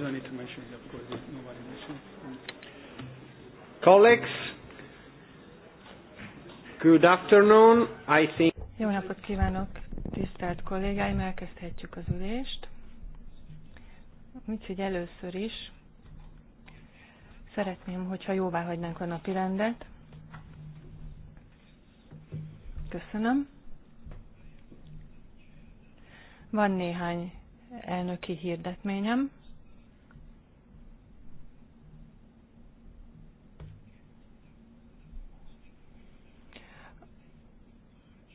You don't need to mention it, of course. Nobody mentioned Colleagues, good afternoon. I think... Jó napot kívánok, tisztelt kollégáim, elkezdhetjük az ülést. Úgyhogy először is szeretném, hogyha jóvá hagynánk a napi rendet. Köszönöm. Van néhány elnöki hirdetményem.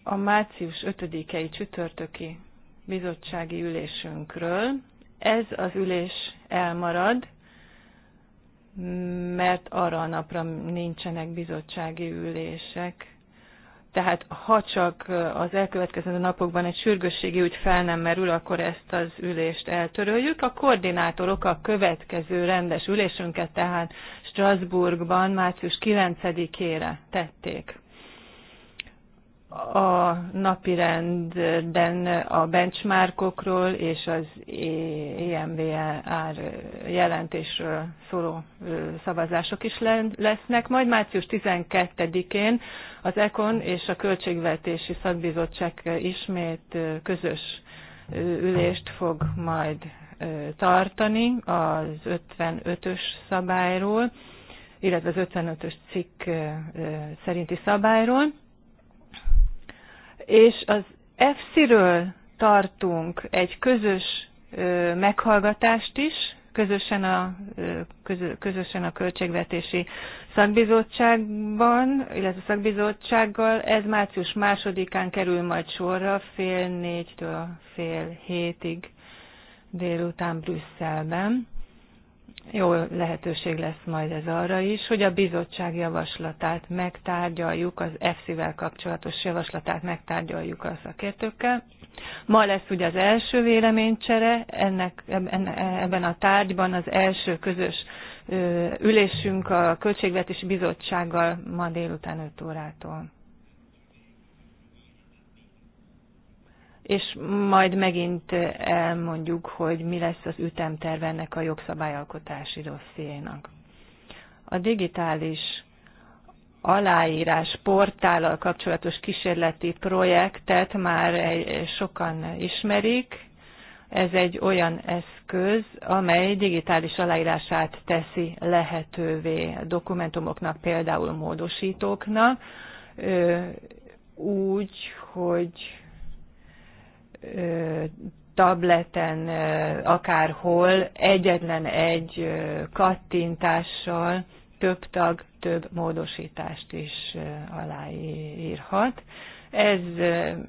a március 5-i csütörtöki bizottsági ülésünkről. Ez az ülés elmarad, mert arra a napra nincsenek bizottsági ülések. Tehát ha csak az elkövetkező napokban egy sürgősségi ügy fel nem merül, akkor ezt az ülést eltöröljük. A koordinátorok a következő rendes ülésünket tehát Strasbourgban március 9-ére tették a napirenden a benchmarkokról és az EMVR jelentésről szóló szavazások is lesznek. Majd március 12-én az ECON és a Költségvetési Szakbizottság ismét közös ülést fog majd tartani az 55-ös szabályról, illetve az 55-ös cikk szerinti szabályról és az EFSZ-ről tartunk egy közös meghallgatást is, közösen a, közösen a költségvetési szakbizottságban, illetve a szakbizottsággal. Ez március másodikán kerül majd sorra fél négytől fél hétig délután Brüsszelben jó lehetőség lesz majd ez arra is, hogy a bizottság javaslatát megtárgyaljuk, az EFSZ-vel kapcsolatos javaslatát megtárgyaljuk a szakértőkkel. Ma lesz ugye az első véleménycsere, ennek, ebben a tárgyban az első közös ülésünk a Költségvetési Bizottsággal ma délután 5 órától. és majd megint eh, elmondjuk, hogy mi lesz az ütemterv ennek a jogszabályalkotási dossziénak. A digitális aláírás portállal kapcsolatos kísérleti projektet már eh, sokan ismerik. Ez egy olyan eszköz, amely digitális aláírását teszi lehetővé dokumentumoknak, például módosítóknak, úgy, hogy tableten, akárhol, egyetlen egy kattintással több tag több módosítást is aláírhat. Ez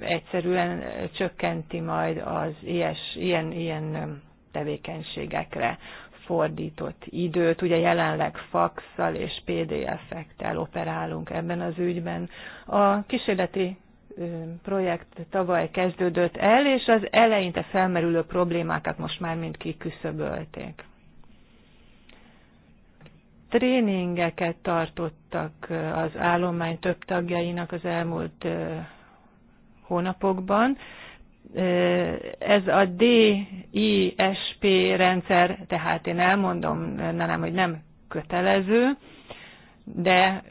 egyszerűen csökkenti majd az ilyes, ilyen, ilyen tevékenységekre fordított időt. Ugye jelenleg faxsal és PDF-ekkel operálunk ebben az ügyben. A kísérleti projekt tavaly kezdődött el, és az eleinte felmerülő problémákat most már mind kiküszöbölték. Tréningeket tartottak az állomány több tagjainak az elmúlt hónapokban. Ez a DISP rendszer, tehát én elmondom, nem, hogy nem kötelező, de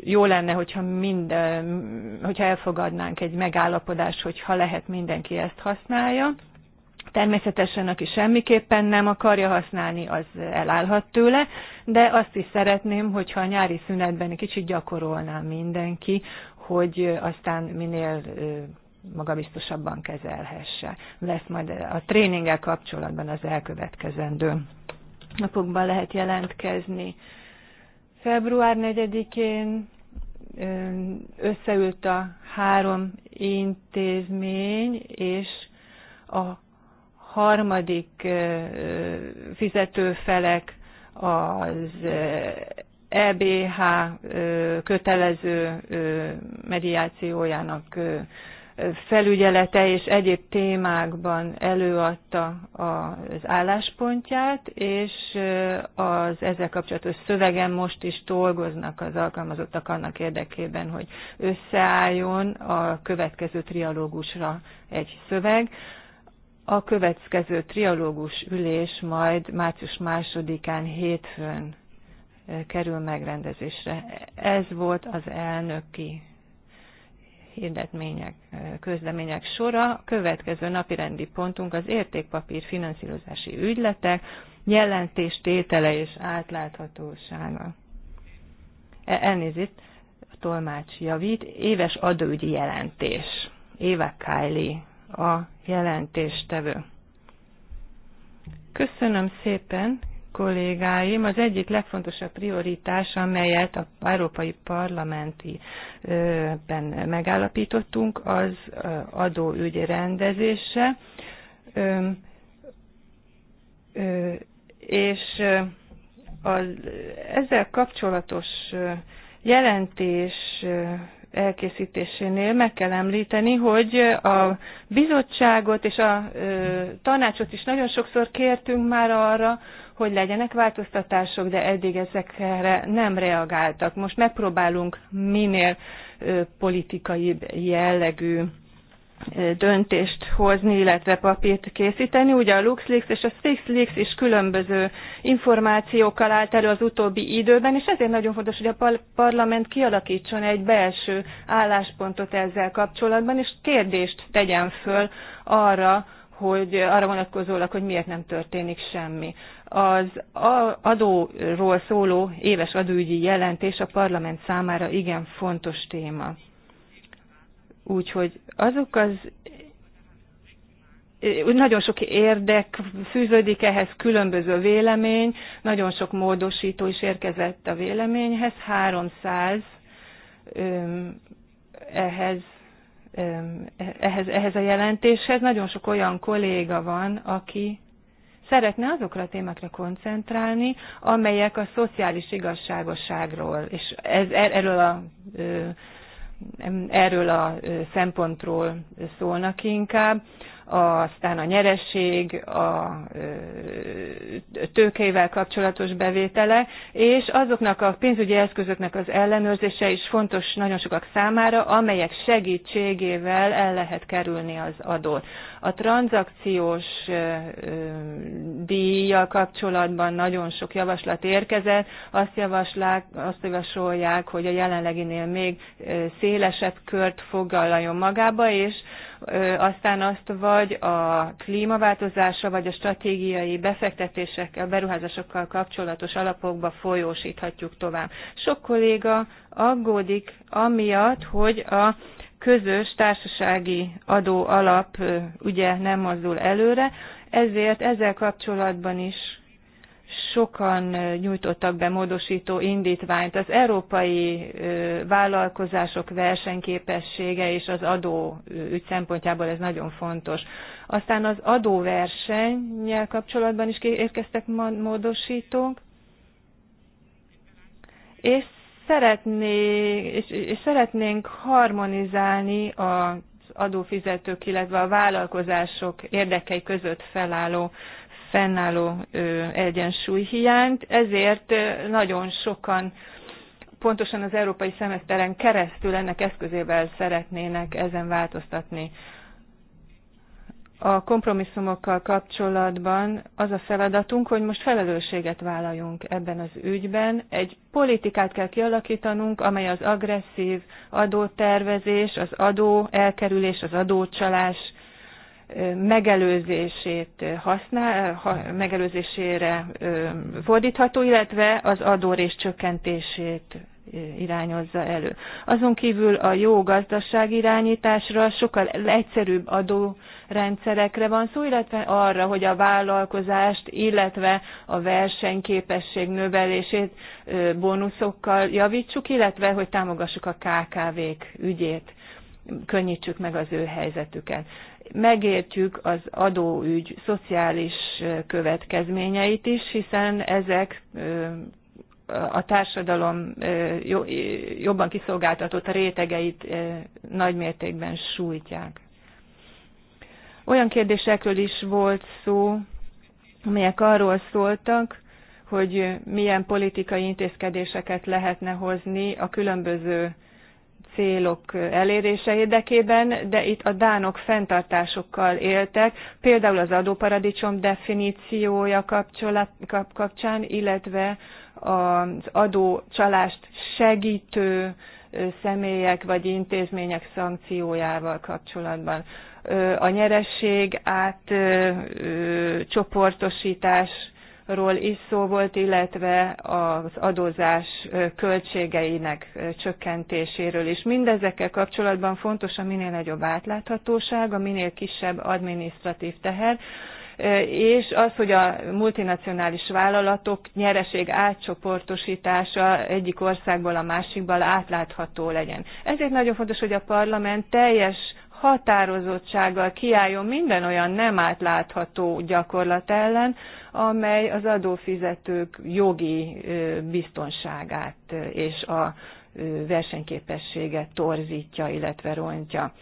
jó lenne, hogyha, mind, hogyha elfogadnánk egy megállapodást, hogyha lehet mindenki ezt használja. Természetesen, aki semmiképpen nem akarja használni, az elállhat tőle, de azt is szeretném, hogyha a nyári szünetben egy kicsit gyakorolná mindenki, hogy aztán minél magabiztosabban kezelhesse. Lesz majd a tréninggel kapcsolatban az elkövetkezendő napokban lehet jelentkezni Február 4-én összeült a három intézmény, és a harmadik fizetőfelek az EBH kötelező mediációjának felügyelete és egyéb témákban előadta az álláspontját, és az ezzel kapcsolatos szövegen most is dolgoznak az alkalmazottak annak érdekében, hogy összeálljon a következő trialógusra egy szöveg. A következő trialógus ülés majd március másodikán hétfőn kerül megrendezésre. Ez volt az elnöki hirdetmények, közlemények sora. A következő napirendi pontunk az értékpapír finanszírozási ügyletek, jelentés tétele és átláthatósága. E, elnézést, a tolmács javít, éves adóügyi jelentés. Éve Kylie a jelentéstevő. Köszönöm szépen, kollégáim, az egyik legfontosabb prioritás, amelyet a Európai Parlamenti ben megállapítottunk, az adóügy rendezése. És az ezzel kapcsolatos jelentés elkészítésénél meg kell említeni, hogy a bizottságot és a tanácsot is nagyon sokszor kértünk már arra, hogy legyenek változtatások, de eddig ezekre nem reagáltak. Most megpróbálunk minél politikai jellegű döntést hozni, illetve papírt készíteni. Ugye a LuxLeaks és a SpaceLeaks is különböző információkkal állt elő az utóbbi időben, és ezért nagyon fontos, hogy a parlament kialakítson egy belső álláspontot ezzel kapcsolatban, és kérdést tegyen föl arra, hogy arra vonatkozólag, hogy miért nem történik semmi az adóról szóló éves adóügyi jelentés a parlament számára igen fontos téma. Úgyhogy azok az nagyon sok érdek fűződik ehhez, különböző vélemény, nagyon sok módosító is érkezett a véleményhez, 300 ehhez, ehhez, ehhez a jelentéshez. Nagyon sok olyan kolléga van, aki szeretne azokra a témákra koncentrálni, amelyek a szociális igazságosságról, és ez, er, erről a erről a szempontról szólnak inkább, aztán a nyereség, a tőkeivel kapcsolatos bevétele, és azoknak a pénzügyi eszközöknek az ellenőrzése is fontos nagyon sokak számára, amelyek segítségével el lehet kerülni az adót. A tranzakciós díjjal kapcsolatban nagyon sok javaslat érkezett, azt, javaslák, azt javasolják, hogy a jelenleginél még szélesebb kört foglaljon magába, és aztán azt vagy a klímaváltozása, vagy a stratégiai befektetésekkel, beruházásokkal kapcsolatos alapokba folyósíthatjuk tovább. Sok kolléga aggódik amiatt, hogy a közös társasági adó alap ugye nem mozdul előre, ezért ezzel kapcsolatban is sokan nyújtottak be módosító indítványt. Az európai vállalkozások versenyképessége és az adó ügy szempontjából ez nagyon fontos. Aztán az adóversennyel kapcsolatban is érkeztek módosítók. És, és, szeretnénk harmonizálni az adófizetők, illetve a vállalkozások érdekei között felálló fennálló egyensúlyhiányt, ezért nagyon sokan pontosan az európai szemeszteren keresztül ennek eszközével szeretnének ezen változtatni. A kompromisszumokkal kapcsolatban az a feladatunk, hogy most felelősséget vállaljunk ebben az ügyben. Egy politikát kell kialakítanunk, amely az agresszív adótervezés, az adó elkerülés, az adócsalás megelőzését használ, megelőzésére fordítható, illetve az adórés csökkentését irányozza elő. Azon kívül a jó gazdaság irányításra sokkal egyszerűbb adórendszerekre van szó, illetve arra, hogy a vállalkozást, illetve a versenyképesség növelését bónuszokkal javítsuk, illetve hogy támogassuk a KKV-k ügyét könnyítsük meg az ő helyzetüket megértjük az adóügy szociális következményeit is, hiszen ezek a társadalom jobban kiszolgáltatott rétegeit nagymértékben sújtják. Olyan kérdésekről is volt szó, amelyek arról szóltak, hogy milyen politikai intézkedéseket lehetne hozni a különböző célok elérése érdekében, de itt a dánok fenntartásokkal éltek, például az adóparadicsom definíciója kapcsán, illetve az adócsalást segítő személyek vagy intézmények szankciójával kapcsolatban. A nyeresség átcsoportosítás ról is szó volt, illetve az adózás költségeinek csökkentéséről is. Mindezekkel kapcsolatban fontos a minél nagyobb átláthatóság, a minél kisebb adminisztratív teher, és az, hogy a multinacionális vállalatok nyereség átcsoportosítása egyik országból a másikból átlátható legyen. Ezért nagyon fontos, hogy a parlament teljes határozottsággal kiálljon minden olyan nem átlátható gyakorlat ellen, amely az adófizetők jogi biztonságát és a versenyképességet torzítja, illetve rontja.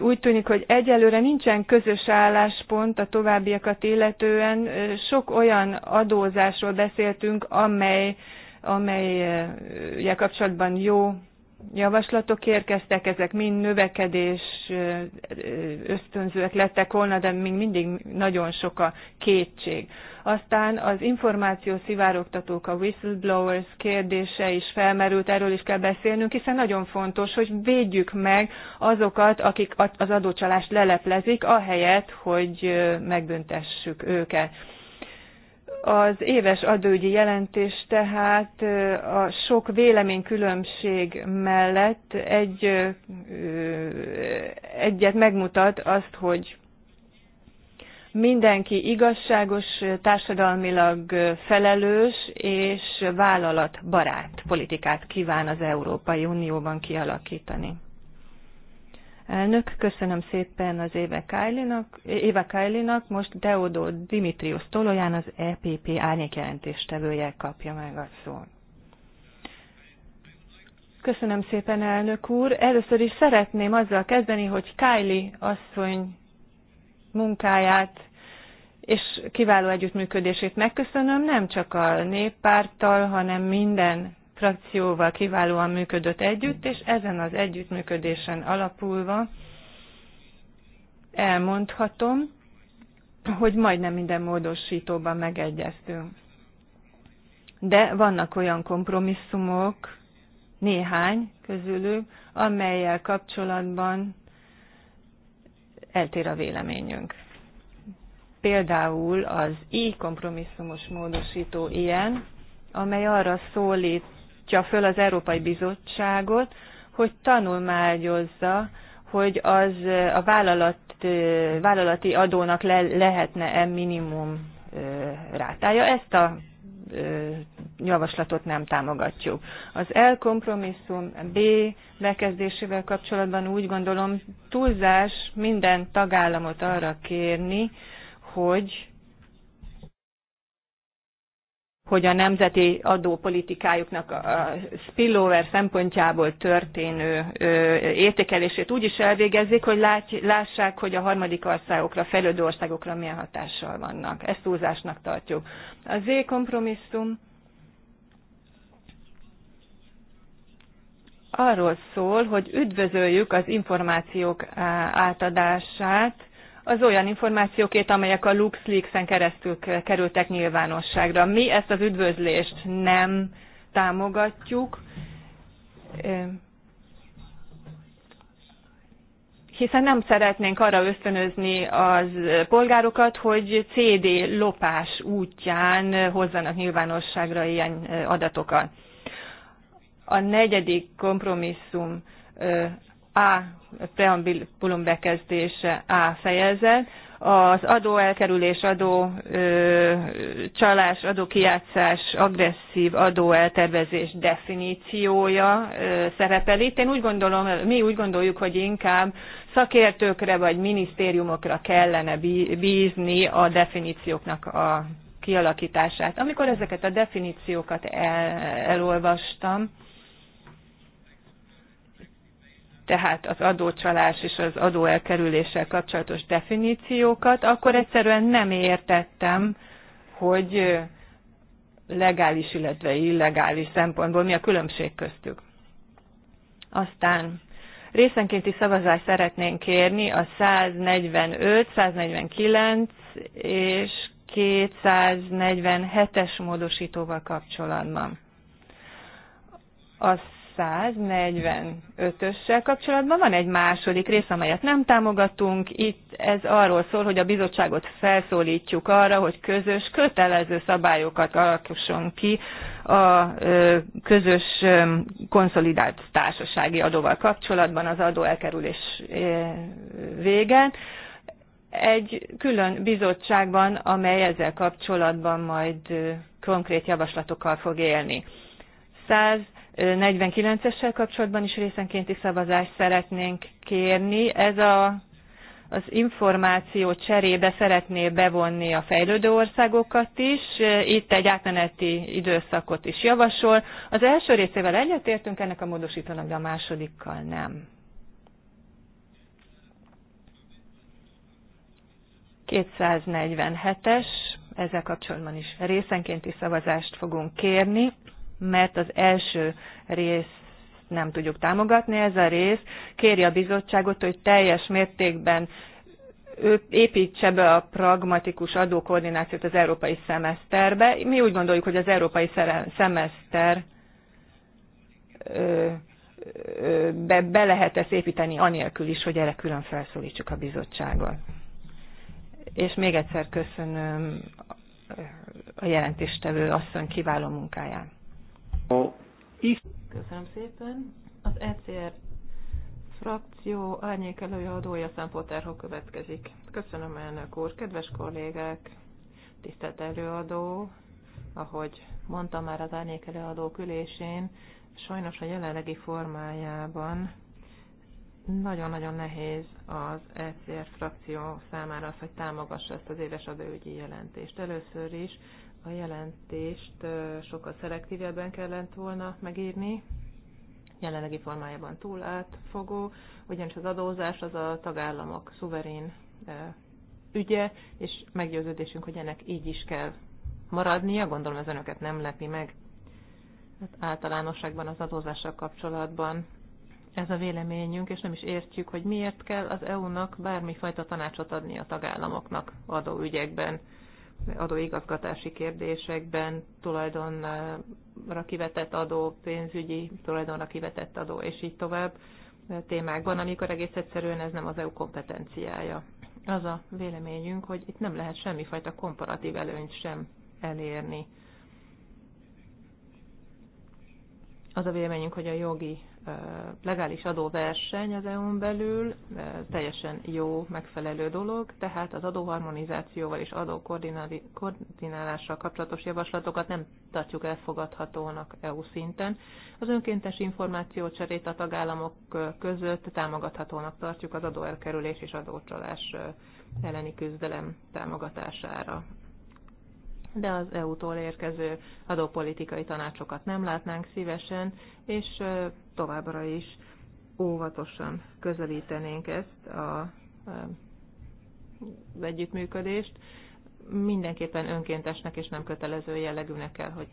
Úgy tűnik, hogy egyelőre nincsen közös álláspont a továbbiakat illetően. Sok olyan adózásról beszéltünk, amely amely kapcsolatban jó javaslatok érkeztek, ezek mind növekedés ösztönzőek lettek volna, de még mindig nagyon sok a kétség. Aztán az információ szivárogtatók, a whistleblowers kérdése is felmerült, erről is kell beszélnünk, hiszen nagyon fontos, hogy védjük meg azokat, akik az adócsalást leleplezik, ahelyett, hogy megbüntessük őket az éves adőgyi jelentés tehát a sok véleménykülönbség mellett egy, egyet megmutat azt, hogy mindenki igazságos, társadalmilag felelős és vállalatbarát politikát kíván az Európai Unióban kialakítani. Elnök, köszönöm szépen az Éva Kájlinak, Éva Kájlinak most Deodó Dimitrius Tolóján az EPP árnyékjelentéstevője kapja meg a szót. Köszönöm szépen, elnök úr. Először is szeretném azzal kezdeni, hogy Kylie asszony munkáját és kiváló együttműködését megköszönöm, nem csak a néppárttal, hanem minden frakcióval kiválóan működött együtt, és ezen az együttműködésen alapulva elmondhatom, hogy majdnem minden módosítóban megegyeztünk. De vannak olyan kompromisszumok, néhány közülük, amelyel kapcsolatban eltér a véleményünk. Például az i kompromisszumos módosító ilyen, amely arra szólít szólítja föl az Európai Bizottságot, hogy tanulmányozza, hogy az a vállalat, vállalati adónak le, lehetne-e minimum rátája. Ezt a javaslatot nem támogatjuk. Az elkompromisszum B bekezdésével kapcsolatban úgy gondolom túlzás minden tagállamot arra kérni, hogy hogy a nemzeti adópolitikájuknak a spillover szempontjából történő értékelését úgy is elvégezzék, hogy lássák, hogy a harmadik országokra, fejlődő országokra milyen hatással vannak. Ezt túlzásnak tartjuk. A Z kompromisszum arról szól, hogy üdvözöljük az információk átadását, az olyan információkét, amelyek a LuxLeaks-en keresztül kerültek nyilvánosságra. Mi ezt az üdvözlést nem támogatjuk, hiszen nem szeretnénk arra ösztönözni az polgárokat, hogy CD lopás útján hozzanak nyilvánosságra ilyen adatokat. A negyedik kompromisszum A preambulum bekezdése A fejezet, az adóelkerülés, adó ö, csalás, adókijátszás, agresszív adóeltervezés definíciója ö, szerepel itt. Én úgy gondolom, mi úgy gondoljuk, hogy inkább szakértőkre vagy minisztériumokra kellene bízni a definícióknak a kialakítását. Amikor ezeket a definíciókat el, elolvastam, tehát az adócsalás és az adóelkerüléssel kapcsolatos definíciókat, akkor egyszerűen nem értettem, hogy legális, illetve illegális szempontból mi a különbség köztük. Aztán részenkénti szavazást szeretnénk kérni a 145, 149 és 247-es módosítóval kapcsolatban. Azt 145-össel kapcsolatban van egy második rész, amelyet nem támogatunk. Itt ez arról szól, hogy a bizottságot felszólítjuk arra, hogy közös, kötelező szabályokat alakítson ki a közös konszolidált társasági adóval kapcsolatban az adó elkerülés végén egy külön bizottságban, amely ezzel kapcsolatban majd konkrét javaslatokkal fog élni. 100 49-essel kapcsolatban is részenkénti szavazást szeretnénk kérni. Ez a, az információ cserébe szeretné bevonni a fejlődő országokat is. Itt egy átmeneti időszakot is javasol. Az első részével egyetértünk ennek a módosítónak, de a másodikkal nem. ...247-es, ezzel kapcsolatban is részenkénti szavazást fogunk kérni mert az első rész nem tudjuk támogatni. Ez a rész kéri a bizottságot, hogy teljes mértékben ő építse be a pragmatikus adókoordinációt az európai szemeszterbe. Mi úgy gondoljuk, hogy az európai szemeszter be, be lehet ezt építeni anélkül is, hogy erre külön felszólítsuk a bizottságot. És még egyszer köszönöm a jelentéstevő asszony kiváló munkáját. Köszönöm szépen. Az ECR frakció árnyék előadója Szempolterho következik. Köszönöm, elnök úr. Kedves kollégák, tisztelt előadó, ahogy mondtam már az árnyék előadók ülésén, sajnos a jelenlegi formájában nagyon-nagyon nehéz az ECR frakció számára az, hogy támogassa ezt az éves adóügyi jelentést. Először is a jelentést sokkal szelektívebben kellett volna megírni, jelenlegi formájában túl átfogó, ugyanis az adózás az a tagállamok szuverén ügye, és meggyőződésünk, hogy ennek így is kell maradnia, gondolom ez önöket nem lepi meg. Hát általánosságban az adózással kapcsolatban ez a véleményünk, és nem is értjük, hogy miért kell az EU-nak bármifajta tanácsot adni a tagállamoknak adóügyekben. ügyekben adóigazgatási kérdésekben, tulajdonra kivetett adó, pénzügyi tulajdonra kivetett adó, és így tovább témákban, amikor egész egyszerűen ez nem az EU kompetenciája. Az a véleményünk, hogy itt nem lehet semmifajta komparatív előnyt sem elérni. Az a véleményünk, hogy a jogi legális adóverseny az EU-n belül teljesen jó, megfelelő dolog, tehát az adóharmonizációval és adókoordinálással kapcsolatos javaslatokat nem tartjuk elfogadhatónak EU szinten. Az önkéntes információcserét a tagállamok között támogathatónak tartjuk az adóelkerülés és adócsalás elleni küzdelem támogatására de az EU-tól érkező adópolitikai tanácsokat nem látnánk szívesen, és továbbra is óvatosan közelítenénk ezt a az együttműködést. Mindenképpen önkéntesnek és nem kötelező jellegűnek kell, hogy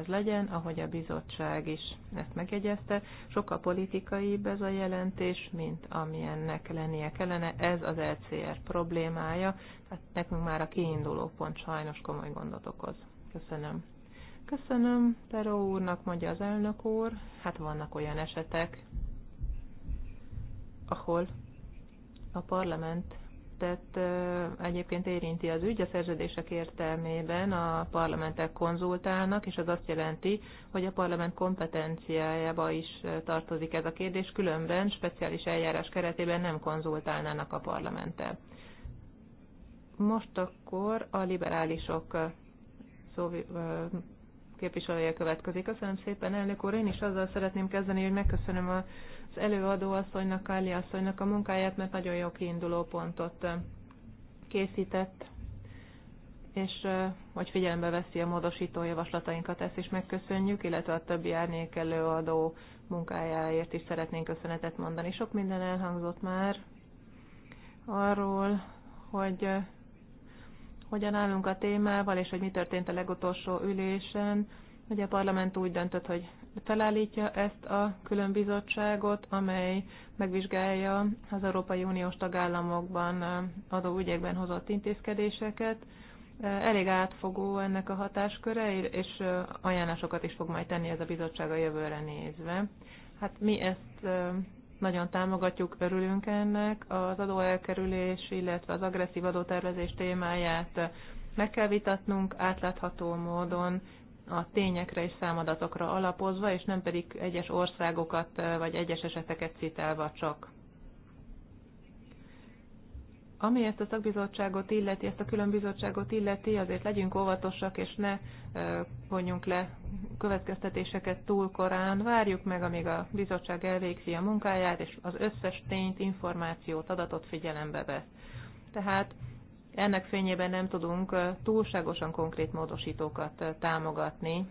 ez legyen, ahogy a bizottság is ezt megjegyezte. Sokkal politikaibb ez a jelentés, mint amilyennek lennie kellene. Ez az LCR e problémája, tehát nekünk már a kiinduló pont sajnos komoly gondot okoz. Köszönöm. Köszönöm, Peró úrnak mondja az elnök úr. Hát vannak olyan esetek, ahol a parlament tehát egyébként érinti az ügy, a szerződések értelmében a parlamentek konzultálnak, és az azt jelenti, hogy a parlament kompetenciájába is tartozik ez a kérdés, különben speciális eljárás keretében nem konzultálnának a parlamenttel. Most akkor a liberálisok ö, képviselője következik. Köszönöm szépen, elnök úr. Én is azzal szeretném kezdeni, hogy megköszönöm az előadó asszonynak, Káli asszonynak a munkáját, mert nagyon jó kiinduló pontot eh, készített, és eh, hogy figyelembe veszi a módosító javaslatainkat, ezt is megköszönjük, illetve a többi árnyék előadó munkájáért is szeretnénk köszönetet mondani. Sok minden elhangzott már arról, hogy eh, hogyan állunk a témával, és hogy mi történt a legutolsó ülésen. Ugye a parlament úgy döntött, hogy felállítja ezt a külön bizottságot, amely megvizsgálja az Európai Uniós tagállamokban eh, adóügyekben hozott intézkedéseket. Eh, elég átfogó ennek a hatásköre, és eh, ajánlásokat is fog majd tenni ez a bizottság a jövőre nézve. Hát mi ezt nagyon támogatjuk, örülünk ennek. Az adóelkerülés, illetve az agresszív adótervezés témáját meg kell vitatnunk átlátható módon, a tényekre és számadatokra alapozva, és nem pedig egyes országokat vagy egyes eseteket citálva csak. Ami ezt a szakbizottságot illeti, ezt a külön bizottságot illeti, azért legyünk óvatosak, és ne vonjunk le következtetéseket túl korán. Várjuk meg, amíg a bizottság elvégzi a munkáját, és az összes tényt, információt, adatot figyelembe vesz. Tehát ennek fényében nem tudunk túlságosan konkrét módosítókat támogatni,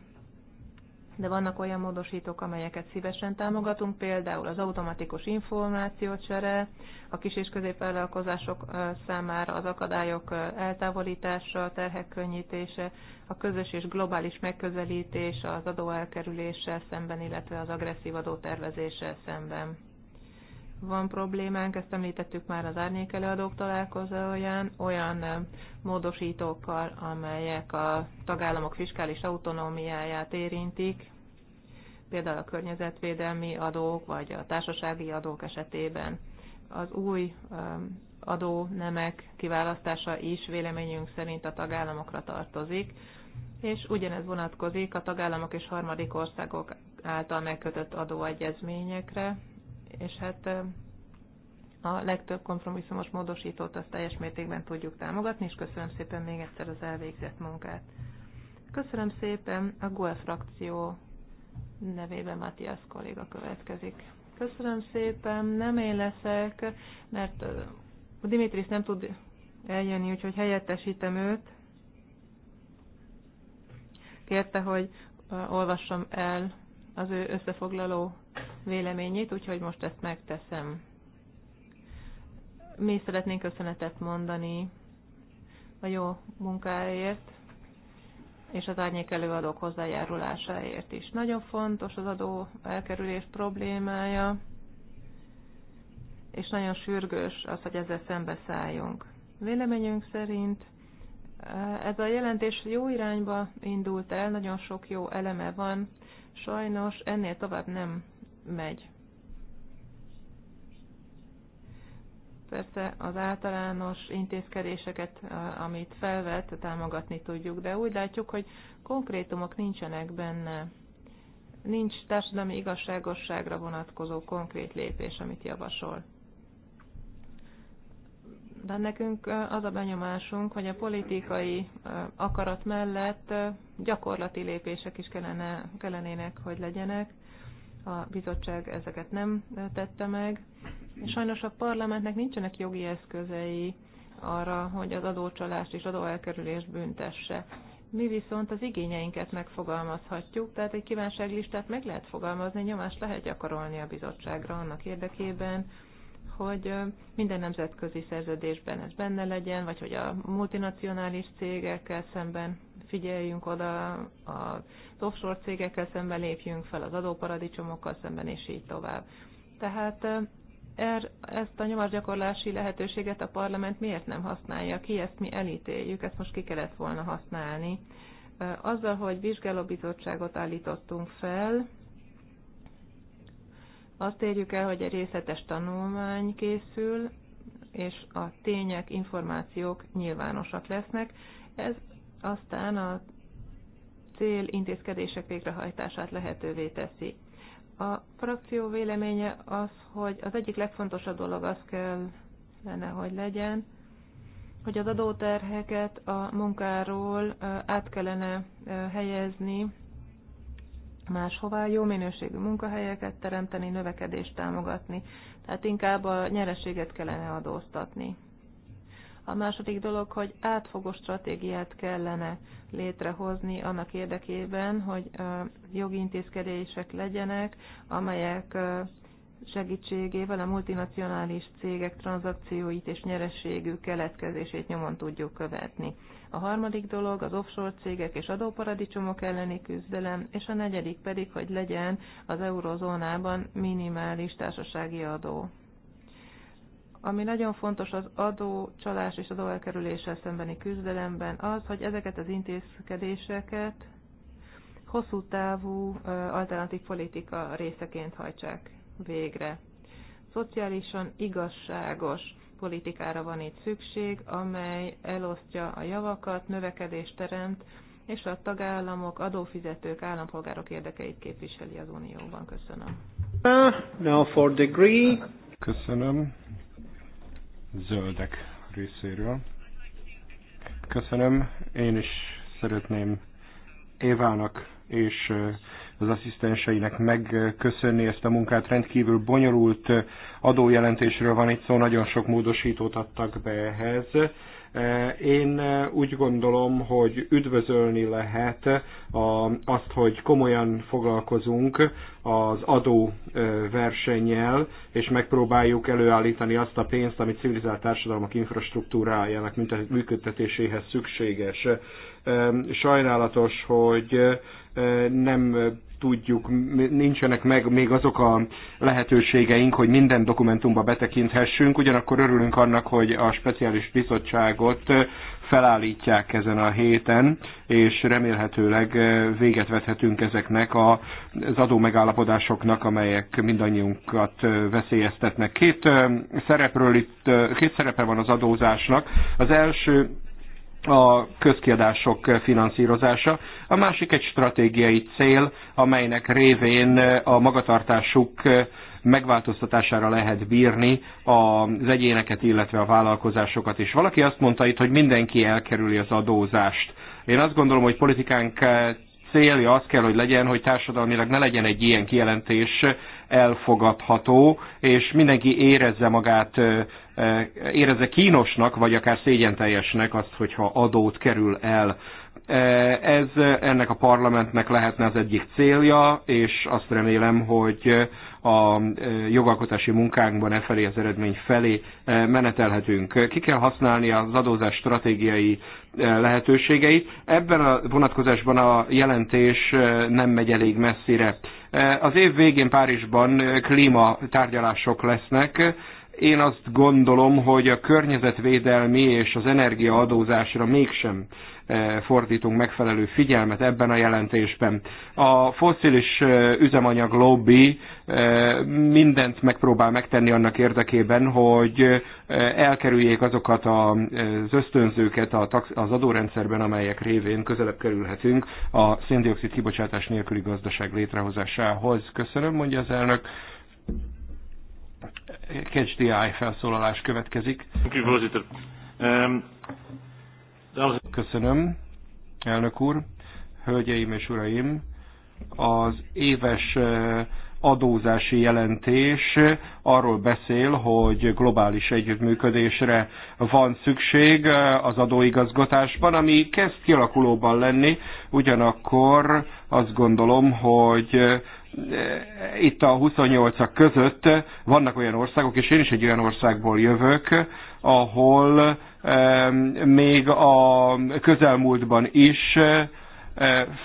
de vannak olyan módosítók, amelyeket szívesen támogatunk, például az automatikus információcsere, a kis és középvállalkozások számára az akadályok eltávolítása, a terhek könnyítése, a közös és globális megközelítés az adó elkerüléssel szemben, illetve az agresszív adó tervezéssel szemben van problémánk, ezt említettük már az árnyék előadók találkozóján, olyan módosítókkal, amelyek a tagállamok fiskális autonómiáját érintik, például a környezetvédelmi adók vagy a társasági adók esetében. Az új adónemek kiválasztása is véleményünk szerint a tagállamokra tartozik, és ugyanez vonatkozik a tagállamok és harmadik országok által megkötött adóegyezményekre, és hát a legtöbb kompromisszumos módosítót azt teljes mértékben tudjuk támogatni, és köszönöm szépen még egyszer az elvégzett munkát. Köszönöm szépen, a GUE frakció nevében Matthias kolléga következik. Köszönöm szépen, nem én leszek, mert a Dimitris nem tud eljönni, úgyhogy helyettesítem őt. Kérte, hogy olvassam el az ő összefoglaló véleményét, úgyhogy most ezt megteszem. Mi szeretnénk köszönetet mondani a jó munkáért, és az árnyék előadók hozzájárulásáért is. Nagyon fontos az adó elkerülés problémája, és nagyon sürgős az, hogy ezzel szembeszálljunk. Véleményünk szerint eh, ez a jelentés jó irányba indult el, nagyon sok jó eleme van, sajnos ennél tovább nem megy. Persze az általános intézkedéseket, amit felvett, támogatni tudjuk, de úgy látjuk, hogy konkrétumok nincsenek benne. Nincs társadalmi igazságosságra vonatkozó konkrét lépés, amit javasol. De nekünk az a benyomásunk, hogy a politikai akarat mellett gyakorlati lépések is kellene, kellenének, hogy legyenek, a bizottság ezeket nem tette meg. Sajnos a parlamentnek nincsenek jogi eszközei arra, hogy az adócsalást és adóelkerülést büntesse. Mi viszont az igényeinket megfogalmazhatjuk, tehát egy kívánságlistát meg lehet fogalmazni, nyomást lehet gyakorolni a bizottságra annak érdekében, hogy minden nemzetközi szerződésben ez benne legyen, vagy hogy a multinacionális cégekkel szemben figyeljünk oda, az offshore cégekkel szemben lépjünk fel, az adóparadicsomokkal szemben, és így tovább. Tehát er, ezt a nyomásgyakorlási lehetőséget a parlament miért nem használja ki, ezt mi elítéljük, ezt most ki kellett volna használni. Azzal, hogy vizsgálóbizottságot állítottunk fel, azt érjük el, hogy egy részletes tanulmány készül, és a tények, információk nyilvánosak lesznek. Ez aztán a cél intézkedések végrehajtását lehetővé teszi. A frakció véleménye az, hogy az egyik legfontosabb dolog az kell lenne, hogy legyen, hogy az adóterheket a munkáról át kellene helyezni máshová, jó minőségű munkahelyeket teremteni, növekedést támogatni. Tehát inkább a nyereséget kellene adóztatni. A második dolog, hogy átfogó stratégiát kellene létrehozni annak érdekében, hogy jogi intézkedések legyenek, amelyek segítségével a multinacionális cégek tranzakcióit és nyerességük keletkezését nyomon tudjuk követni. A harmadik dolog az offshore cégek és adóparadicsomok elleni küzdelem, és a negyedik pedig, hogy legyen az eurozónában minimális társasági adó. Ami nagyon fontos az adócsalás és adóelkerüléssel szembeni küzdelemben az, hogy ezeket az intézkedéseket hosszú távú alternatív politika részeként hajtsák végre. Szociálisan igazságos politikára van itt szükség, amely elosztja a javakat, növekedést teremt, és a tagállamok, adófizetők, állampolgárok érdekeit képviseli az Unióban. Köszönöm. Uh, now for degree. Köszönöm zöldek részéről. Köszönöm. Én is szeretném Évának és az asszisztenseinek megköszönni ezt a munkát. Rendkívül bonyolult adójelentésről van itt szó, nagyon sok módosítót adtak be ehhez. Eh, én eh, úgy gondolom, hogy üdvözölni lehet azt, hogy komolyan foglalkozunk az adó eh, versennyel, és megpróbáljuk előállítani azt a pénzt, amit civilizált társadalmak infrastruktúrájának működtetéséhez szükséges. Sajnálatos, hogy nem tudjuk, nincsenek meg még azok a lehetőségeink, hogy minden dokumentumba betekinthessünk, ugyanakkor örülünk annak, hogy a speciális bizottságot felállítják ezen a héten, és remélhetőleg véget vethetünk ezeknek az adó megállapodásoknak, amelyek mindannyiunkat veszélyeztetnek. Két szerepről itt, két szerepe van az adózásnak. Az első a közkiadások finanszírozása, a másik egy stratégiai cél, amelynek révén a magatartásuk megváltoztatására lehet bírni az egyéneket, illetve a vállalkozásokat is. Valaki azt mondta itt, hogy mindenki elkerüli az adózást. Én azt gondolom, hogy politikánk célja az kell, hogy legyen, hogy társadalmilag ne legyen egy ilyen kijelentés elfogadható, és mindenki érezze magát, érezze kínosnak, vagy akár szégyenteljesnek azt, hogyha adót kerül el. Eh, ez eh, ennek a parlamentnek lehetne az egyik célja, és azt remélem, hogy eh, a jogalkotási munkánkban e felé, az eredmény felé menetelhetünk. Ki kell használni az adózás stratégiai lehetőségeit. Ebben a vonatkozásban a jelentés nem megy elég messzire. Az év végén Párizsban klíma tárgyalások lesznek, én azt gondolom, hogy a környezetvédelmi és az energiaadózásra mégsem fordítunk megfelelő figyelmet ebben a jelentésben. A fosszilis üzemanyag lobby mindent megpróbál megtenni annak érdekében, hogy elkerüljék azokat az ösztönzőket az adórendszerben, amelyek révén közelebb kerülhetünk a széndiokszid kibocsátás nélküli gazdaság létrehozásához. Köszönöm, mondja az elnök. Catch the Eye felszólalás következik. Köszönöm, Köszönöm, elnök úr, hölgyeim és uraim. Az éves eh, adózási jelentés arról beszél, hogy globális együttműködésre van szükség eh, az adóigazgatásban, ami kezd kialakulóban lenni, ugyanakkor azt gondolom, hogy eh, itt a 28-ak között vannak olyan országok, és én is egy olyan országból jövök, ahol még a közelmúltban is eh,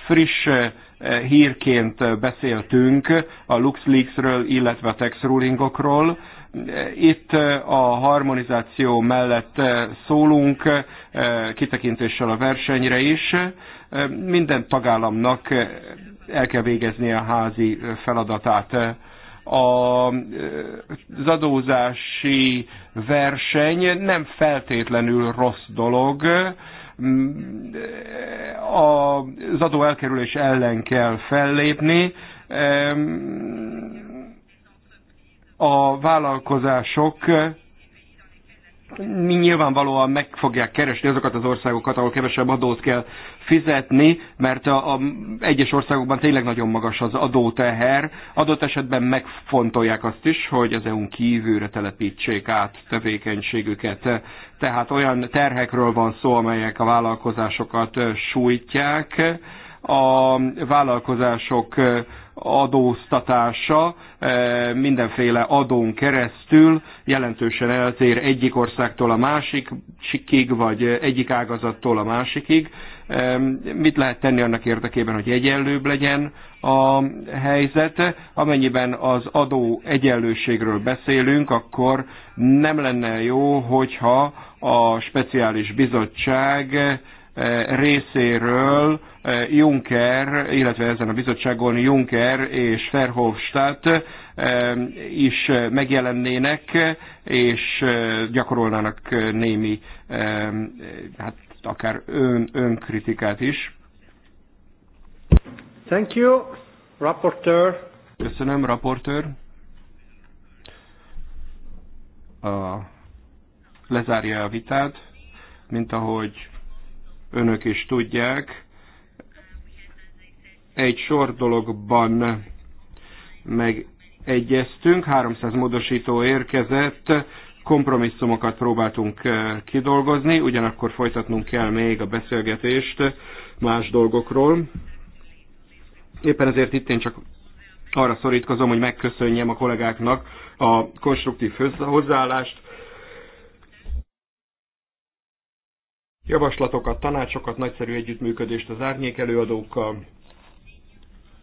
friss eh, hírként beszéltünk a LuxLeaks-ről, illetve a tax rulingokról. Itt eh, a harmonizáció mellett szólunk, kitekintéssel a versenyre is. Minden tagállamnak el kell végeznie a házi feladatát az adózási verseny nem feltétlenül rossz dolog, az adó elkerülés ellen kell fellépni. A vállalkozások nyilvánvalóan meg fogják keresni azokat az országokat, ahol kevesebb adót kell fizetni, mert a, a, egyes országokban tényleg nagyon magas az adóteher. Adott esetben megfontolják azt is, hogy az EU-n kívülre telepítsék át tevékenységüket. Tehát olyan terhekről van szó, amelyek a vállalkozásokat sújtják. A vállalkozások adóztatása mindenféle adón keresztül jelentősen eltér egyik országtól a másikig, vagy egyik ágazattól a másikig. Mit lehet tenni annak érdekében, hogy egyenlőbb legyen a helyzet? Amennyiben az adó egyenlőségről beszélünk, akkor nem lenne jó, hogyha a speciális bizottság eh, részéről eh, Juncker, illetve ezen a bizottságon Juncker és Verhofstadt is megjelennének, és eh, gyakorolnának némi hát akár ön, önkritikát is. Thank you, rapporteur. Köszönöm, raportőr. A, lezárja a vitát, mint ahogy önök is tudják. Egy sor dologban megegyeztünk, 300 módosító érkezett, kompromisszumokat próbáltunk eh, kidolgozni, ugyanakkor folytatnunk kell még a beszélgetést más dolgokról. Éppen ezért itt én csak arra szorítkozom, hogy megköszönjem a kollégáknak a konstruktív hozzáállást, javaslatokat, tanácsokat, nagyszerű együttműködést az árnyék előadókkal,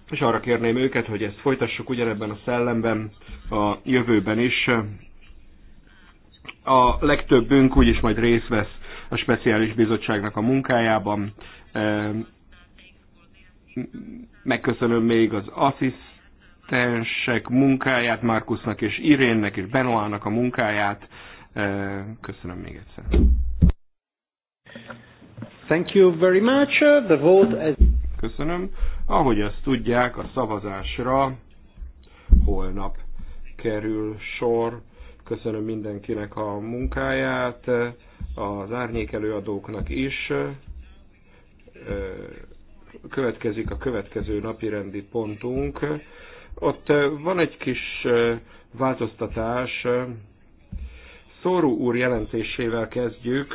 és arra kérném őket, hogy ezt folytassuk ugyanebben a szellemben a jövőben is, a legtöbbünk úgyis majd részt vesz a speciális bizottságnak a munkájában. Megköszönöm még az asszisztensek munkáját, Markusnak és Irénnek és Benoának a munkáját. Köszönöm még egyszer. Thank you very much. The vote is... Köszönöm. Ahogy azt tudják, a szavazásra holnap kerül sor. Köszönöm mindenkinek a munkáját, az árnyék előadóknak is. Következik a következő napi rendi pontunk. Ott van egy kis változtatás. Szóru úr jelentésével kezdjük,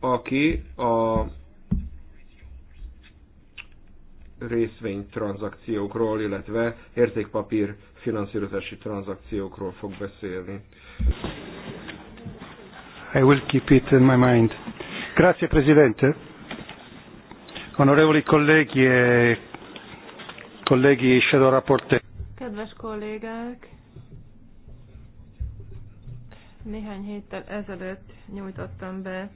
aki a részvénytranzakciókról, illetve értékpapír finanszírozási tranzakciókról fog beszélni. I will keep it in my mind. Grazie Presidente. Onorevoli colleghi e colleghi shadow rapporteur. Kedves kollégák, néhány héttel ezelőtt nyújtottam be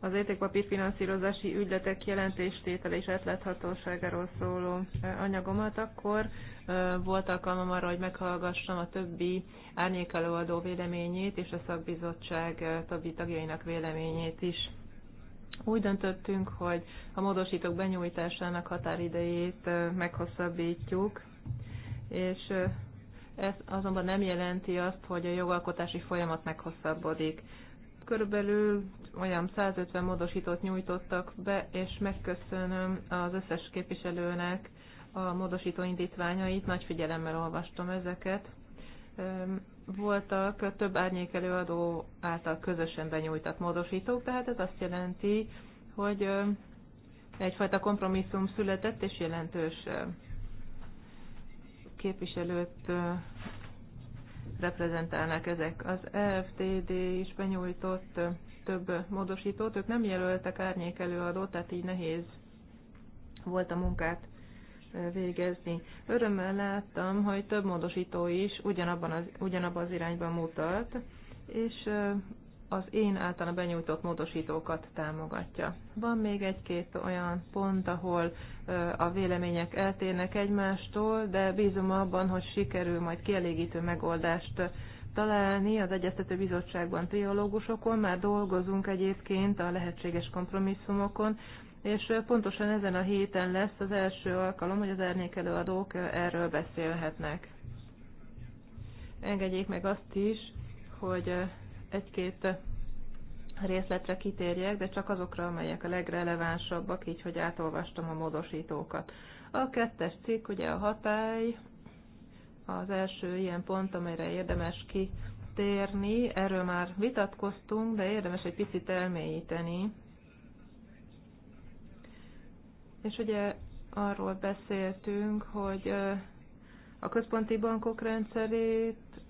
az értékpapírfinanszírozási ügyletek jelentéstétele és átláthatóságáról szóló anyagomat, akkor volt alkalmam arra, hogy meghallgassam a többi árnyékelőadó véleményét és a szakbizottság többi tagjainak véleményét is. Úgy döntöttünk, hogy a módosítók benyújtásának határidejét meghosszabbítjuk, és ez azonban nem jelenti azt, hogy a jogalkotási folyamat meghosszabbodik körülbelül olyan 150 módosítót nyújtottak be, és megköszönöm az összes képviselőnek a módosító indítványait, nagy figyelemmel olvastam ezeket. Voltak több árnyékelőadó által közösen benyújtott módosítók, tehát ez azt jelenti, hogy egyfajta kompromisszum született, és jelentős képviselőt reprezentálnak ezek. Az EFTD is benyújtott több módosítót, ők nem jelöltek árnyék előadót, tehát így nehéz volt a munkát végezni. Örömmel láttam, hogy több módosító is ugyanabban az, ugyanabban az irányban mutat, és az én általa benyújtott módosítókat támogatja. Van még egy-két olyan pont, ahol a vélemények eltérnek egymástól, de bízom abban, hogy sikerül majd kielégítő megoldást találni az Egyeztető Bizottságban, triológusokon, már dolgozunk egyébként a lehetséges kompromisszumokon, és pontosan ezen a héten lesz az első alkalom, hogy az árnyékelőadók erről beszélhetnek. Engedjék meg azt is, hogy egy-két részletre kitérjek, de csak azokra, amelyek a legrelevánsabbak, így hogy átolvastam a módosítókat. A kettes cikk, ugye a hatály, az első ilyen pont, amelyre érdemes kitérni. Erről már vitatkoztunk, de érdemes egy picit elmélyíteni. És ugye arról beszéltünk, hogy a központi bankok rendszerét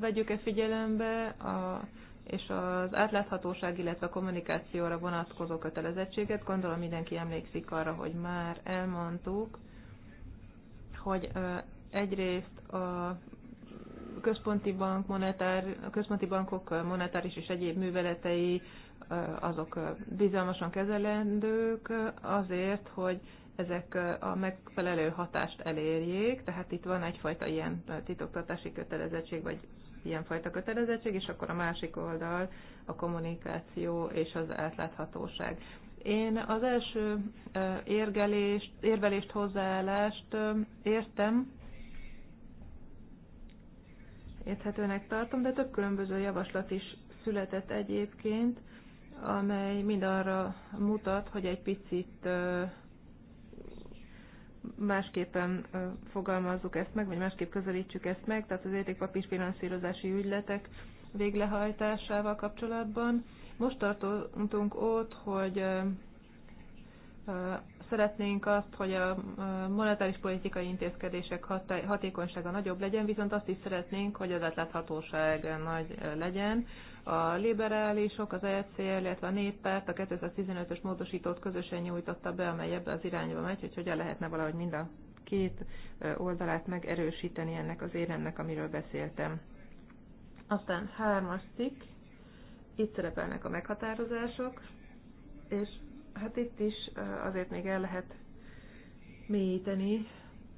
vegyük-e figyelembe, a, és az átláthatóság, illetve a kommunikációra vonatkozó kötelezettséget. Gondolom mindenki emlékszik arra, hogy már elmondtuk, hogy egyrészt a központi bank, monetár, a központi bankok monetáris és egyéb műveletei azok bizalmasan kezelendők azért, hogy ezek a megfelelő hatást elérjék, tehát itt van egyfajta ilyen titoktatási kötelezettség, vagy ilyenfajta kötelezettség, és akkor a másik oldal a kommunikáció és az átláthatóság. Én az első érgelést, érvelést, hozzáállást értem, érthetőnek tartom, de több különböző javaslat is született egyébként, amely mind arra mutat, hogy egy picit másképpen fogalmazzuk ezt meg, vagy másképp közelítsük ezt meg, tehát az értékpapír finanszírozási ügyletek véglehajtásával kapcsolatban. Most tartottunk ott, hogy szeretnénk azt, hogy a monetáris politikai intézkedések hatékonysága nagyobb legyen, viszont azt is szeretnénk, hogy az átláthatóság nagy legyen. A liberálisok, az ECL, illetve a néppárt a 2015-ös módosítót közösen nyújtotta be, amely ebbe az irányba megy, hogy hogyan lehetne valahogy mind a két oldalát megerősíteni ennek az éremnek, amiről beszéltem. Aztán hármas cikk, itt szerepelnek a meghatározások, és Hát itt is azért még el lehet mélyíteni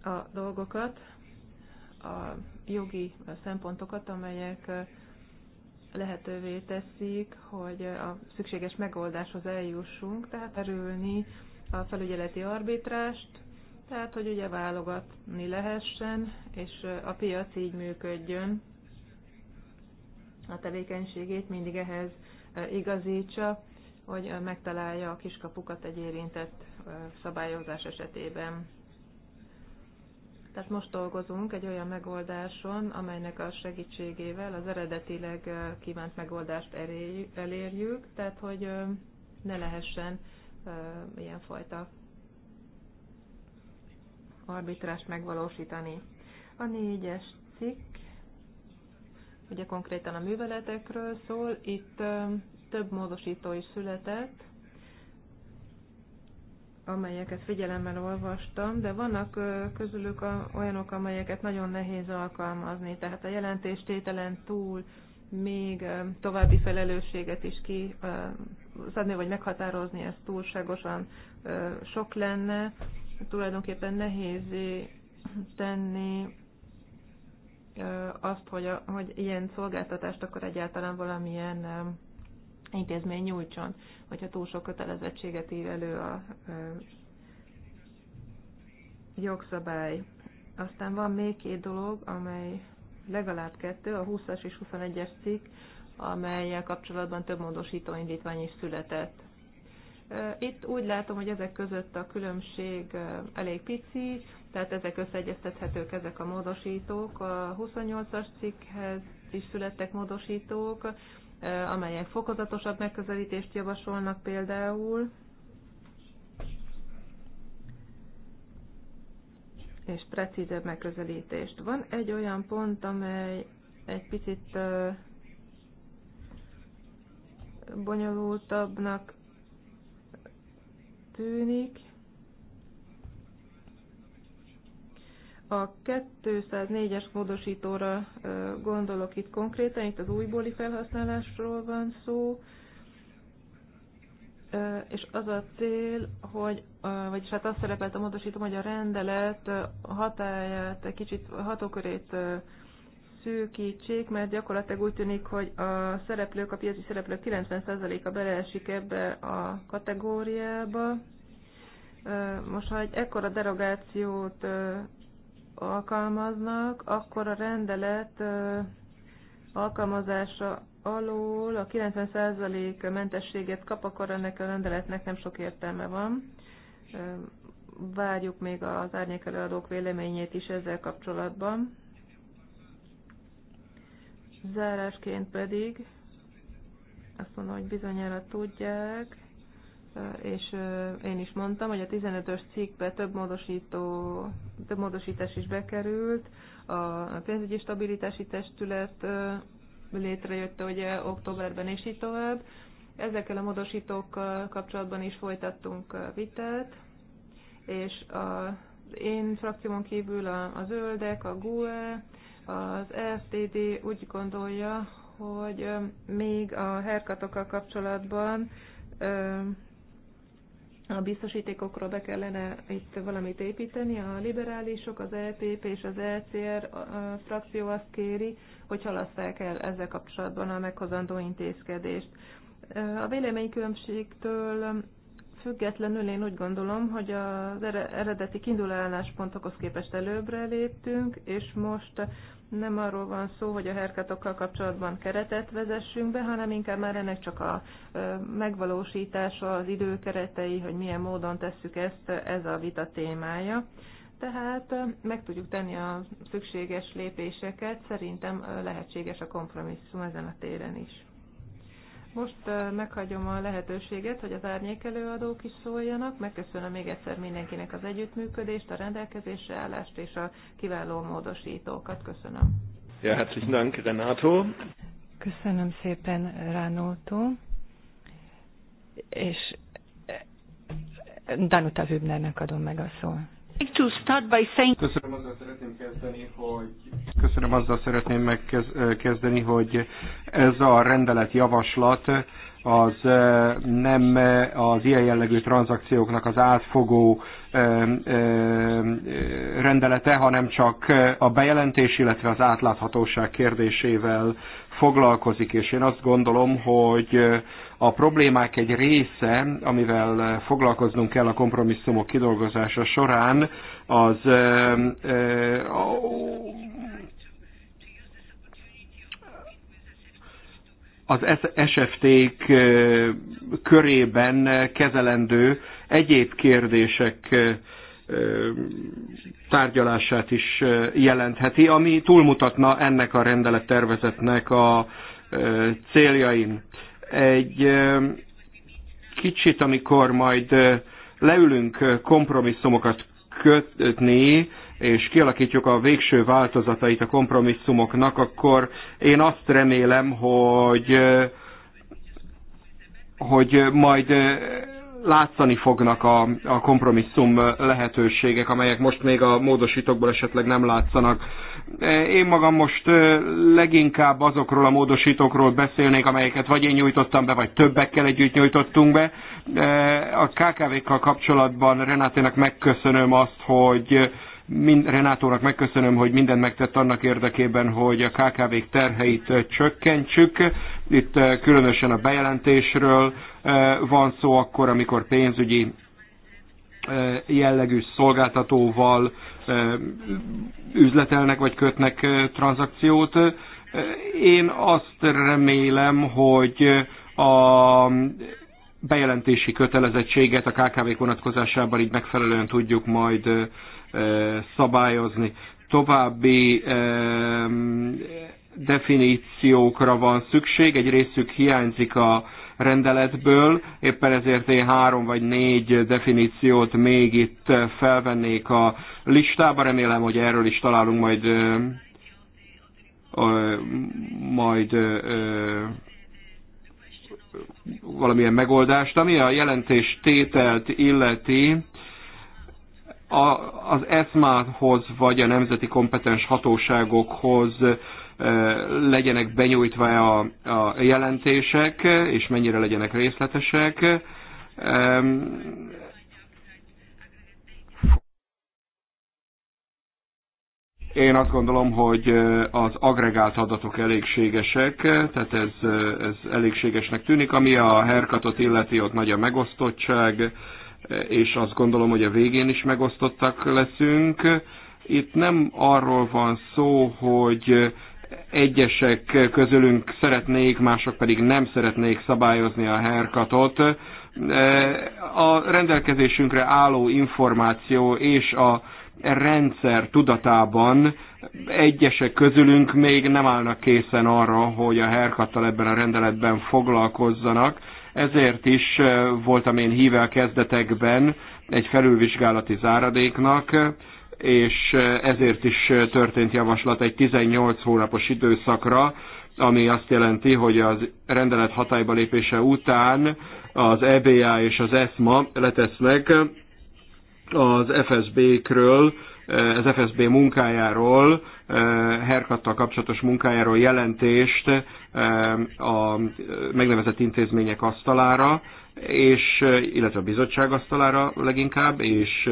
a dolgokat, a jogi szempontokat, amelyek lehetővé teszik, hogy a szükséges megoldáshoz eljussunk, tehát erülni a felügyeleti arbitrást, tehát hogy ugye válogatni lehessen, és a piac így működjön, a tevékenységét mindig ehhez igazítsa, hogy megtalálja a kiskapukat egy érintett szabályozás esetében. Tehát most dolgozunk egy olyan megoldáson, amelynek a segítségével az eredetileg kívánt megoldást elérjük, tehát hogy ne lehessen ilyenfajta arbitrást megvalósítani. A négyes cikk ugye konkrétan a műveletekről szól, itt több módosító is született, amelyeket figyelemmel olvastam, de vannak közülük olyanok, amelyeket nagyon nehéz alkalmazni, tehát a jelentéstételen túl még további felelősséget is ki szadni, vagy meghatározni, ez túlságosan sok lenne. Tulajdonképpen nehéz tenni azt, hogy, a, hogy ilyen szolgáltatást akkor egyáltalán valamilyen intézmény nyújtson, hogyha túl sok kötelezettséget ír elő a jogszabály. Aztán van még két dolog, amely legalább kettő, a 20-as és 21-es cikk, amelyel kapcsolatban több módosító indítvány is született. Itt úgy látom, hogy ezek között a különbség elég pici, tehát ezek összeegyeztethetők ezek a módosítók. A 28-as cikkhez is születtek módosítók, amelyek fokozatosabb megközelítést javasolnak például, és precízebb megközelítést. Van egy olyan pont, amely egy picit bonyolultabbnak tűnik, A 204-es módosítóra gondolok itt konkrétan, itt az újbóli felhasználásról van szó, és az a cél, hogy, vagyis hát azt szerepelt a módosítom, hogy a rendelet hatáját, egy kicsit hatókörét szűkítsék, mert gyakorlatilag úgy tűnik, hogy a szereplők, a piaci szereplők 90%-a beleesik ebbe a kategóriába. Most, ha egy ekkora derogációt alkalmaznak, akkor a rendelet alkalmazása alól a 90% mentességet kap, akkor ennek a rendeletnek nem sok értelme van. Várjuk még az árnyékelőadók véleményét is ezzel kapcsolatban. Zárásként pedig azt mondom, hogy bizonyára tudják, és én is mondtam, hogy a 15-ös cikkbe több, módosító, több módosítás is bekerült, a pénzügyi stabilitási testület létrejött ugye októberben és így tovább. Ezekkel a módosítókkal kapcsolatban is folytattunk vitát, és a, én frakciómon kívül a, a zöldek, a GUE, az FTD úgy gondolja, hogy még a herkatokkal kapcsolatban a biztosítékokról be kellene itt valamit építeni. A liberálisok, az EPP és az ECR frakció azt kéri, hogy halasszák el ezzel kapcsolatban a meghozandó intézkedést. A véleménykülönbségtől függetlenül én úgy gondolom, hogy az eredeti kiindulálláspontokhoz képest előbbre léptünk, és most nem arról van szó, hogy a herkatokkal kapcsolatban keretet vezessünk be, hanem inkább már ennek csak a megvalósítása, az időkeretei, hogy milyen módon tesszük ezt, ez a vita témája. Tehát meg tudjuk tenni a szükséges lépéseket, szerintem lehetséges a kompromisszum ezen a téren is. Most meghagyom a lehetőséget, hogy az árnyék előadók is szóljanak. Megköszönöm még egyszer mindenkinek az együttműködést, a rendelkezésre állást és a kiváló módosítókat. Köszönöm. Ja, herzlichen Dank, Renato. Köszönöm szépen, Renato. És eh, Danuta Hübnernek adom meg a szót. To start by saying... Köszönöm, azzal szeretném kezdeni, hogy, köszönöm, azzal szeretném megkezdeni, hogy ez a rendelet javaslat az nem az ilyen jellegű tranzakcióknak az átfogó rendelete, hanem csak a bejelentés, illetve az átláthatóság kérdésével foglalkozik, és én azt gondolom, hogy a problémák egy része, amivel foglalkoznunk kell a kompromisszumok kidolgozása során, az az SFT-k körében kezelendő egyéb kérdések tárgyalását is jelentheti, ami túlmutatna ennek a rendelettervezetnek a céljain egy kicsit, amikor majd leülünk kompromisszumokat kötni, és kialakítjuk a végső változatait a kompromisszumoknak, akkor én azt remélem, hogy hogy majd látszani fognak a, a kompromisszum lehetőségek, amelyek most még a módosítókból esetleg nem látszanak. E, én magam most e, leginkább azokról a módosítókról beszélnék, amelyeket vagy én nyújtottam be, vagy többekkel együtt nyújtottunk be. E, a KKV-kkal kapcsolatban Renátének megköszönöm azt, hogy mind, Renátónak megköszönöm, hogy mindent megtett annak érdekében, hogy a KKV-k terheit csökkentsük. Itt eh, különösen a bejelentésről eh, van szó akkor, amikor pénzügyi eh, jellegű szolgáltatóval üzletelnek vagy kötnek tranzakciót. Én azt remélem, hogy a bejelentési kötelezettséget a KKV vonatkozásában így megfelelően tudjuk majd szabályozni. További definíciókra van szükség, egy részük hiányzik a rendeletből, éppen ezért én három vagy négy definíciót még itt felvennék a listába, remélem, hogy erről is találunk majd majd valamilyen megoldást. Ami a jelentés tételt illeti, a, az ESMA-hoz vagy a nemzeti kompetens hatóságokhoz legyenek benyújtva a, a jelentések, és mennyire legyenek részletesek. Én azt gondolom, hogy az agregált adatok elégségesek, tehát ez, ez elégségesnek tűnik. Ami a herkatot illeti, ott nagy a megosztottság, és azt gondolom, hogy a végén is megosztottak leszünk. Itt nem arról van szó, hogy egyesek közülünk szeretnék, mások pedig nem szeretnék szabályozni a herkatot. E, a rendelkezésünkre álló információ és a rendszer tudatában egyesek közülünk még nem állnak készen arra, hogy a herkattal ebben a rendeletben foglalkozzanak. Ezért is e, voltam én híve a kezdetekben egy felülvizsgálati záradéknak, és eh, ezért is eh, történt javaslat egy 18 hónapos időszakra, ami azt jelenti, hogy a rendelet hatályba lépése után az EBA és az ESMA letesznek az FSB-kről, eh, az FSB munkájáról, herkattal kapcsolatos munkájáról jelentést a megnevezett intézmények asztalára, és, illetve a bizottság asztalára leginkább, és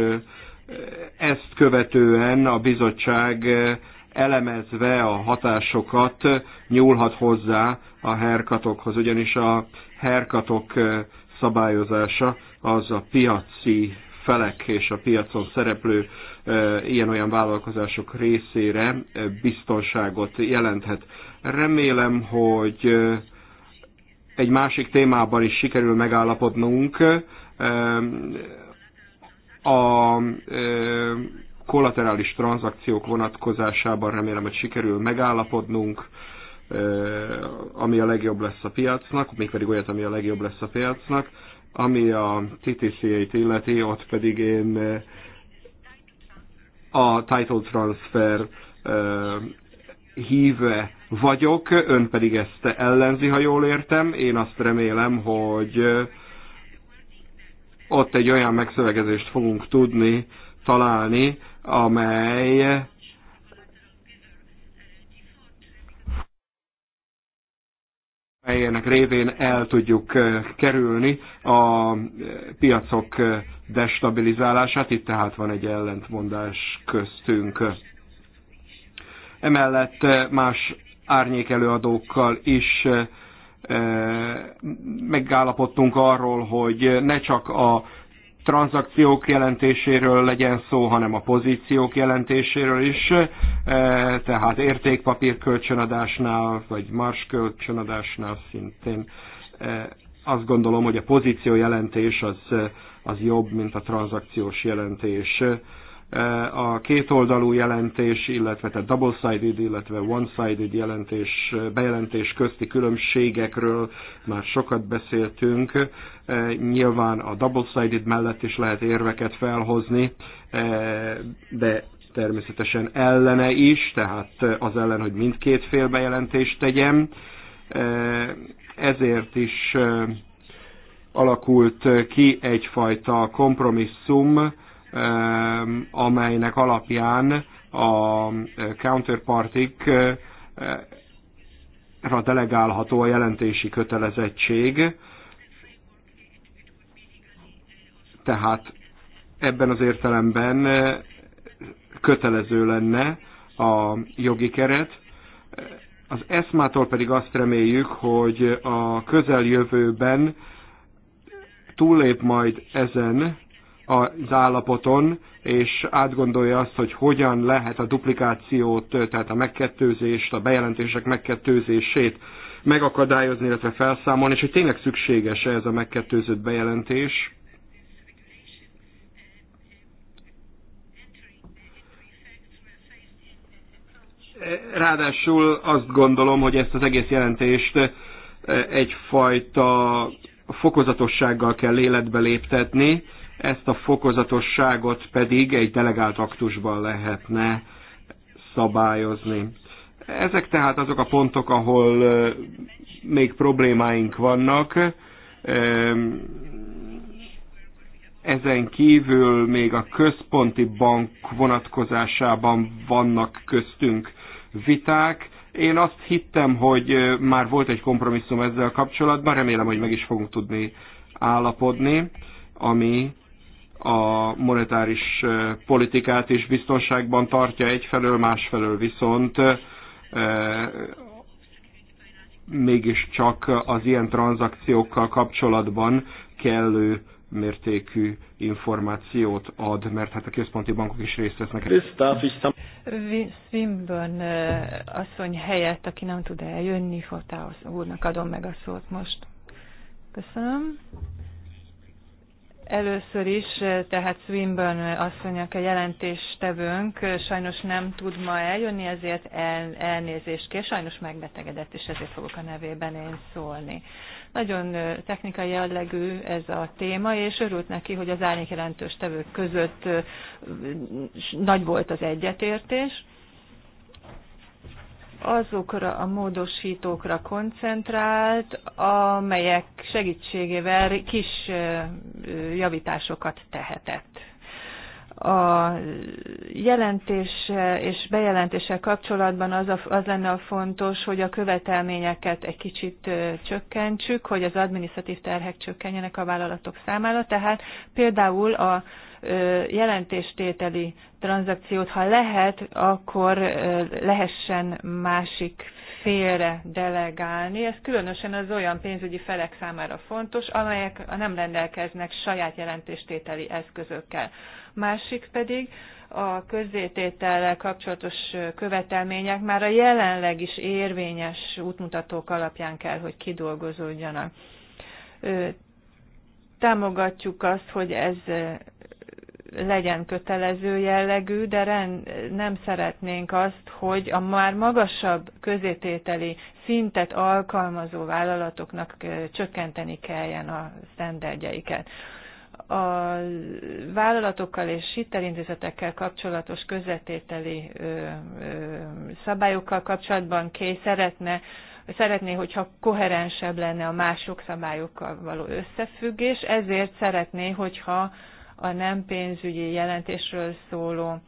ezt követően a bizottság eh, elemezve a hatásokat nyúlhat hozzá a herkatokhoz, ugyanis a herkatok eh, szabályozása az a piaci felek és a piacon szereplő eh, ilyen-olyan vállalkozások részére biztonságot jelenthet. Remélem, hogy egy másik témában is sikerül megállapodnunk, a kollaterális tranzakciók vonatkozásában remélem, hogy sikerül megállapodnunk, ami a legjobb lesz a piacnak, mégpedig olyat, ami a legjobb lesz a piacnak. Ami a ttc t illeti, ott pedig én a title transfer híve vagyok, ön pedig ezt ellenzi, ha jól értem. Én azt remélem, hogy ott egy olyan megszövegezést fogunk tudni találni, amely melyenek révén el tudjuk eh, kerülni a eh, piacok eh, destabilizálását. Itt tehát van egy ellentmondás köztünk. Emellett más árnyékelőadókkal is megállapodtunk arról, hogy ne csak a tranzakciók jelentéséről legyen szó, hanem a pozíciók jelentéséről is, tehát értékpapír kölcsönadásnál, vagy más kölcsönadásnál szintén azt gondolom, hogy a pozíció jelentés az, az jobb, mint a tranzakciós jelentés a kétoldalú jelentés, illetve a double-sided, illetve one-sided jelentés, bejelentés közti különbségekről már sokat beszéltünk. E, nyilván a double-sided mellett is lehet érveket felhozni, e, de természetesen ellene is, tehát az ellen, hogy mindkét fél bejelentést tegyem. E, ezért is alakult ki egyfajta kompromisszum, amelynek alapján a e, counterpartik e, e, delegálható a jelentési kötelezettség, tehát ebben az értelemben kötelező lenne a jogi keret. Az ESMA-tól pedig azt reméljük, hogy a közeljövőben túllép majd ezen, az állapoton, és átgondolja azt, hogy hogyan lehet a duplikációt, tehát a megkettőzést, a bejelentések megkettőzését megakadályozni, illetve felszámolni, és hogy tényleg szükséges -e ez a megkettőzött bejelentés. Ráadásul azt gondolom, hogy ezt az egész jelentést eh, egyfajta fokozatossággal kell életbe léptetni, ezt a fokozatosságot pedig egy delegált aktusban lehetne szabályozni. Ezek tehát azok a pontok, ahol még problémáink vannak. Ezen kívül még a központi bank vonatkozásában vannak köztünk viták. Én azt hittem, hogy már volt egy kompromisszum ezzel kapcsolatban, remélem, hogy meg is fogunk tudni állapodni, ami a monetáris politikát is biztonságban tartja egyfelől, másfelől viszont mégiscsak az ilyen tranzakciókkal kapcsolatban kellő mértékű információt ad, mert hát a központi bankok is részt vesznek. Swinburne asszony helyett, aki nem tud eljönni, Fotához úrnak adom meg a szót most. Köszönöm. Először is, eh, tehát Swinburne asszony, a jelentéstevőnk eh, sajnos nem tud ma eljönni, ezért el, elnézést kér, sajnos megbetegedett, és ezért fogok a nevében én szólni. Nagyon eh, technikai jellegű ez a téma, és örült neki, hogy az árnyék jelentős tevők között nagy volt az egyetértés azokra a módosítókra koncentrált, amelyek segítségével kis javításokat tehetett. A jelentés és bejelentéssel kapcsolatban az, a, az lenne a fontos, hogy a követelményeket egy kicsit csökkentsük, hogy az adminisztratív terhek csökkenjenek a vállalatok számára. Tehát például a jelentéstételi tranzakciót, ha lehet, akkor lehessen másik félre delegálni. Ez különösen az olyan pénzügyi felek számára fontos, amelyek nem rendelkeznek saját jelentéstételi eszközökkel. Másik pedig a közzététellel kapcsolatos követelmények már a jelenleg is érvényes útmutatók alapján kell, hogy kidolgozódjanak. Támogatjuk azt, hogy ez legyen kötelező jellegű, de rend, nem szeretnénk azt, hogy a már magasabb közétételi szintet alkalmazó vállalatoknak csökkenteni kelljen a sztenderdjeiket. A vállalatokkal és hitelintézetekkel kapcsolatos közvetételi szabályokkal kapcsolatban Ké szeretne szeretné, hogyha koherensebb lenne a mások szabályokkal való összefüggés, ezért szeretné, hogyha a nem pénzügyi jelentésről szóló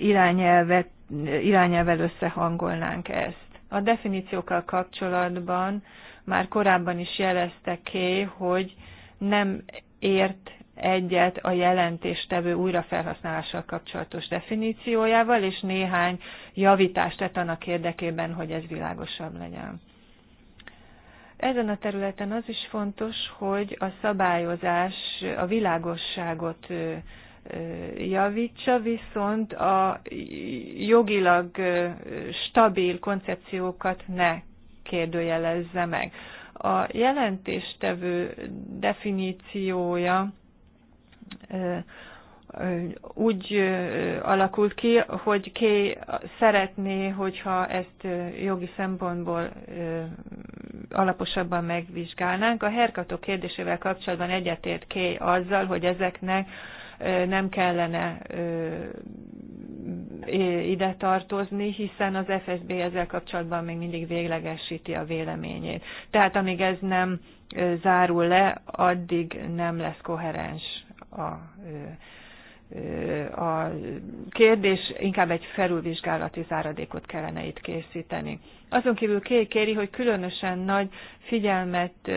irányelvet, irányelvel összehangolnánk ezt. A definíciókkal kapcsolatban már korábban is jelezte ki, hogy nem ért egyet a jelentéstevő újrafelhasználással kapcsolatos definíciójával, és néhány javítást tett annak érdekében, hogy ez világosabb legyen. Ezen a területen az is fontos, hogy a szabályozás a világosságot javítsa, viszont a jogilag stabil koncepciókat ne kérdőjelezze meg. A jelentéstevő definíciója úgy alakult ki, hogy ki szeretné, hogyha ezt jogi szempontból alaposabban megvizsgálnánk. A herkató kérdésével kapcsolatban egyetért Kay azzal, hogy ezeknek nem kellene ide tartozni, hiszen az FSB ezzel kapcsolatban még mindig véglegesíti a véleményét. Tehát amíg ez nem zárul le, addig nem lesz koherens a a kérdés, inkább egy felülvizsgálati záradékot kellene itt készíteni. Azon kívül kéri, hogy különösen nagy figyelmet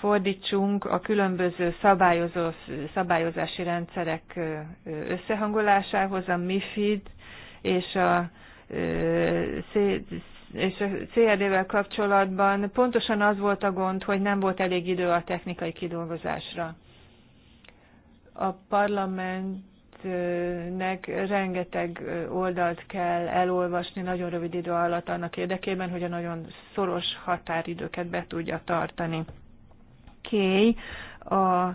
fordítsunk a különböző szabályozó, szabályozási rendszerek összehangolásához, a MIFID és a és a CRD-vel kapcsolatban pontosan az volt a gond, hogy nem volt elég idő a technikai kidolgozásra a parlamentnek rengeteg oldalt kell elolvasni nagyon rövid idő alatt annak érdekében, hogy a nagyon szoros határidőket be tudja tartani. Kéj, A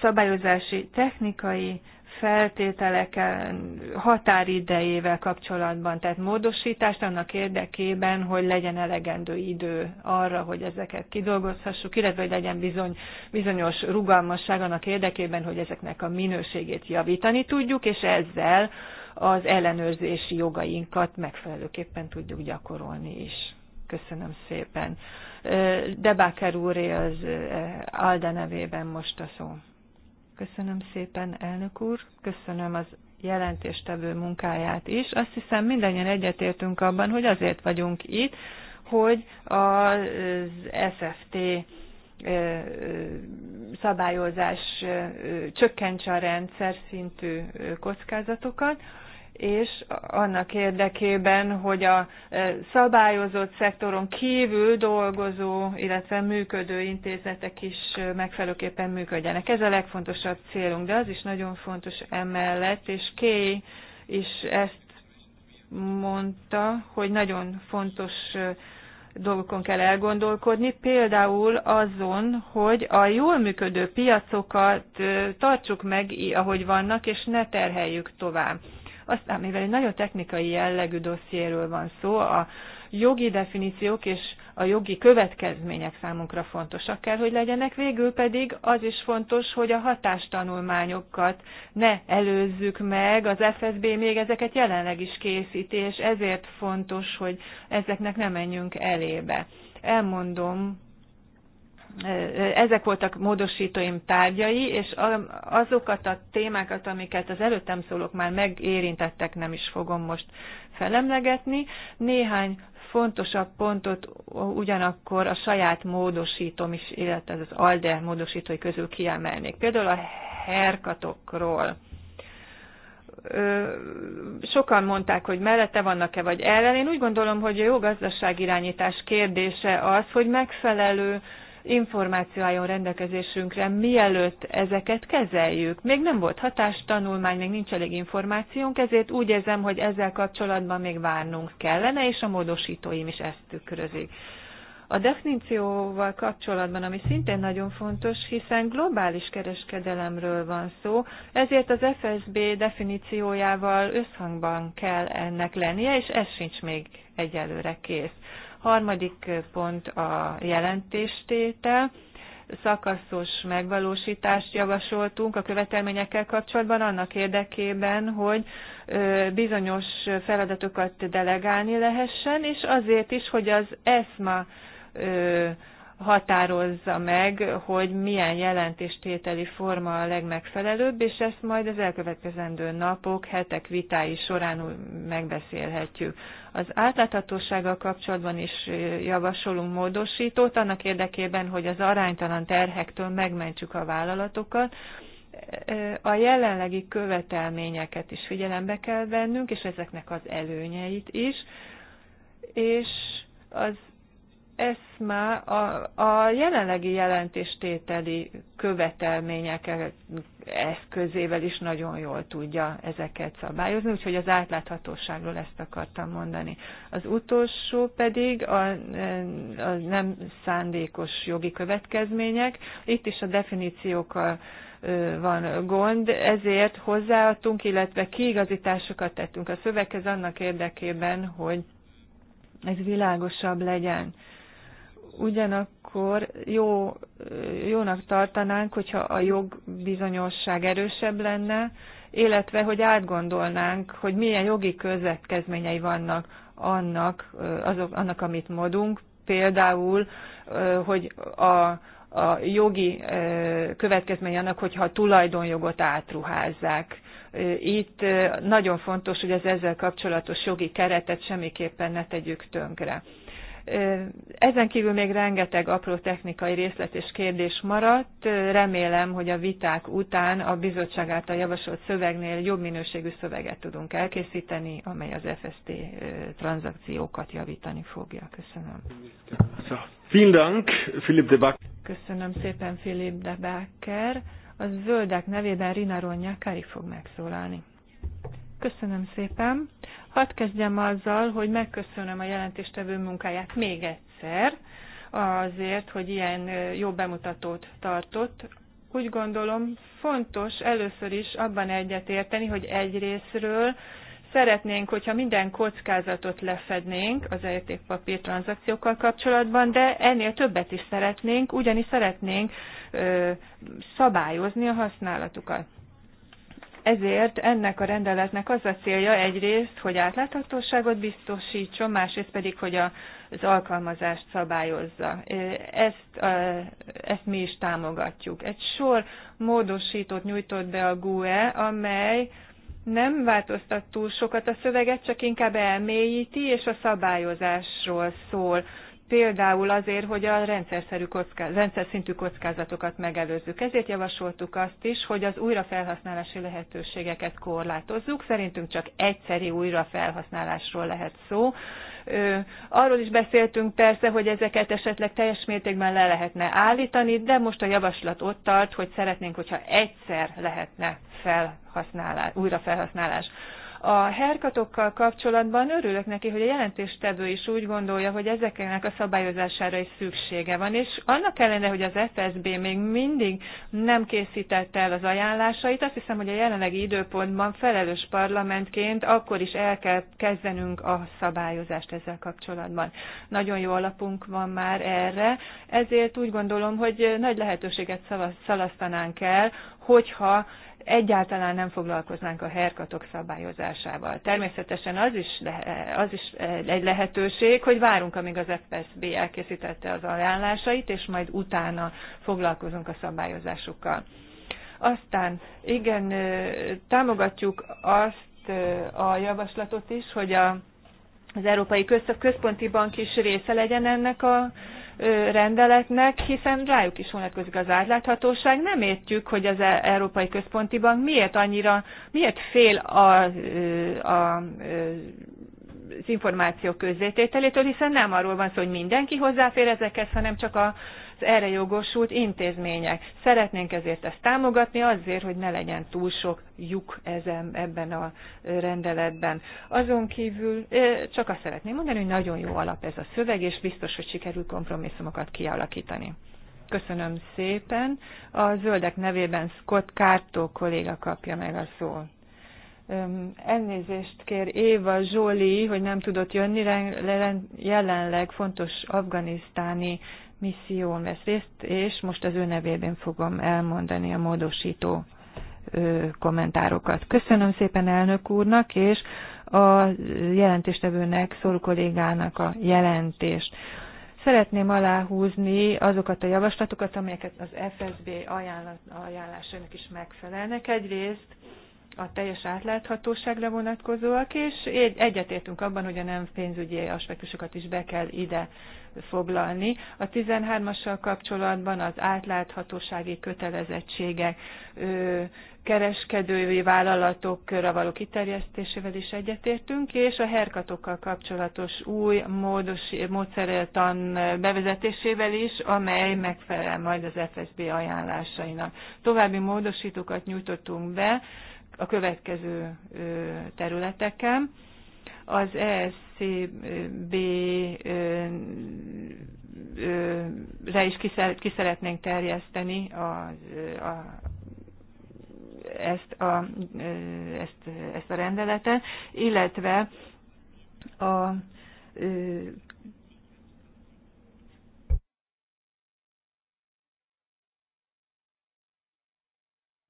szabályozási technikai feltételeken, határidejével kapcsolatban, tehát módosítást annak érdekében, hogy legyen elegendő idő arra, hogy ezeket kidolgozhassuk, illetve hogy legyen bizony, bizonyos rugalmasság annak érdekében, hogy ezeknek a minőségét javítani tudjuk, és ezzel az ellenőrzési jogainkat megfelelőképpen tudjuk gyakorolni is. Köszönöm szépen. Debáker úré az Alda nevében most a szó. Köszönöm szépen, elnök úr. Köszönöm az jelentéstevő munkáját is. Azt hiszem mindannyian egyetértünk abban, hogy azért vagyunk itt, hogy az SFT szabályozás csökkentse a rendszer szintű kockázatokat, és annak érdekében, hogy a e, szabályozott szektoron kívül dolgozó, illetve működő intézetek is e, megfelelőképpen működjenek. Ez a legfontosabb célunk, de az is nagyon fontos emellett, és Kay is ezt mondta, hogy nagyon fontos e, dolgokon kell elgondolkodni, például azon, hogy a jól működő piacokat tartsuk meg, ahogy vannak, és ne terheljük tovább. Aztán, mivel egy nagyon technikai jellegű dossziéről van szó, a jogi definíciók és a jogi következmények számunkra fontosak kell, hogy legyenek, végül pedig az is fontos, hogy a hatástanulmányokat ne előzzük meg, az FSB még ezeket jelenleg is készíti, és ezért fontos, hogy ezeknek ne menjünk elébe. Elmondom, ezek voltak módosítóim tárgyai, és azokat a témákat, amiket az előttem szólók már megérintettek, nem is fogom most felemlegetni. Néhány fontosabb pontot ugyanakkor a saját módosítom is, illetve az ALDE módosítói közül kiemelnék. Például a herkatokról sokan mondták, hogy mellette vannak-e vagy ellen. Én úgy gondolom, hogy a jó gazdaságirányítás kérdése az, hogy megfelelő információ álljon rendelkezésünkre, mielőtt ezeket kezeljük. Még nem volt hatástanulmány, még nincs elég információnk, ezért úgy érzem, hogy ezzel kapcsolatban még várnunk kellene, és a módosítóim is ezt tükrözik. A definícióval kapcsolatban, ami szintén nagyon fontos, hiszen globális kereskedelemről van szó, ezért az FSB definíciójával összhangban kell ennek lennie, és ez sincs még egyelőre kész. Harmadik pont a jelentéstétel szakaszos megvalósítást javasoltunk a követelményekkel kapcsolatban annak érdekében, hogy bizonyos feladatokat delegálni lehessen, és azért is, hogy az ESMA határozza meg, hogy milyen jelentéstételi forma a legmegfelelőbb, és ezt majd az elkövetkezendő napok, hetek vitái során megbeszélhetjük. Az átláthatósággal kapcsolatban is javasolunk módosítót annak érdekében, hogy az aránytalan terhektől megmentsük a vállalatokat, a jelenlegi követelményeket is figyelembe kell vennünk, és ezeknek az előnyeit is, és az már a, a jelenlegi jelentéstételi követelmények eszközével is nagyon jól tudja ezeket szabályozni, úgyhogy az átláthatóságról ezt akartam mondani. Az utolsó pedig a, a nem szándékos jogi következmények. Itt is a definíciókkal van gond, ezért hozzáadtunk, illetve kiigazításokat tettünk a szöveghez annak érdekében, hogy ez világosabb legyen ugyanakkor jó, jónak tartanánk, hogyha a jogbizonyosság erősebb lenne, illetve hogy átgondolnánk, hogy milyen jogi következményei vannak annak, azok, annak amit modunk, például, hogy a, a jogi következmény annak, hogyha a tulajdonjogot átruházzák. Itt nagyon fontos, hogy az ezzel kapcsolatos jogi keretet semmiképpen ne tegyük tönkre. Ezen kívül még rengeteg apró technikai részlet és kérdés maradt. Remélem, hogy a viták után a bizottság által javasolt szövegnél jobb minőségű szöveget tudunk elkészíteni, amely az FST tranzakciókat javítani fogja. Köszönöm. Vielen Dank, Philipp de Köszönöm szépen, Philipp de Backer. A zöldek nevében Rina Ronja fog megszólalni. Köszönöm szépen. Hadd kezdjem azzal, hogy megköszönöm a jelentéstevő munkáját még egyszer, azért, hogy ilyen jó bemutatót tartott. Úgy gondolom, fontos először is abban egyetérteni, hogy egyrésztről szeretnénk, hogyha minden kockázatot lefednénk az értékpapír tranzakciókkal kapcsolatban, de ennél többet is szeretnénk, ugyanis szeretnénk ö, szabályozni a használatukat. Ezért ennek a rendeletnek az a célja egyrészt, hogy átláthatóságot biztosítson, másrészt pedig, hogy az alkalmazást szabályozza. Ezt, ezt mi is támogatjuk. Egy sor módosítót nyújtott be a GUE, amely nem változtat túl sokat a szöveget, csak inkább elmélyíti, és a szabályozásról szól például azért, hogy a rendszerszerű kockáz, rendszer szintű kockázatokat megelőzzük. Ezért javasoltuk azt is, hogy az újrafelhasználási lehetőségeket korlátozzuk. Szerintünk csak egyszeri újrafelhasználásról lehet szó. Arról is beszéltünk persze, hogy ezeket esetleg teljes mértékben le lehetne állítani, de most a javaslat ott tart, hogy szeretnénk, hogyha egyszer lehetne felhasználás, újrafelhasználás. A herkatokkal kapcsolatban örülök neki, hogy a jelentéstevő is úgy gondolja, hogy ezeknek a szabályozására is szüksége van, és annak ellenére, hogy az FSB még mindig nem készítette el az ajánlásait, azt hiszem, hogy a jelenlegi időpontban felelős parlamentként akkor is el kell kezdenünk a szabályozást ezzel kapcsolatban. Nagyon jó alapunk van már erre, ezért úgy gondolom, hogy nagy lehetőséget szalasztanánk el, hogyha egyáltalán nem foglalkoznánk a herkatok szabályozásával. Természetesen az is, lehe, az is egy lehetőség, hogy várunk, amíg az FSB elkészítette az ajánlásait, és majd utána foglalkozunk a szabályozásukkal. Aztán igen, támogatjuk azt a javaslatot is, hogy a, az Európai Központi Bank is része legyen ennek a rendeletnek, hiszen rájuk is vonatkozik az átláthatóság. Nem értjük, hogy az e- Európai Központi Bank miért annyira, miért fél a, a, az információ közzétételétől, hiszen nem arról van szó, hogy mindenki hozzáfér ezekhez, hanem csak a erre jogosult intézmények. Szeretnénk ezért ezt támogatni, azért, hogy ne legyen túl sok lyuk ezen, ebben a rendeletben. Azon kívül csak azt szeretném mondani, hogy nagyon jó alap ez a szöveg, és biztos, hogy sikerül kompromisszumokat kialakítani. Köszönöm szépen. A zöldek nevében Scott Kártó kolléga kapja meg a szót. Elnézést kér Éva Zsoli, hogy nem tudott jönni, jelenleg fontos afganisztáni misszión vesz részt, és most az ő nevében fogom elmondani a módosító kommentárokat. Köszönöm szépen elnök úrnak, és a jelentéstevőnek, szóló kollégának a jelentést. Szeretném aláhúzni azokat a javaslatokat, amelyeket az FSB ajánlásának is megfelelnek. Egyrészt a teljes átláthatóságra vonatkozóak, és egyetértünk abban, hogy a nem pénzügyi aspektusokat is be kell ide foglalni. A 13-assal kapcsolatban az átláthatósági kötelezettségek kereskedői vállalatokra való kiterjesztésével is egyetértünk, és a herkatokkal kapcsolatos új módos, módszereltan bevezetésével is, amely megfelel majd az FSB ajánlásainak. További módosítókat nyújtottunk be a következő területeken az ESCB re is ki szeretnénk terjeszteni a, a, ezt, a, ezt, ezt a rendeletet, illetve a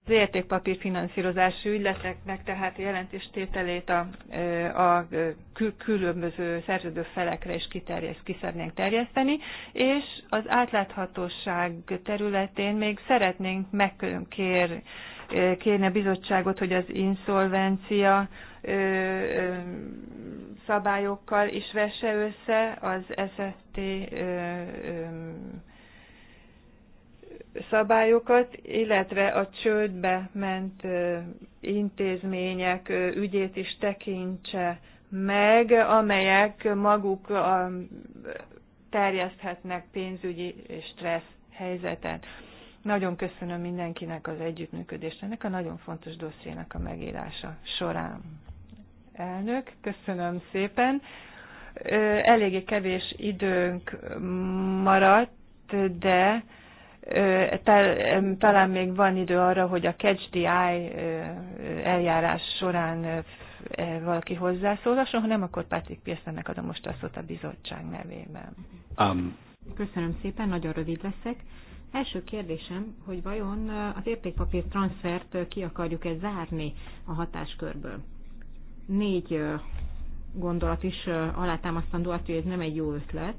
az értékpapír finanszírozási ügyleteknek, tehát jelentéstételét a, a kül, különböző szerződő felekre is kiterjeszt, ki szeretnénk terjeszteni, és az átláthatóság területén még szeretnénk megkér, kérni a bizottságot, hogy az inszolvencia szabályokkal is vesse össze az SFT szabályokat, illetve a csődbe ment intézmények ügyét is tekintse meg, amelyek maguk terjeszthetnek pénzügyi stressz helyzetet. Nagyon köszönöm mindenkinek az együttműködést ennek a nagyon fontos dossziének a megírása során. Elnök, köszönöm szépen. Eléggé kevés időnk maradt, de talán még van idő arra, hogy a catch the eye eljárás során valaki hozzászólhasson, ha nem, akkor Patrick Pearsonnek adom most a szót a bizottság nevében. Um. Köszönöm szépen, nagyon rövid leszek. Első kérdésem, hogy vajon az értékpapír transfert ki akarjuk-e zárni a hatáskörből? Négy gondolat is alátámasztandó azt, hogy ez nem egy jó ötlet.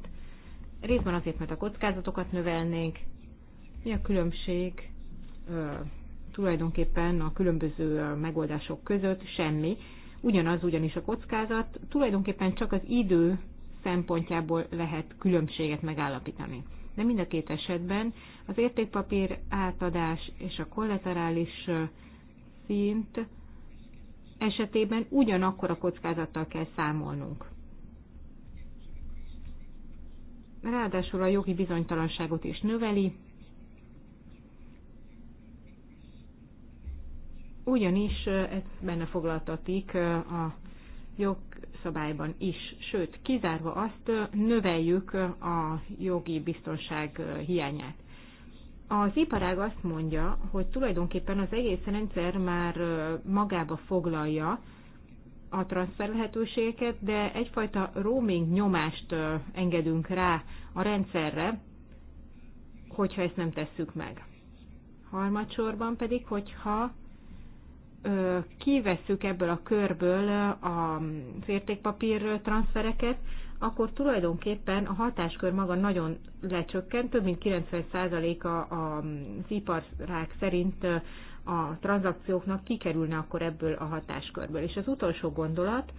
Részben azért, mert a kockázatokat növelnénk, mi a különbség tulajdonképpen a különböző megoldások között? Semmi. Ugyanaz ugyanis a kockázat, tulajdonképpen csak az idő szempontjából lehet különbséget megállapítani. De mind a két esetben az értékpapír átadás és a kollaterális szint esetében ugyanakkor a kockázattal kell számolnunk. Ráadásul a jogi bizonytalanságot is növeli, ugyanis ez benne foglaltatik a jogszabályban is. Sőt, kizárva azt, növeljük a jogi biztonság hiányát. Az iparág azt mondja, hogy tulajdonképpen az egész rendszer már magába foglalja a transfer lehetőségeket, de egyfajta roaming nyomást engedünk rá a rendszerre, hogyha ezt nem tesszük meg. Harmadsorban pedig, hogyha kivesszük ebből a körből a fértékpapír transfereket, akkor tulajdonképpen a hatáskör maga nagyon lecsökkent, több mint 90%-a az iparrák szerint a tranzakcióknak kikerülne akkor ebből a hatáskörből. És az utolsó gondolat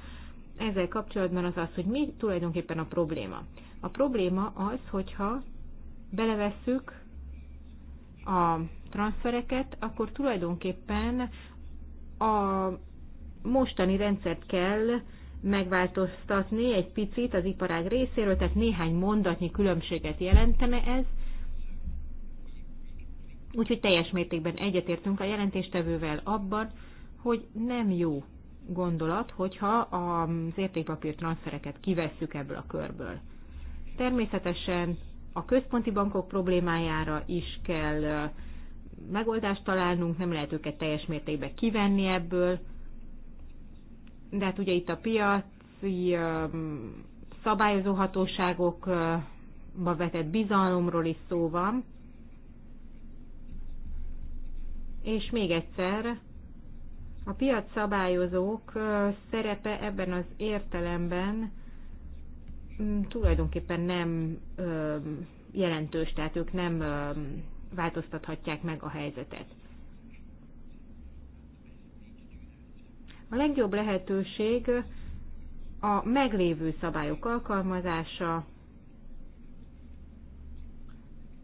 ezzel kapcsolatban az az, hogy mi tulajdonképpen a probléma. A probléma az, hogyha belevesszük a transfereket, akkor tulajdonképpen a mostani rendszert kell megváltoztatni egy picit az iparág részéről, tehát néhány mondatnyi különbséget jelentene ez. Úgyhogy teljes mértékben egyetértünk a jelentéstevővel abban, hogy nem jó gondolat, hogyha az értékpapír transfereket kivesszük ebből a körből. Természetesen a központi bankok problémájára is kell megoldást találnunk, nem lehet őket teljes mértékben kivenni ebből, de hát ugye itt a piaci um, szabályozó hatóságokba vetett bizalomról is szó van. És még egyszer, a piac szabályozók uh, szerepe ebben az értelemben mm, tulajdonképpen nem um, jelentős, tehát ők nem um, változtathatják meg a helyzetet. A legjobb lehetőség a meglévő szabályok alkalmazása,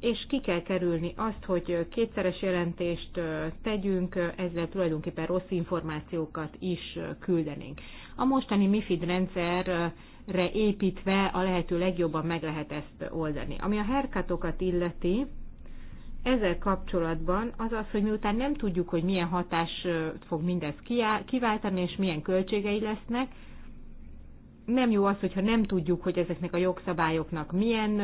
és ki kell kerülni azt, hogy kétszeres jelentést tegyünk, ezzel tulajdonképpen rossz információkat is küldenénk. A mostani MIFID rendszerre építve a lehető legjobban meg lehet ezt oldani. Ami a herkatokat illeti, ezzel kapcsolatban az az, hogy miután nem tudjuk, hogy milyen hatás fog mindez kiváltani, és milyen költségei lesznek, nem jó az, hogyha nem tudjuk, hogy ezeknek a jogszabályoknak milyen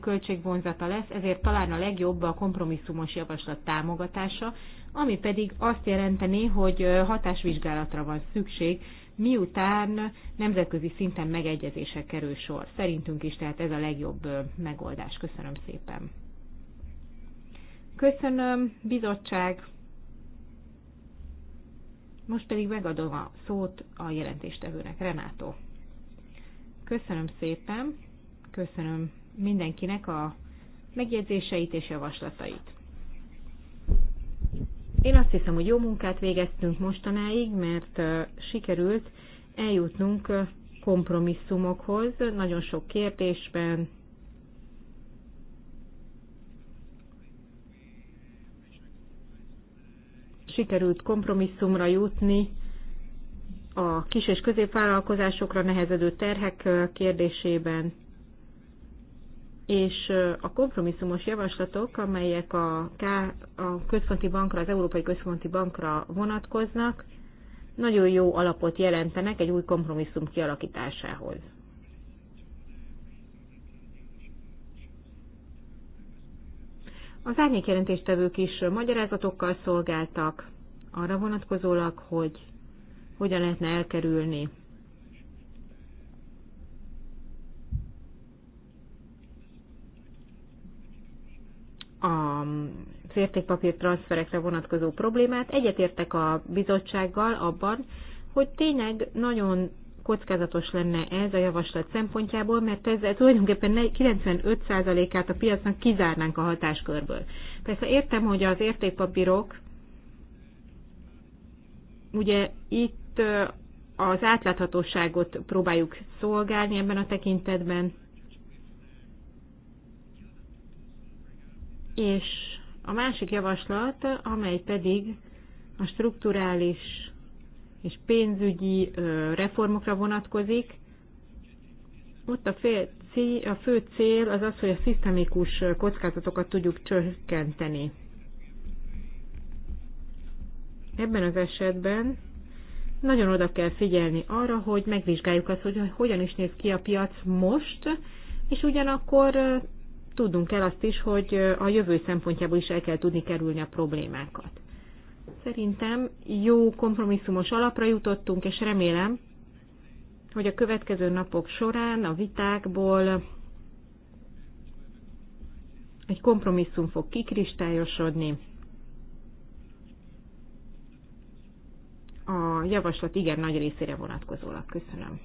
költségvonzata lesz, ezért talán a legjobb a kompromisszumos javaslat támogatása, ami pedig azt jelenteni, hogy hatásvizsgálatra van szükség, miután nemzetközi szinten megegyezések kerül sor. Szerintünk is tehát ez a legjobb megoldás. Köszönöm szépen. Köszönöm, bizottság! Most pedig megadom a szót a jelentéstevőnek, Renátó. Köszönöm szépen, köszönöm mindenkinek a megjegyzéseit és javaslatait. Én azt hiszem, hogy jó munkát végeztünk mostanáig, mert sikerült eljutnunk kompromisszumokhoz nagyon sok kérdésben, sikerült kompromisszumra jutni a kis és középvállalkozásokra nehezedő terhek kérdésében, és a kompromisszumos javaslatok, amelyek a, K, a központi bankra, az Európai Központi Bankra vonatkoznak, nagyon jó alapot jelentenek egy új kompromisszum kialakításához. Az árnyékjelentéstevők is magyarázatokkal szolgáltak arra vonatkozólag, hogy hogyan lehetne elkerülni a értékpapír transferekre vonatkozó problémát. Egyetértek a bizottsággal abban, hogy tényleg nagyon kockázatos lenne ez a javaslat szempontjából, mert ezzel tulajdonképpen 95%-át a piacnak kizárnánk a hatáskörből. Persze értem, hogy az értékpapírok, ugye itt az átláthatóságot próbáljuk szolgálni ebben a tekintetben, és a másik javaslat, amely pedig a strukturális és pénzügyi reformokra vonatkozik. Ott a, fél, a fő cél az az, hogy a szisztemikus kockázatokat tudjuk csökkenteni. Ebben az esetben nagyon oda kell figyelni arra, hogy megvizsgáljuk azt, hogy hogyan is néz ki a piac most, és ugyanakkor tudnunk el azt is, hogy a jövő szempontjából is el kell tudni kerülni a problémákat. Szerintem jó kompromisszumos alapra jutottunk, és remélem, hogy a következő napok során a vitákból egy kompromisszum fog kikristályosodni. A javaslat igen nagy részére vonatkozólag. Köszönöm.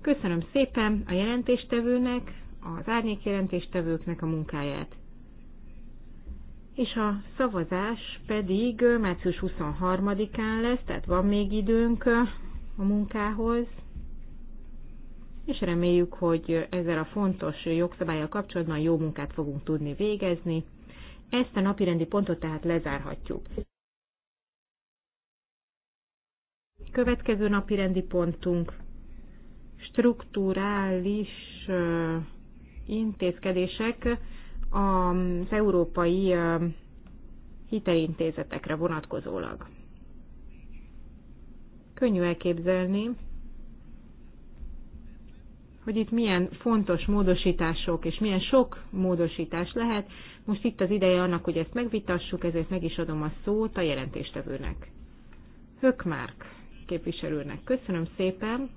Köszönöm szépen a jelentéstevőnek, az árnyék jelentéstevőknek a munkáját és a szavazás pedig március 23-án lesz, tehát van még időnk a munkához, és reméljük, hogy ezzel a fontos jogszabályjal kapcsolatban jó munkát fogunk tudni végezni. Ezt a napirendi pontot tehát lezárhatjuk. Következő napirendi pontunk struktúrális intézkedések az európai hitelintézetekre vonatkozólag. Könnyű elképzelni, hogy itt milyen fontos módosítások és milyen sok módosítás lehet. Most itt az ideje annak, hogy ezt megvitassuk, ezért meg is adom a szót a jelentéstevőnek. Hökmárk képviselőnek. Köszönöm szépen.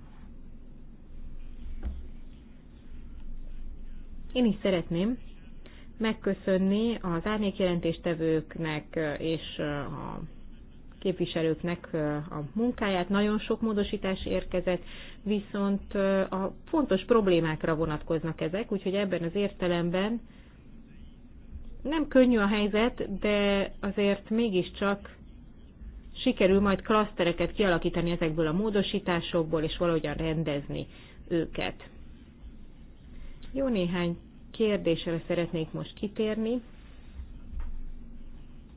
Én is szeretném megköszönni az árnyékjelentéstevőknek és a képviselőknek a munkáját. Nagyon sok módosítás érkezett, viszont a fontos problémákra vonatkoznak ezek, úgyhogy ebben az értelemben nem könnyű a helyzet, de azért mégiscsak sikerül majd klasztereket kialakítani ezekből a módosításokból, és valahogyan rendezni őket. Jó néhány kérdésre szeretnék most kitérni,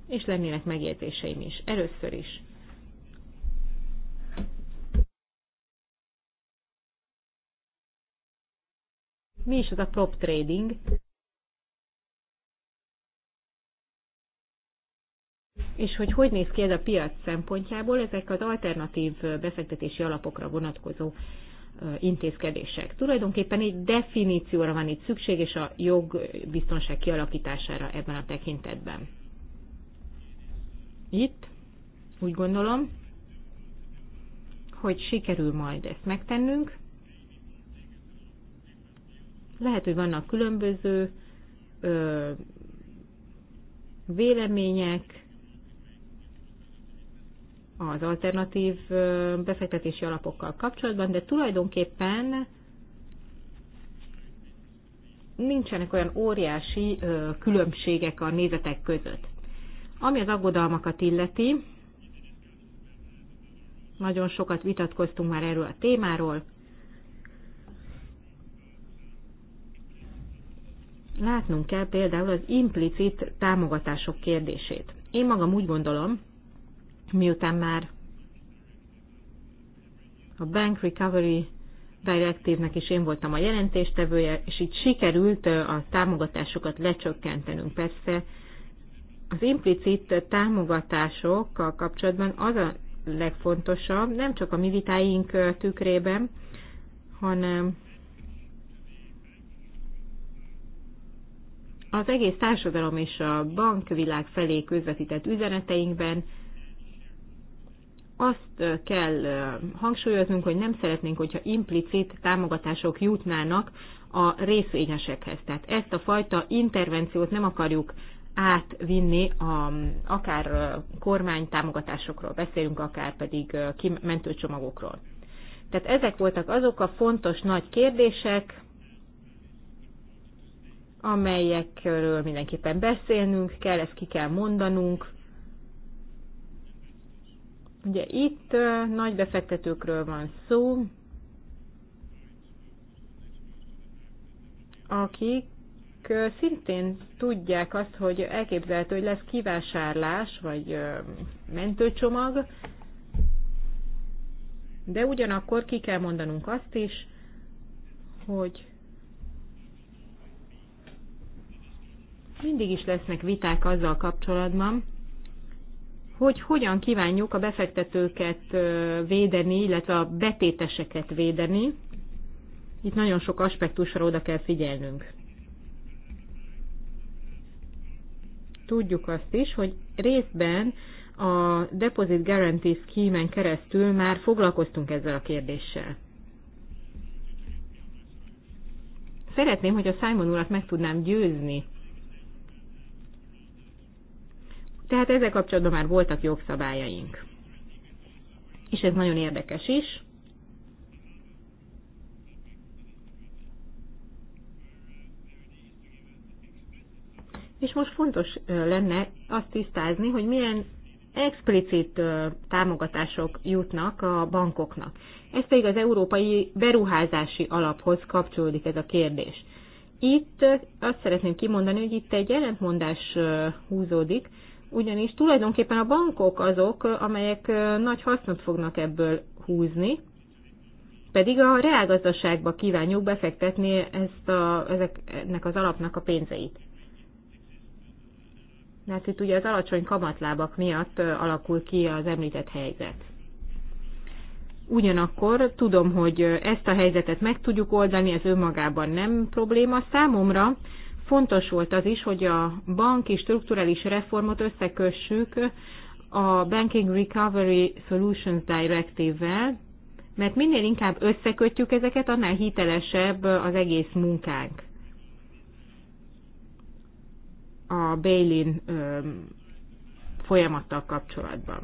és lennének megértéseim is. Először is. Mi is az a prop trading? És hogy hogy néz ki ez a piac szempontjából, ezek az alternatív befektetési alapokra vonatkozó intézkedések. Tulajdonképpen egy definícióra van itt szükség, és a jogbiztonság kialakítására ebben a tekintetben. Itt úgy gondolom, hogy sikerül majd ezt megtennünk. Lehet, hogy vannak különböző ö, vélemények, az alternatív befektetési alapokkal kapcsolatban, de tulajdonképpen nincsenek olyan óriási különbségek a nézetek között. Ami az aggodalmakat illeti, nagyon sokat vitatkoztunk már erről a témáról. Látnunk kell például az implicit támogatások kérdését. Én magam úgy gondolom, miután már a Bank Recovery Directive-nek is én voltam a jelentéstevője, és így sikerült a támogatásokat lecsökkentenünk. Persze az implicit támogatásokkal kapcsolatban az a legfontosabb, nem csak a mi vitáink tükrében, hanem az egész társadalom és a bankvilág felé közvetített üzeneteinkben, azt kell hangsúlyoznunk, hogy nem szeretnénk, hogyha implicit támogatások jutnának a részvényesekhez. Tehát ezt a fajta intervenciót nem akarjuk átvinni, a, akár kormány támogatásokról beszélünk, akár pedig mentőcsomagokról. Tehát ezek voltak azok a fontos nagy kérdések, amelyekről mindenképpen beszélnünk kell, ezt ki kell mondanunk, Ugye itt nagy befektetőkről van szó, akik szintén tudják azt, hogy elképzelhető, hogy lesz kivásárlás vagy mentőcsomag, de ugyanakkor ki kell mondanunk azt is, hogy mindig is lesznek viták azzal kapcsolatban, hogy hogyan kívánjuk a befektetőket védeni, illetve a betéteseket védeni. Itt nagyon sok aspektusra oda kell figyelnünk. Tudjuk azt is, hogy részben a Deposit Guarantee Scheme-en keresztül már foglalkoztunk ezzel a kérdéssel. Szeretném, hogy a Simon urat meg tudnám győzni Tehát ezzel kapcsolatban már voltak jogszabályaink. És ez nagyon érdekes is. És most fontos lenne azt tisztázni, hogy milyen explicit támogatások jutnak a bankoknak. Ez pedig az Európai Beruházási Alaphoz kapcsolódik ez a kérdés. Itt azt szeretném kimondani, hogy itt egy jelentmondás húzódik, ugyanis tulajdonképpen a bankok azok, amelyek nagy hasznot fognak ebből húzni, pedig a reálgazdaságba kívánjuk befektetni ezt a, ezeknek az alapnak a pénzeit. Mert itt ugye az alacsony kamatlábak miatt alakul ki az említett helyzet. Ugyanakkor tudom, hogy ezt a helyzetet meg tudjuk oldani, ez önmagában nem probléma számomra. Fontos volt az is, hogy a banki strukturális reformot összekössük a Banking Recovery Solutions Directive-vel, mert minél inkább összekötjük ezeket, annál hitelesebb az egész munkánk. A Bailin folyamattal kapcsolatban.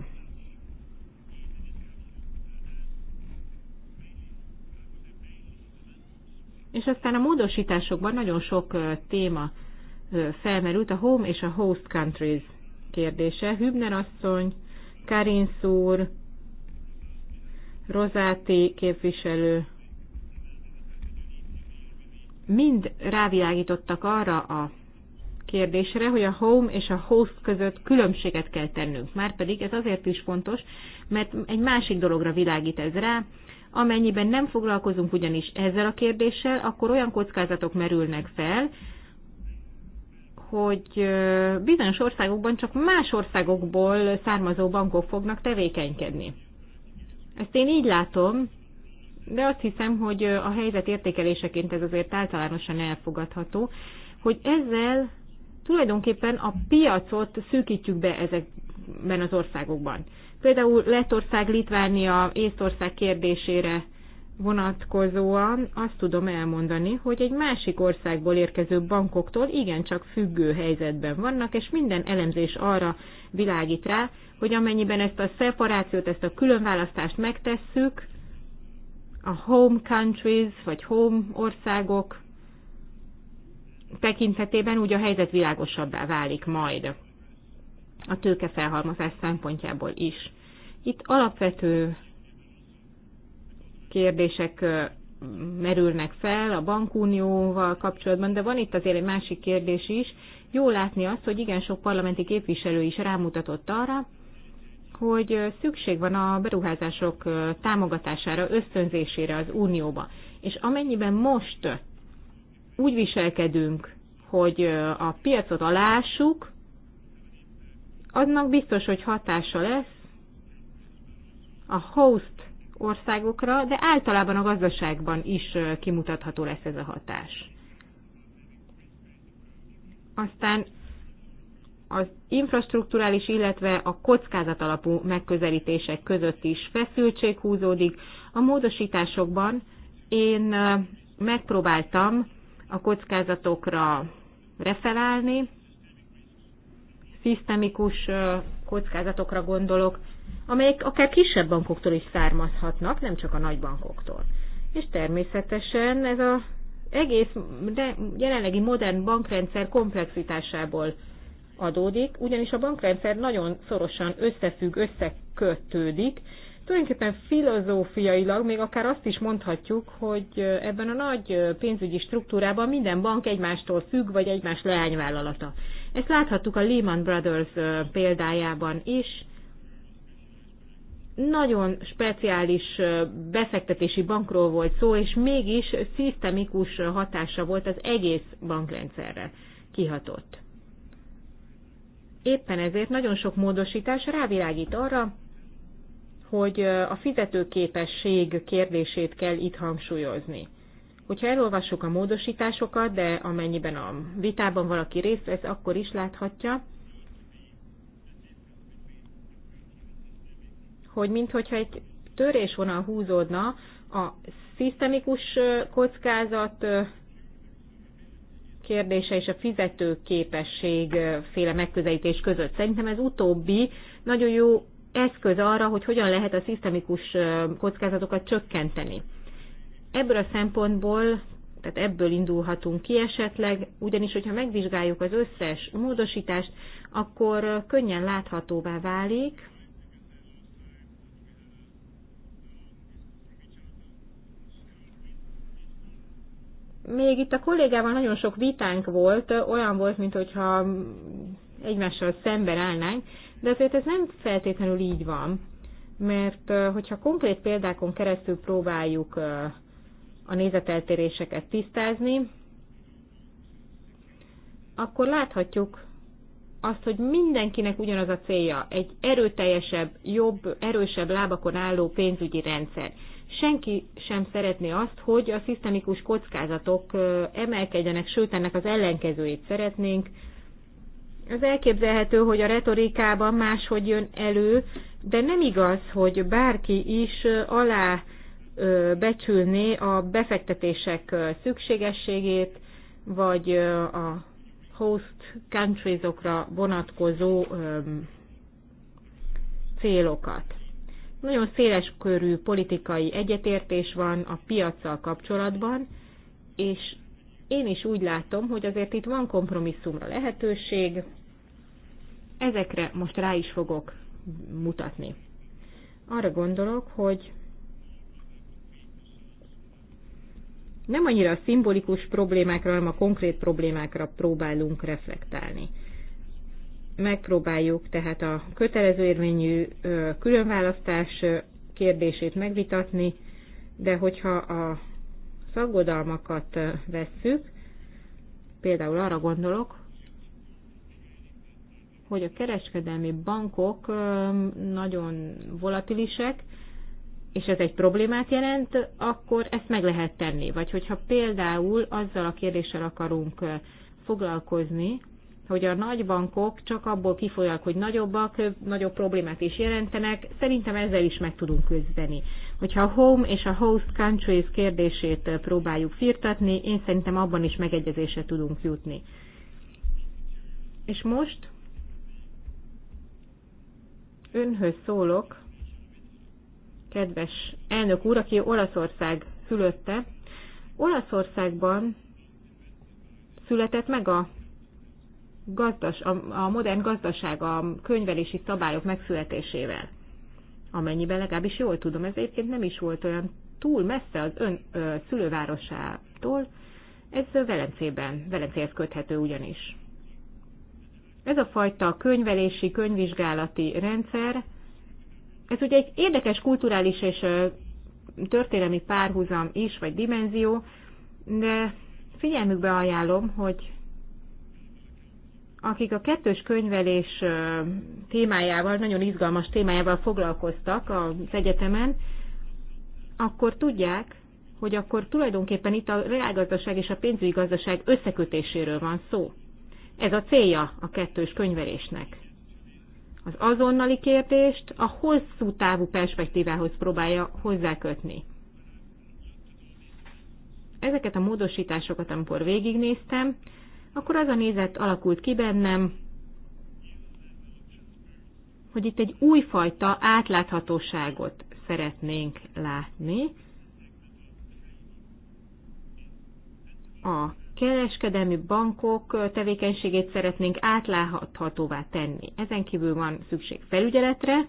És aztán a módosításokban nagyon sok téma felmerült, a home és a host countries kérdése. Hübner asszony, Karin szúr, Rozáti képviselő, mind rávilágítottak arra a kérdésre, hogy a home és a host között különbséget kell tennünk. Márpedig ez azért is fontos, mert egy másik dologra világít ez rá, Amennyiben nem foglalkozunk ugyanis ezzel a kérdéssel, akkor olyan kockázatok merülnek fel, hogy bizonyos országokban csak más országokból származó bankok fognak tevékenykedni. Ezt én így látom, de azt hiszem, hogy a helyzet értékeléseként ez azért általánosan elfogadható, hogy ezzel tulajdonképpen a piacot szűkítjük be ezekben az országokban. Például Lettország, Litvánia, Észtország kérdésére vonatkozóan azt tudom elmondani, hogy egy másik országból érkező bankoktól igencsak függő helyzetben vannak, és minden elemzés arra világít rá, hogy amennyiben ezt a szeparációt, ezt a különválasztást megtesszük, a home countries, vagy home országok tekintetében úgy a helyzet világosabbá válik majd a tőkefelhalmozás szempontjából is. Itt alapvető kérdések merülnek fel a bankunióval kapcsolatban, de van itt azért egy másik kérdés is. Jó látni azt, hogy igen sok parlamenti képviselő is rámutatott arra, hogy szükség van a beruházások támogatására, ösztönzésére az Unióba. És amennyiben most úgy viselkedünk, hogy a piacot alássuk, annak biztos, hogy hatása lesz a host országokra, de általában a gazdaságban is kimutatható lesz ez a hatás. Aztán az infrastruktúrális, illetve a kockázat alapú megközelítések között is feszültség húzódik. A módosításokban én megpróbáltam a kockázatokra referálni, szisztemikus kockázatokra gondolok, amelyek akár kisebb bankoktól is származhatnak, nem csak a nagy bankoktól. És természetesen ez az egész jelenlegi modern bankrendszer komplexitásából adódik, ugyanis a bankrendszer nagyon szorosan összefügg, összekötődik. Tulajdonképpen filozófiailag még akár azt is mondhatjuk, hogy ebben a nagy pénzügyi struktúrában minden bank egymástól függ, vagy egymás leányvállalata. Ezt láthattuk a Lehman Brothers példájában is. Nagyon speciális befektetési bankról volt szó, és mégis szisztemikus hatása volt az egész bankrendszerre kihatott. Éppen ezért nagyon sok módosítás rávilágít arra, hogy a fizetőképesség kérdését kell itt hangsúlyozni. Hogyha elolvassuk a módosításokat, de amennyiben a vitában valaki részt vesz, akkor is láthatja, hogy minthogyha egy törésvonal húzódna a szisztemikus kockázat kérdése és a fizetőképesség féle megközelítés között. Szerintem ez utóbbi nagyon jó eszköz arra, hogy hogyan lehet a szisztemikus kockázatokat csökkenteni ebből a szempontból, tehát ebből indulhatunk ki esetleg, ugyanis hogyha megvizsgáljuk az összes módosítást, akkor könnyen láthatóvá válik, még itt a kollégával nagyon sok vitánk volt, olyan volt, mintha egymással szemben állnánk, de azért ez nem feltétlenül így van, mert hogyha konkrét példákon keresztül próbáljuk a nézeteltéréseket tisztázni, akkor láthatjuk azt, hogy mindenkinek ugyanaz a célja, egy erőteljesebb, jobb, erősebb lábakon álló pénzügyi rendszer. Senki sem szeretné azt, hogy a szisztemikus kockázatok emelkedjenek, sőt ennek az ellenkezőjét szeretnénk. Az elképzelhető, hogy a retorikában máshogy jön elő, de nem igaz, hogy bárki is alá becsülni a befektetések szükségességét, vagy a host countries-okra vonatkozó célokat. Nagyon széles körű politikai egyetértés van a piaccal kapcsolatban, és én is úgy látom, hogy azért itt van kompromisszumra lehetőség, ezekre most rá is fogok mutatni. Arra gondolok, hogy nem annyira a szimbolikus problémákra, hanem a konkrét problémákra próbálunk reflektálni. Megpróbáljuk tehát a kötelező érvényű különválasztás kérdését megvitatni, de hogyha a szaggodalmakat vesszük, például arra gondolok, hogy a kereskedelmi bankok nagyon volatilisek, és ez egy problémát jelent, akkor ezt meg lehet tenni. Vagy hogyha például azzal a kérdéssel akarunk foglalkozni, hogy a nagy bankok csak abból kifolyak, hogy nagyobbak, nagyobb problémát is jelentenek, szerintem ezzel is meg tudunk küzdeni. Hogyha a home és a host countries kérdését próbáljuk firtatni, én szerintem abban is megegyezésre tudunk jutni. És most önhöz szólok, kedves elnök úr, aki Olaszország szülötte. Olaszországban született meg a, gazdas, a, a modern gazdaság a könyvelési szabályok megszületésével. Amennyiben legalábbis jól tudom, ez egyébként nem is volt olyan túl messze az ön ö, szülővárosától, ez Velencében, Velencéhez köthető ugyanis. Ez a fajta könyvelési, könyvvizsgálati rendszer ez ugye egy érdekes kulturális és történelmi párhuzam is, vagy dimenzió, de figyelmükbe ajánlom, hogy akik a kettős könyvelés témájával, nagyon izgalmas témájával foglalkoztak az egyetemen, akkor tudják, hogy akkor tulajdonképpen itt a reálgazdaság és a pénzügyi gazdaság összekötéséről van szó. Ez a célja a kettős könyvelésnek az azonnali kérdést a hosszú távú perspektívához próbálja hozzákötni. Ezeket a módosításokat, amikor végignéztem, akkor az a nézet alakult ki bennem, hogy itt egy újfajta átláthatóságot szeretnénk látni a kereskedelmi bankok tevékenységét szeretnénk átláthatóvá tenni. Ezen kívül van szükség felügyeletre,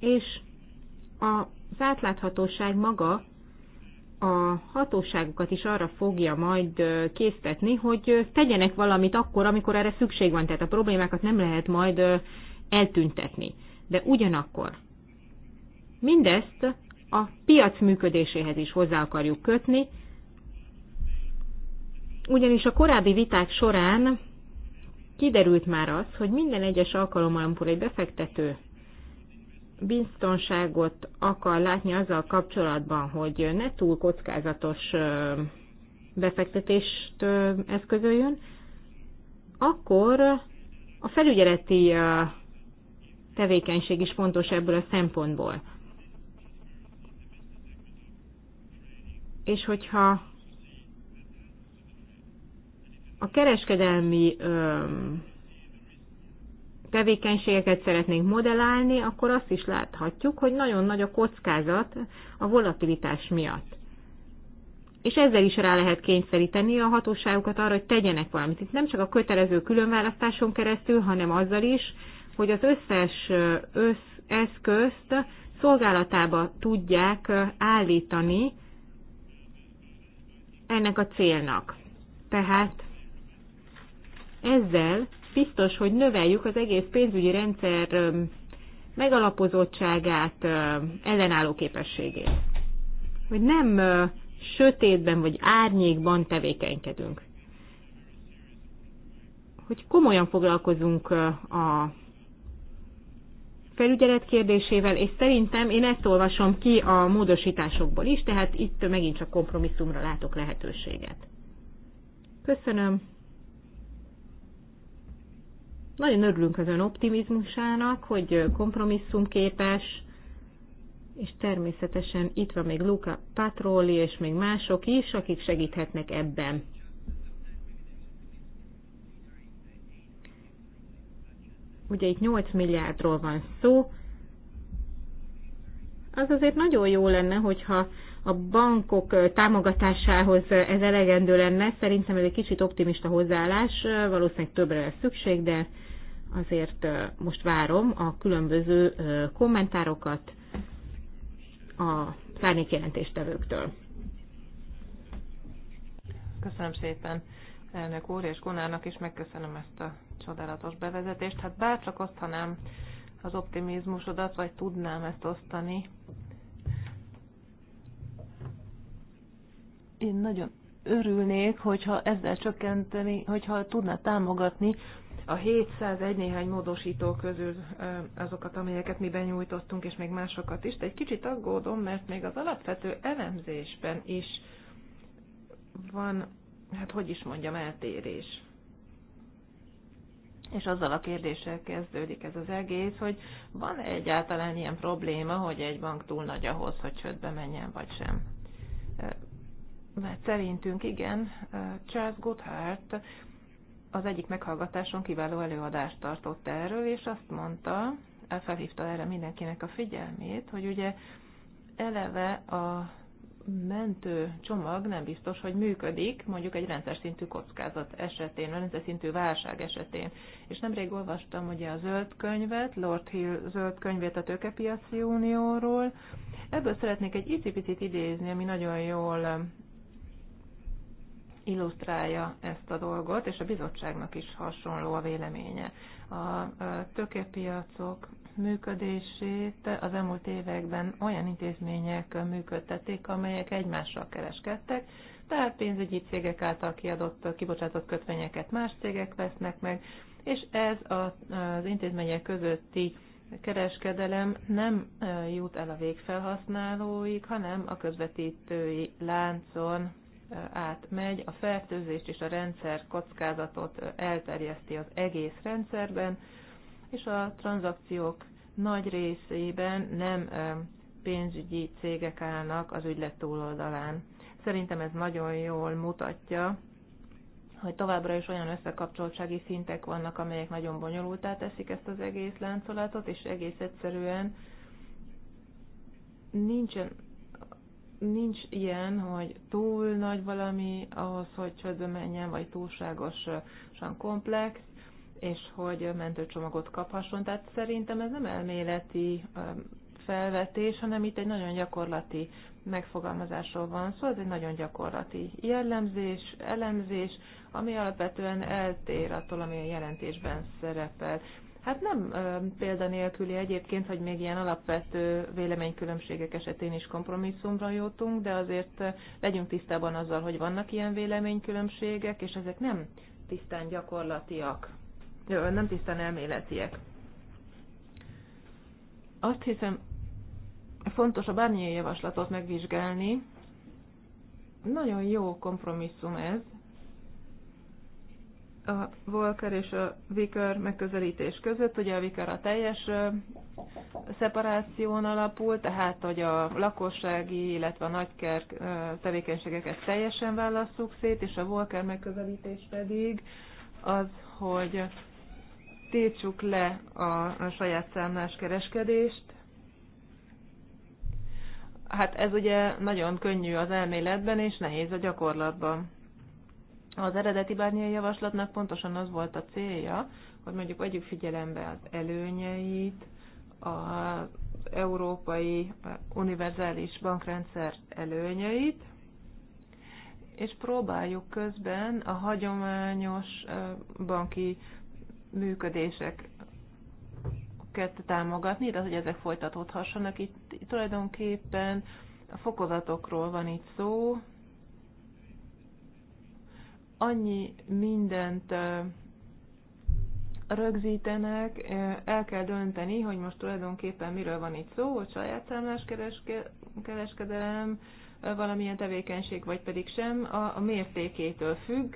és az átláthatóság maga a hatóságokat is arra fogja majd késztetni, hogy tegyenek valamit akkor, amikor erre szükség van. Tehát a problémákat nem lehet majd eltüntetni. De ugyanakkor mindezt a piac működéséhez is hozzá akarjuk kötni, ugyanis a korábbi viták során kiderült már az, hogy minden egyes alkalommal, amikor egy befektető biztonságot akar látni azzal kapcsolatban, hogy ne túl kockázatos befektetést eszközöljön, akkor a felügyeleti tevékenység is fontos ebből a szempontból. és hogyha a kereskedelmi öm, tevékenységeket szeretnénk modellálni, akkor azt is láthatjuk, hogy nagyon nagy a kockázat a volatilitás miatt. És ezzel is rá lehet kényszeríteni a hatóságokat arra, hogy tegyenek valamit. Itt nem csak a kötelező különválasztáson keresztül, hanem azzal is, hogy az összes össz eszközt szolgálatába tudják állítani ennek a célnak. Tehát ezzel biztos, hogy növeljük az egész pénzügyi rendszer megalapozottságát, ellenálló képességét. Hogy nem sötétben vagy árnyékban tevékenykedünk. Hogy komolyan foglalkozunk a felügyelet kérdésével, és szerintem én ezt olvasom ki a módosításokból is, tehát itt megint csak kompromisszumra látok lehetőséget. Köszönöm. Nagyon örülünk az ön optimizmusának, hogy kompromisszumképes, és természetesen itt van még Luca Patroli és még mások is, akik segíthetnek ebben. Ugye itt 8 milliárdról van szó. Az azért nagyon jó lenne, hogyha a bankok támogatásához ez elegendő lenne. Szerintem ez egy kicsit optimista hozzáállás, valószínűleg többre lesz szükség, de azért most várom a különböző kommentárokat a jelentéstevőktől. Köszönöm szépen elnök úr, és Gunának is megköszönöm ezt a csodálatos bevezetést. Hát bárcsak osztanám az optimizmusodat, vagy tudnám ezt osztani. Én nagyon örülnék, hogyha ezzel csökkenteni, hogyha tudná támogatni a 701 néhány módosító közül azokat, amelyeket mi benyújtottunk, és még másokat is, de egy kicsit aggódom, mert még az alapvető elemzésben is van hát hogy is mondjam, eltérés. És azzal a kérdéssel kezdődik ez az egész, hogy van -e egyáltalán ilyen probléma, hogy egy bank túl nagy ahhoz, hogy csődbe menjen, vagy sem. Mert szerintünk igen, Charles Goodhart az egyik meghallgatáson kiváló előadást tartott erről, és azt mondta, felhívta erre mindenkinek a figyelmét, hogy ugye eleve a mentő csomag nem biztos, hogy működik, mondjuk egy rendszer szintű kockázat esetén, rendszer szintű válság esetén. És nemrég olvastam ugye a zöld könyvet, Lord Hill zöld könyvét a tőkepiaci unióról. Ebből szeretnék egy icipicit idézni, ami nagyon jól um, illusztrálja ezt a dolgot, és a bizottságnak is hasonló a véleménye. A tőkepiacok működését az elmúlt években olyan intézmények működtették, amelyek egymással kereskedtek, tehát pénzügyi cégek által kiadott, kibocsátott kötvényeket más cégek vesznek meg, és ez az intézmények közötti kereskedelem nem e, jut el a végfelhasználóig, hanem a közvetítői láncon e, átmegy, a fertőzést és a rendszer kockázatot e, elterjeszti az egész rendszerben, és a tranzakciók nagy részében nem pénzügyi cégek állnak az ügylet túloldalán. Szerintem ez nagyon jól mutatja, hogy továbbra is olyan összekapcsoltsági szintek vannak, amelyek nagyon bonyolultá teszik ezt az egész láncolatot, és egész egyszerűen nincsen, nincs ilyen, hogy túl nagy valami ahhoz, hogy csődbe menjen, vagy túlságosan komplex, és hogy mentőcsomagot kaphasson. Tehát szerintem ez nem elméleti felvetés, hanem itt egy nagyon gyakorlati megfogalmazásról van szó, szóval ez egy nagyon gyakorlati jellemzés, elemzés, ami alapvetően eltér attól, ami a jelentésben szerepel. Hát nem ö, példanélküli egyébként, hogy még ilyen alapvető véleménykülönbségek esetén is kompromisszumra jutunk, de azért legyünk tisztában azzal, hogy vannak ilyen véleménykülönbségek, és ezek nem tisztán gyakorlatiak nem tisztán elméletiek. Azt hiszem, fontos a bármilyen javaslatot megvizsgálni. Nagyon jó kompromisszum ez. A Volker és a Vicker megközelítés között, ugye a Vicker a teljes szeparáción alapul, tehát hogy a lakossági, illetve a nagyker tevékenységeket teljesen válasszuk szét, és a Volker megközelítés pedig az, hogy tiltsuk le a, a saját számlás kereskedést. Hát ez ugye nagyon könnyű az elméletben, és nehéz a gyakorlatban. Az eredeti bárnyai javaslatnak pontosan az volt a célja, hogy mondjuk vegyük figyelembe az előnyeit, az európai univerzális bankrendszer előnyeit, és próbáljuk közben a hagyományos banki működéseket támogatni, de hogy ezek folytatódhassanak. Itt, itt tulajdonképpen a fokozatokról van itt szó. Annyi mindent rögzítenek, el kell dönteni, hogy most tulajdonképpen miről van itt szó, hogy saját számlás kereske, kereskedelem, valamilyen tevékenység, vagy pedig sem, a, a mértékétől függ,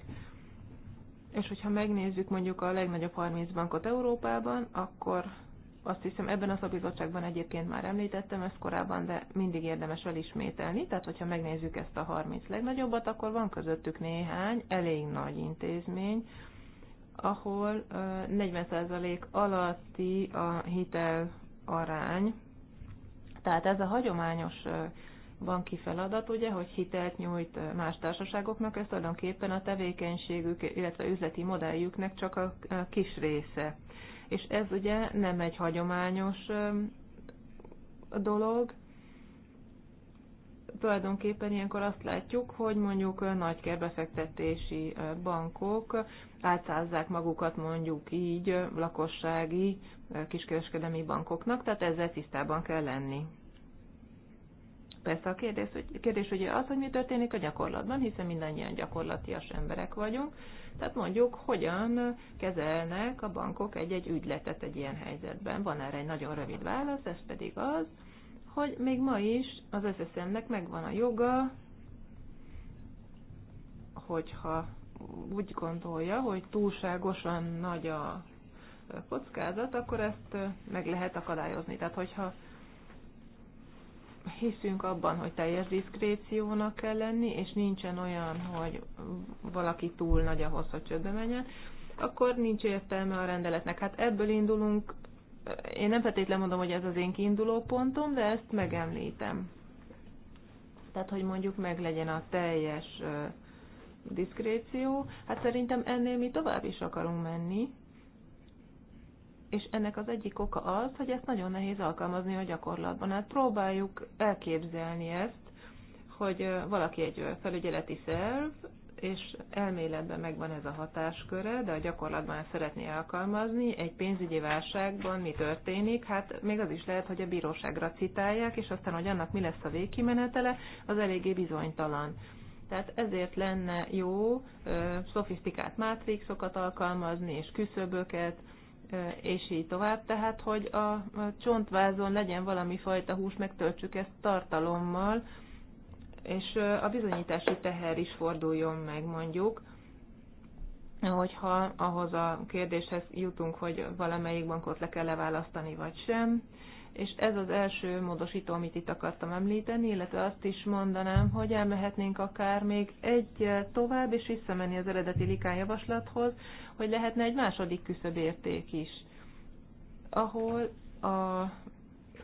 és hogyha megnézzük mondjuk a legnagyobb 30 bankot Európában, akkor azt hiszem ebben a szabizottságban egyébként már említettem ezt korábban, de mindig érdemes elismételni. Tehát, hogyha megnézzük ezt a 30 legnagyobbat, akkor van közöttük néhány elég nagy intézmény, ahol 40% alatti a hitel arány. Tehát ez a hagyományos banki feladat, ugye, hogy hitelt nyújt más társaságoknak, ez tulajdonképpen a tevékenységük, illetve üzleti modelljüknek csak a kis része. És ez ugye nem egy hagyományos dolog, tulajdonképpen ilyenkor azt látjuk, hogy mondjuk nagy befektetési bankok átszázzák magukat mondjuk így lakossági kiskereskedelmi bankoknak, tehát ezzel tisztában kell lenni. Persze a kérdés, hogy, kérdés ugye az, hogy mi történik a gyakorlatban, hiszen mindannyian gyakorlatias emberek vagyunk. Tehát mondjuk, hogyan kezelnek a bankok egy-egy ügyletet egy ilyen helyzetben. Van erre egy nagyon rövid válasz, ez pedig az, hogy még ma is az SSM-nek megvan a joga, hogyha úgy gondolja, hogy túlságosan nagy a kockázat, akkor ezt meg lehet akadályozni. Tehát, hogyha hiszünk abban, hogy teljes diszkréciónak kell lenni, és nincsen olyan, hogy valaki túl nagy ahhoz, hogy csődbe menjen, akkor nincs értelme a rendeletnek. Hát ebből indulunk, én nem feltétlenül mondom, hogy ez az én kiinduló pontom, de ezt megemlítem. Tehát, hogy mondjuk meg legyen a teljes diszkréció, hát szerintem ennél mi tovább is akarunk menni, és ennek az egyik oka az, hogy ezt nagyon nehéz alkalmazni a gyakorlatban. Hát próbáljuk elképzelni ezt, hogy valaki egy felügyeleti szerv, és elméletben megvan ez a hatásköre, de a gyakorlatban ezt szeretné alkalmazni. Egy pénzügyi válságban mi történik? Hát még az is lehet, hogy a bíróságra citálják, és aztán, hogy annak mi lesz a végkimenetele, az eléggé bizonytalan. Tehát ezért lenne jó ö, szofisztikált mátrixokat alkalmazni, és küszöböket, és így tovább. Tehát, hogy a csontvázon legyen valami fajta hús, megtöltsük ezt tartalommal, és a bizonyítási teher is forduljon meg, mondjuk, hogyha ahhoz a kérdéshez jutunk, hogy valamelyik bankot le kell leválasztani, vagy sem, és ez az első módosító, amit itt akartam említeni, illetve azt is mondanám, hogy elmehetnénk akár még egy tovább, és visszamenni az eredeti Likán javaslathoz, hogy lehetne egy második küszöbérték is, ahol a,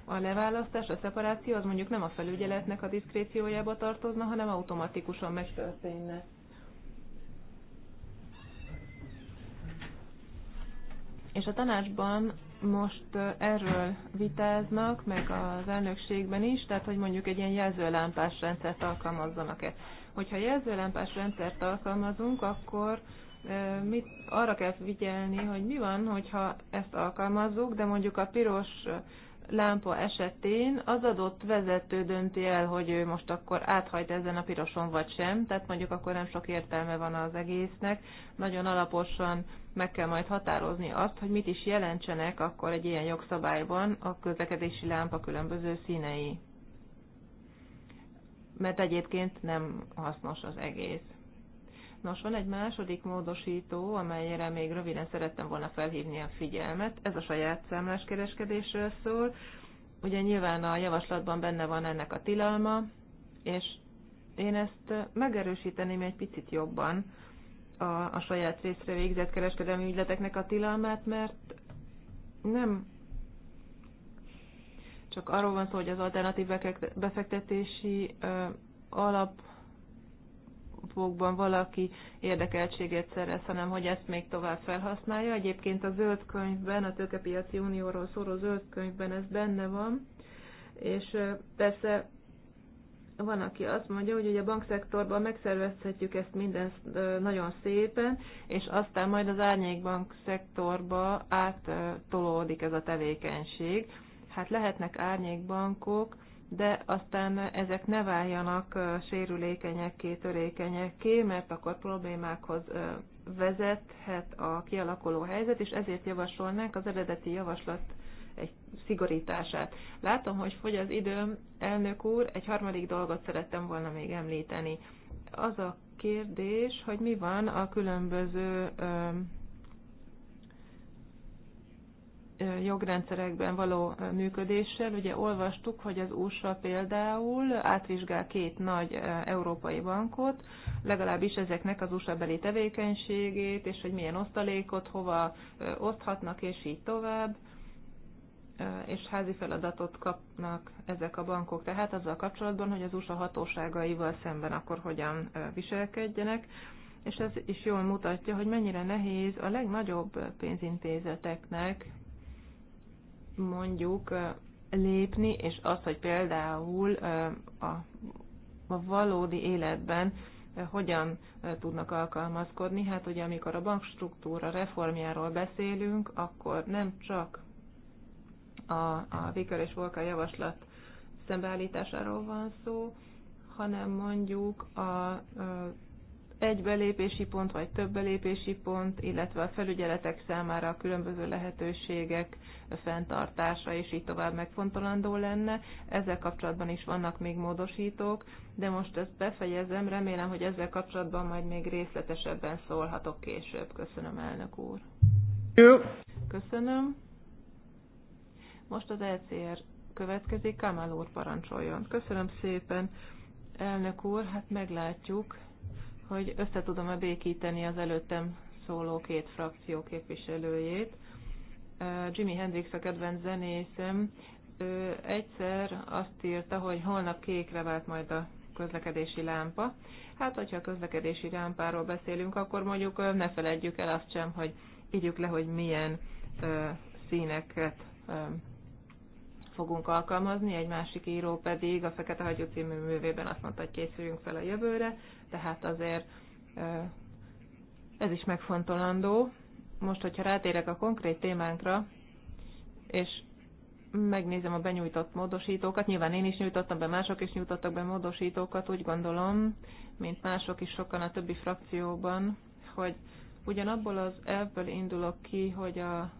a leválasztás, a szeparáció az mondjuk nem a felügyeletnek a diszkréciójába tartozna, hanem automatikusan megtörténne. És a tanácsban most erről vitáznak, meg az elnökségben is, tehát hogy mondjuk egy ilyen jelzőlámpás rendszert alkalmazzanak-e. Hogyha jelzőlámpás rendszert alkalmazunk, akkor mit, arra kell figyelni, hogy mi van, hogyha ezt alkalmazzuk, de mondjuk a piros lámpa esetén az adott vezető dönti el, hogy ő most akkor áthajt ezen a piroson vagy sem, tehát mondjuk akkor nem sok értelme van az egésznek. Nagyon alaposan meg kell majd határozni azt, hogy mit is jelentsenek akkor egy ilyen jogszabályban a közlekedési lámpa különböző színei. Mert egyébként nem hasznos az egész. Nos, van egy második módosító, amelyre még röviden szerettem volna felhívni a figyelmet. Ez a saját számlás kereskedésről szól. Ugye nyilván a javaslatban benne van ennek a tilalma, és én ezt megerősíteném egy picit jobban, a, a saját részre végzett kereskedelmi ügyleteknek a tilalmát, mert nem csak arról van szó, hogy az alternatív befektetési alapokban valaki érdekeltséget szerez, hanem hogy ezt még tovább felhasználja. Egyébként a zöld könyvben, a tőkepiaci unióról szóló zöld könyvben ez benne van, és persze van, aki azt mondja, hogy, ugye a bankszektorban megszervezhetjük ezt mindent nagyon szépen, és aztán majd az árnyékbank szektorba áttolódik ez a tevékenység. Hát lehetnek árnyékbankok, de aztán ezek ne váljanak sérülékenyekké, törékenyekké, mert akkor problémákhoz vezethet a kialakuló helyzet, és ezért javasolnánk az eredeti javaslat egy szigorítását. Látom, hogy fogy az időm, elnök úr, egy harmadik dolgot szerettem volna még említeni. Az a kérdés, hogy mi van a különböző jogrendszerekben való működéssel. Ugye olvastuk, hogy az USA például átvizsgál két nagy európai bankot, legalábbis ezeknek az USA beli tevékenységét, és hogy milyen osztalékot hova oszthatnak, és így tovább és házi feladatot kapnak ezek a bankok, tehát azzal kapcsolatban, hogy az USA hatóságaival szemben akkor hogyan viselkedjenek, és ez is jól mutatja, hogy mennyire nehéz a legnagyobb pénzintézeteknek mondjuk lépni, és az, hogy például a, a valódi életben hogyan tudnak alkalmazkodni. Hát ugye amikor a bankstruktúra reformjáról beszélünk, akkor nem csak a, a Vicker és Volka javaslat szembeállításáról van szó, hanem mondjuk a, a egy belépési pont vagy több belépési pont, illetve a felügyeletek számára a különböző lehetőségek fenntartása és így tovább megfontolandó lenne. Ezzel kapcsolatban is vannak még módosítók, de most ezt befejezem, remélem, hogy ezzel kapcsolatban majd még részletesebben szólhatok később. Köszönöm, elnök úr. Köszönöm. Most az ECR következik, Kamal úr parancsoljon. Köszönöm szépen, elnök úr, hát meglátjuk, hogy összetudom-e békíteni az előttem szóló két frakció képviselőjét. Jimmy Hendrix a kedvenc zenészem, ő egyszer azt írta, hogy holnap kékre vált majd a közlekedési lámpa. Hát, hogyha a közlekedési lámpáról beszélünk, akkor mondjuk ne feledjük el azt sem, hogy ígyük le, hogy milyen ö, színeket ö, fogunk alkalmazni, egy másik író pedig a Fekete Hagyó című művében azt mondta, hogy készüljünk fel a jövőre, tehát azért ez is megfontolandó. Most, hogyha rátérek a konkrét témánkra, és megnézem a benyújtott módosítókat, nyilván én is nyújtottam be, mások is nyújtottak be módosítókat, úgy gondolom, mint mások is sokan a többi frakcióban, hogy ugyanabból az elvből indulok ki, hogy a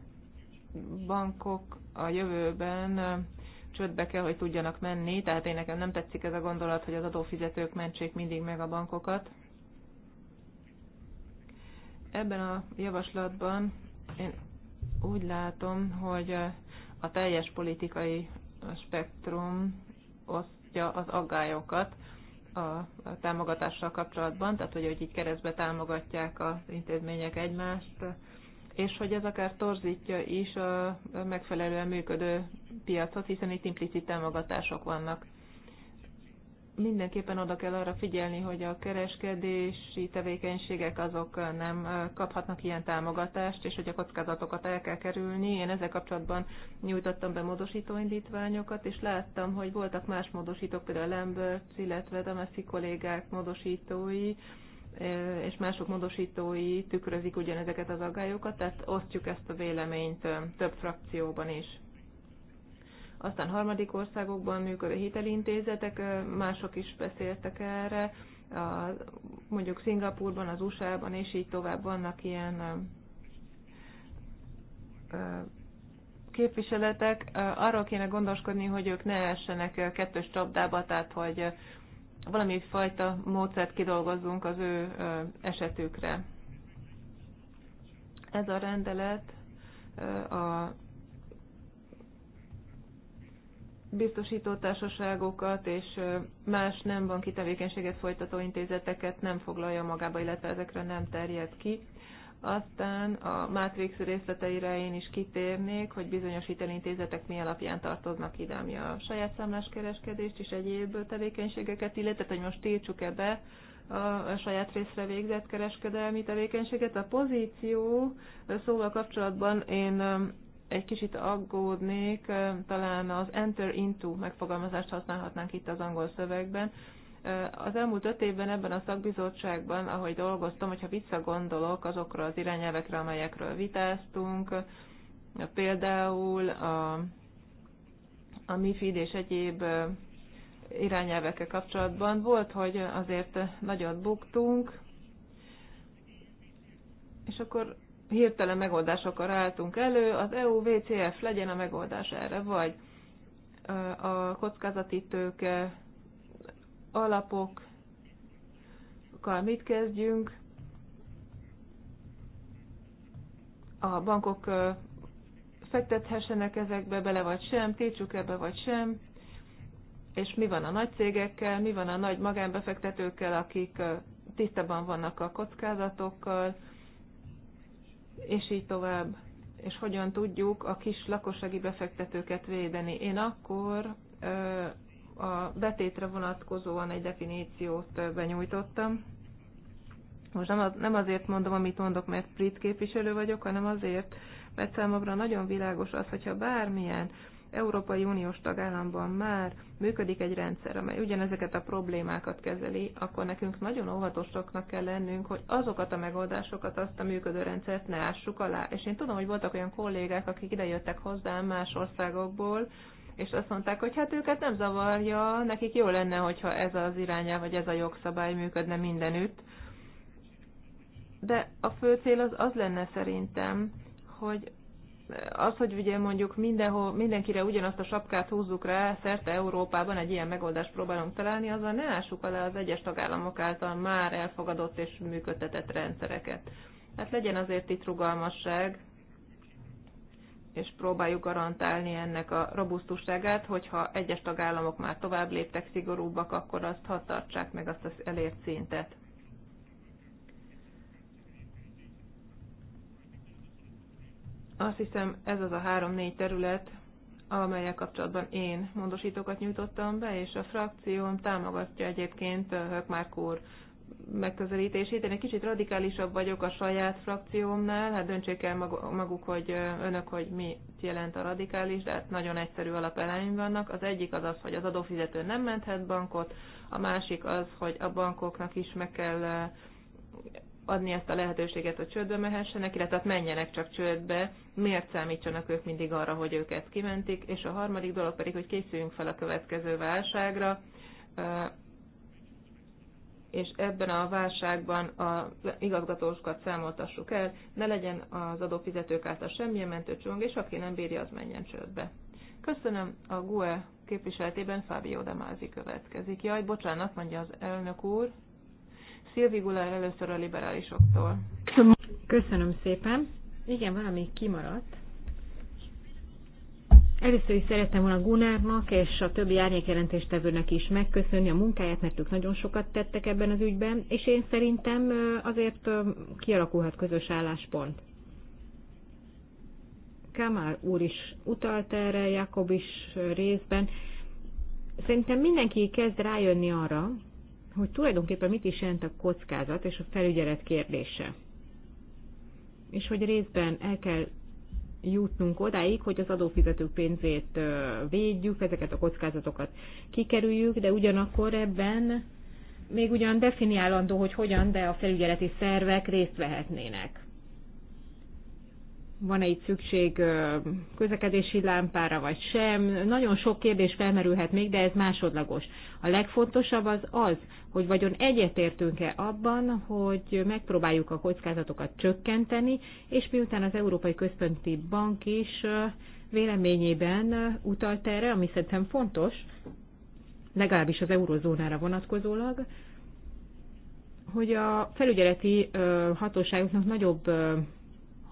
bankok a jövőben csődbe kell, hogy tudjanak menni, tehát én nekem nem tetszik ez a gondolat, hogy az adófizetők mentsék mindig meg a bankokat. Ebben a javaslatban én úgy látom, hogy a teljes politikai spektrum osztja az aggályokat a támogatással kapcsolatban, tehát hogy, így keresztbe támogatják az intézmények egymást, és hogy ez akár torzítja is a megfelelően működő piacot, hiszen itt implicit támogatások vannak. Mindenképpen oda kell arra figyelni, hogy a kereskedési tevékenységek azok nem kaphatnak ilyen támogatást, és hogy a kockázatokat el kell kerülni. Én ezzel kapcsolatban nyújtottam be módosítóindítványokat, és láttam, hogy voltak más módosítók, például Lambert, illetve Dameszi kollégák módosítói, és mások módosítói tükrözik ugyanezeket az aggályokat, tehát osztjuk ezt a véleményt több frakcióban is. Aztán harmadik országokban működő hitelintézetek, mások is beszéltek erre, a, mondjuk Szingapurban, az USA-ban és így tovább vannak ilyen képviseletek, arról kéne gondoskodni, hogy ők ne essenek kettős csapdába, tehát hogy valami fajta módszert kidolgozzunk az ő esetükre. Ez a rendelet a társaságokat és más nem banki tevékenységet folytató intézeteket nem foglalja magába, illetve ezekre nem terjed ki. Aztán a Matrix részleteire én is kitérnék, hogy bizonyos hitelintézetek mi alapján tartoznak ide, ami a saját számláskereskedést és egyéb tevékenységeket, illetve hogy most tiltsuk-e be a saját részre végzett kereskedelmi tevékenységet. A pozíció szóval kapcsolatban én egy kicsit aggódnék, talán az enter into megfogalmazást használhatnánk itt az angol szövegben, az elmúlt öt évben ebben a szakbizottságban, ahogy dolgoztam, hogyha visszagondolok azokra az irányelvekre, amelyekről vitáztunk, például a, a MIFID és egyéb irányelvekkel kapcsolatban volt, hogy azért nagyot buktunk, és akkor hirtelen megoldásokkal álltunk elő, az EU-VCF legyen a megoldás erre, vagy a kockázati tőke alapokkal mit kezdjünk. A bankok fektethessenek ezekbe bele vagy sem, tiltsuk ebbe vagy sem, és mi van a nagy cégekkel, mi van a nagy magánbefektetőkkel, akik tisztában vannak a kockázatokkal, és így tovább. És hogyan tudjuk a kis lakossági befektetőket védeni. Én akkor a betétre vonatkozóan egy definíciót benyújtottam. Most nem, azért mondom, amit mondok, mert brit képviselő vagyok, hanem azért, mert számomra nagyon világos az, hogyha bármilyen Európai Uniós tagállamban már működik egy rendszer, amely ugyanezeket a problémákat kezeli, akkor nekünk nagyon óvatosaknak kell lennünk, hogy azokat a megoldásokat, azt a működő rendszert ne ássuk alá. És én tudom, hogy voltak olyan kollégák, akik idejöttek hozzám más országokból, és azt mondták, hogy hát őket nem zavarja, nekik jó lenne, hogyha ez az irányá, vagy ez a jogszabály működne mindenütt. De a fő cél az az lenne szerintem, hogy az, hogy ugye mondjuk mindenhol, mindenkire ugyanazt a sapkát húzzuk rá, szerte Európában egy ilyen megoldást próbálunk találni, azzal ne ássuk alá az egyes tagállamok által már elfogadott és működtetett rendszereket. Hát legyen azért itt rugalmasság, és próbáljuk garantálni ennek a robusztusságát, hogyha egyes tagállamok már tovább léptek szigorúbbak, akkor azt hadd tartsák meg azt az elért szintet. Azt hiszem ez az a három-négy terület, amelyek kapcsolatban én módosítókat nyújtottam be, és a frakcióm támogatja egyébként Hökmárk úr megközelítését. Én egy kicsit radikálisabb vagyok a saját frakciómnál, hát döntsék el maguk, hogy önök, hogy mi jelent a radikális, de hát nagyon egyszerű alapelem vannak. Az egyik az az, hogy az adófizető nem menthet bankot, a másik az, hogy a bankoknak is meg kell adni ezt a lehetőséget, hogy csődbe mehessenek, illetve hát menjenek csak csődbe, miért számítsanak ők mindig arra, hogy őket kimentik, és a harmadik dolog pedig, hogy készüljünk fel a következő válságra, és ebben a válságban a igazgatóskat számoltassuk el, ne legyen az adófizetők által semmilyen mentőcsomag, és aki nem bírja, az menjen csődbe. Köszönöm a GUE képviseletében Fábio Demázi következik. Jaj, bocsánat, mondja az elnök úr. Szilvi Gulár először a liberálisoktól. Köszönöm szépen. Igen, valami kimaradt. Először is szerettem volna Gunárnak és a többi árnyékjelentéstevőnek is megköszönni a munkáját, mert ők nagyon sokat tettek ebben az ügyben, és én szerintem azért kialakulhat közös álláspont. Kamár úr is utalt erre, Jakob is részben. Szerintem mindenki kezd rájönni arra, hogy tulajdonképpen mit is jelent a kockázat és a felügyelet kérdése. És hogy részben el kell jutnunk odáig, hogy az adófizetők pénzét védjük, ezeket a kockázatokat kikerüljük, de ugyanakkor ebben még ugyan definiálandó, hogy hogyan, de a felügyeleti szervek részt vehetnének van-e itt szükség közlekedési lámpára vagy sem. Nagyon sok kérdés felmerülhet még, de ez másodlagos. A legfontosabb az az, hogy vagyon egyetértünk-e abban, hogy megpróbáljuk a kockázatokat csökkenteni, és miután az Európai Központi Bank is véleményében utalt erre, ami szerintem fontos, legalábbis az eurozónára vonatkozólag, hogy a felügyeleti hatóságoknak nagyobb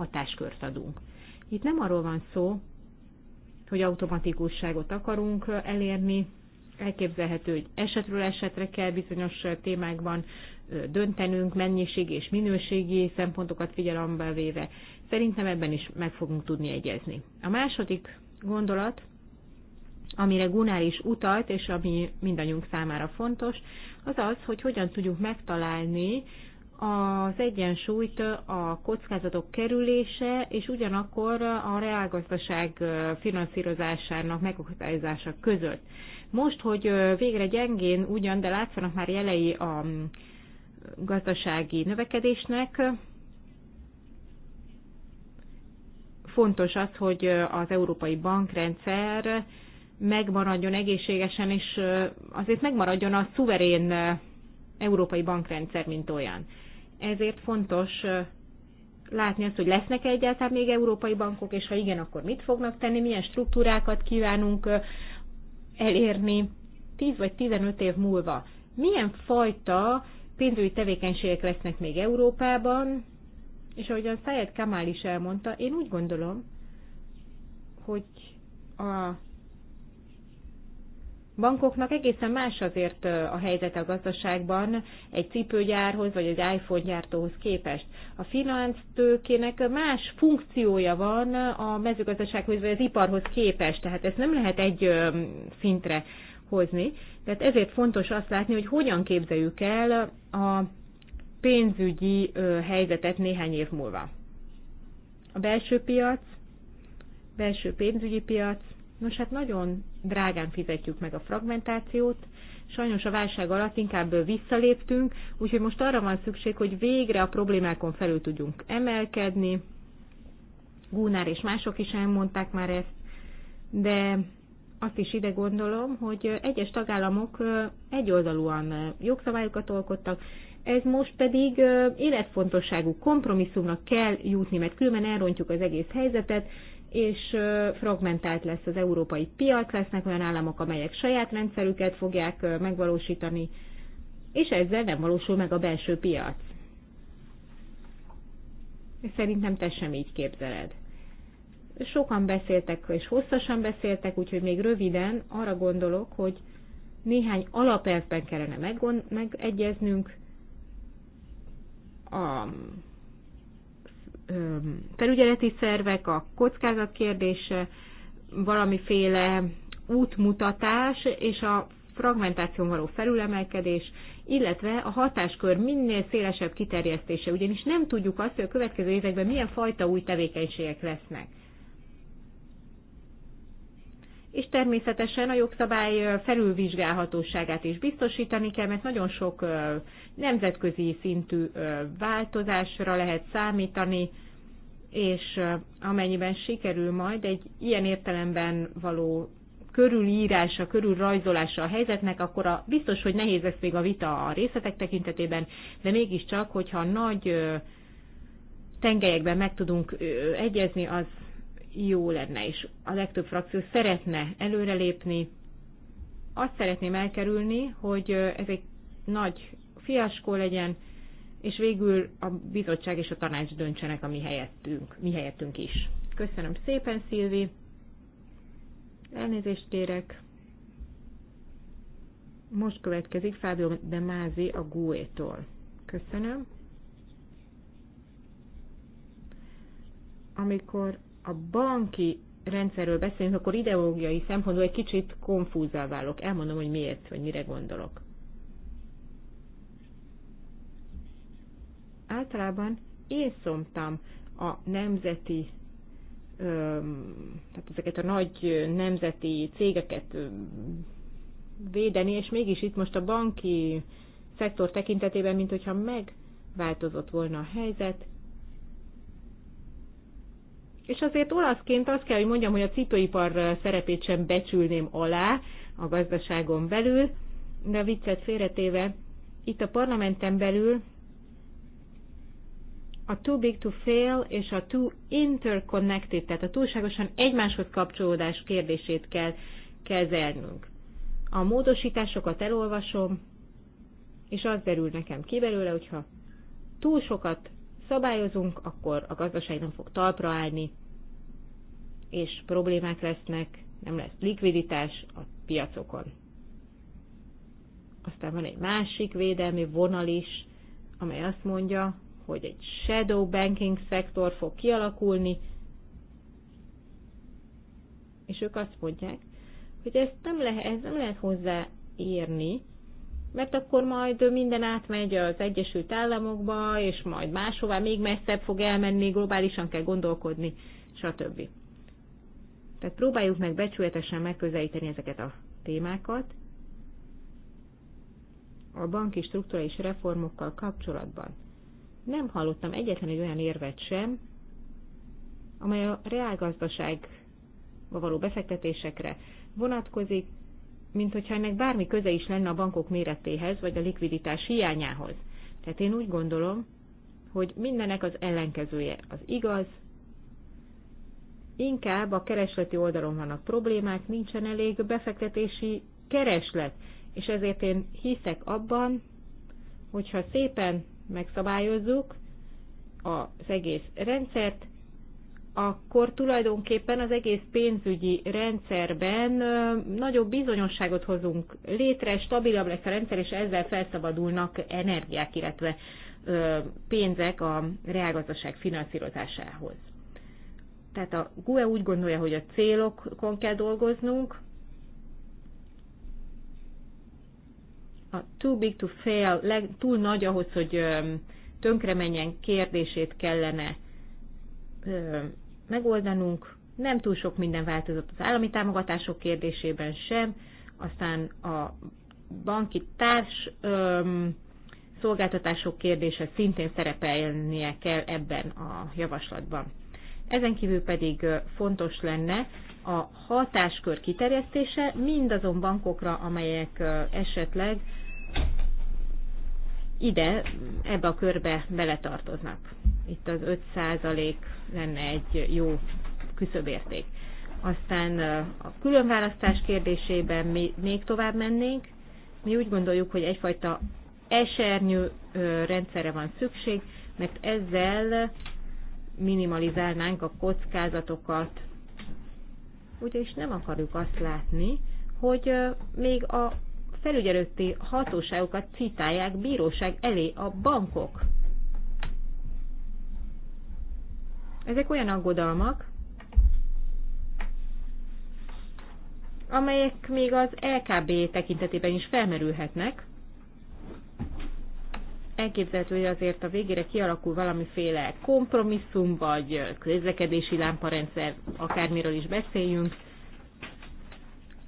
hatáskört adunk. Itt nem arról van szó, hogy automatikusságot akarunk elérni, elképzelhető, hogy esetről esetre kell bizonyos témákban döntenünk, mennyiségi és minőségi szempontokat figyelembe véve. Szerintem ebben is meg fogunk tudni egyezni. A második gondolat, amire Gunár is utalt, és ami mindannyiunk számára fontos, az az, hogy hogyan tudjuk megtalálni az egyensúlyt a kockázatok kerülése és ugyanakkor a reálgazdaság finanszírozásának megakadályozása között. Most, hogy végre gyengén ugyan, de látszanak már jelei a gazdasági növekedésnek, fontos az, hogy az európai bankrendszer megmaradjon egészségesen, és azért megmaradjon a szuverén európai bankrendszer, mint olyan. Ezért fontos látni azt, hogy lesznek-e egyáltalán még európai bankok, és ha igen, akkor mit fognak tenni, milyen struktúrákat kívánunk elérni 10 vagy 15 év múlva. Milyen fajta pénzügyi tevékenységek lesznek még Európában, és ahogyan Szájed Kamál is elmondta, én úgy gondolom, hogy a bankoknak egészen más azért a helyzet a gazdaságban egy cipőgyárhoz vagy egy iPhone gyártóhoz képest. A finansztőkének más funkciója van a mezőgazdasághoz vagy az iparhoz képest, tehát ezt nem lehet egy szintre hozni. Tehát ezért fontos azt látni, hogy hogyan képzeljük el a pénzügyi helyzetet néhány év múlva. A belső piac, belső pénzügyi piac, nos hát nagyon drágán fizetjük meg a fragmentációt. Sajnos a válság alatt inkább visszaléptünk, úgyhogy most arra van szükség, hogy végre a problémákon felül tudjunk emelkedni. Gúnár és mások is elmondták már ezt, de azt is ide gondolom, hogy egyes tagállamok egyoldalúan jogszabályokat alkottak, ez most pedig életfontosságú kompromisszumnak kell jutni, mert különben elrontjuk az egész helyzetet, és fragmentált lesz az európai piac, lesznek olyan államok, amelyek saját rendszerüket fogják megvalósítani, és ezzel nem valósul meg a belső piac. Szerintem te sem így képzeled. Sokan beszéltek, és hosszasan beszéltek, úgyhogy még röviden arra gondolok, hogy néhány alapelvben kellene megegyeznünk, a felügyeleti szervek, a kérdése, valamiféle útmutatás és a fragmentáción való felülemelkedés, illetve a hatáskör minél szélesebb kiterjesztése, ugyanis nem tudjuk azt, hogy a következő években milyen fajta új tevékenységek lesznek és természetesen a jogszabály felülvizsgálhatóságát is biztosítani kell, mert nagyon sok nemzetközi szintű változásra lehet számítani, és amennyiben sikerül majd egy ilyen értelemben való körülírása, körülrajzolása a helyzetnek, akkor a, biztos, hogy nehéz lesz még a vita a részletek tekintetében, de mégiscsak, hogyha nagy tengelyekben meg tudunk egyezni, az jó lenne, és a legtöbb frakció szeretne előrelépni. Azt szeretném elkerülni, hogy ez egy nagy fiaskó legyen, és végül a bizottság és a tanács döntsenek a mi helyettünk, mi helyettünk is. Köszönöm szépen, Szilvi. Elnézést kérek. Most következik Fábio de Mázi a GUE-tól. Köszönöm. Amikor a banki rendszerről beszélünk, akkor ideológiai szempontból egy kicsit konfúzzá válok. Elmondom, hogy miért, vagy mire gondolok. Általában én szomtam a nemzeti tehát ezeket a nagy nemzeti cégeket védeni, és mégis itt most a banki szektor tekintetében, mint hogyha megváltozott volna a helyzet, és azért olaszként azt kell, hogy mondjam, hogy a cipőipar szerepét sem becsülném alá a gazdaságon belül, de a viccet félretéve, itt a parlamenten belül a too big to fail és a too interconnected, tehát a túlságosan egymáshoz kapcsolódás kérdését kell kezelnünk. A módosításokat elolvasom, és az derül nekem ki belőle, hogyha túl sokat szabályozunk, akkor a gazdaság nem fog talpra állni, és problémák lesznek, nem lesz likviditás a piacokon. Aztán van egy másik védelmi vonal is, amely azt mondja, hogy egy shadow banking szektor fog kialakulni, és ők azt mondják, hogy ezt nem lehet, ez nem lehet hozzáérni, mert akkor majd minden átmegy az Egyesült Államokba, és majd máshová még messzebb fog elmenni, globálisan kell gondolkodni, stb. Tehát próbáljuk meg becsületesen megközelíteni ezeket a témákat a banki strukturális reformokkal kapcsolatban. Nem hallottam egyetlen egy olyan érvet sem, amely a reálgazdaság való befektetésekre vonatkozik, mint hogyha ennek bármi köze is lenne a bankok méretéhez, vagy a likviditás hiányához. Tehát én úgy gondolom, hogy mindennek az ellenkezője az igaz, inkább a keresleti oldalon vannak problémák, nincsen elég befektetési kereslet, és ezért én hiszek abban, hogyha szépen megszabályozzuk az egész rendszert, akkor tulajdonképpen az egész pénzügyi rendszerben nagyobb bizonyosságot hozunk létre, stabilabb lesz a rendszer, és ezzel felszabadulnak energiák, illetve pénzek a reálgazdaság finanszírozásához. Tehát a GUE úgy gondolja, hogy a célokon kell dolgoznunk, a too big to fail, leg, túl nagy ahhoz, hogy ö, tönkre menjen kérdését kellene ö, megoldanunk. Nem túl sok minden változott az állami támogatások kérdésében sem, aztán a banki társ ö, szolgáltatások kérdése szintén szerepelnie kell ebben a javaslatban. Ezen kívül pedig fontos lenne a hatáskör kiterjesztése mindazon bankokra, amelyek esetleg ide, ebbe a körbe beletartoznak. Itt az 5% lenne egy jó küszöbérték. Aztán a különválasztás kérdésében mi még tovább mennénk. Mi úgy gondoljuk, hogy egyfajta esernyő rendszerre van szükség, mert ezzel minimalizálnánk a kockázatokat. Ugyanis nem akarjuk azt látni, hogy még a felügyelőti hatóságokat citálják bíróság elé a bankok. Ezek olyan aggodalmak, amelyek még az LKB tekintetében is felmerülhetnek, elképzelhető, hogy azért a végére kialakul valamiféle kompromisszum, vagy közlekedési lámparendszer, akármiről is beszéljünk,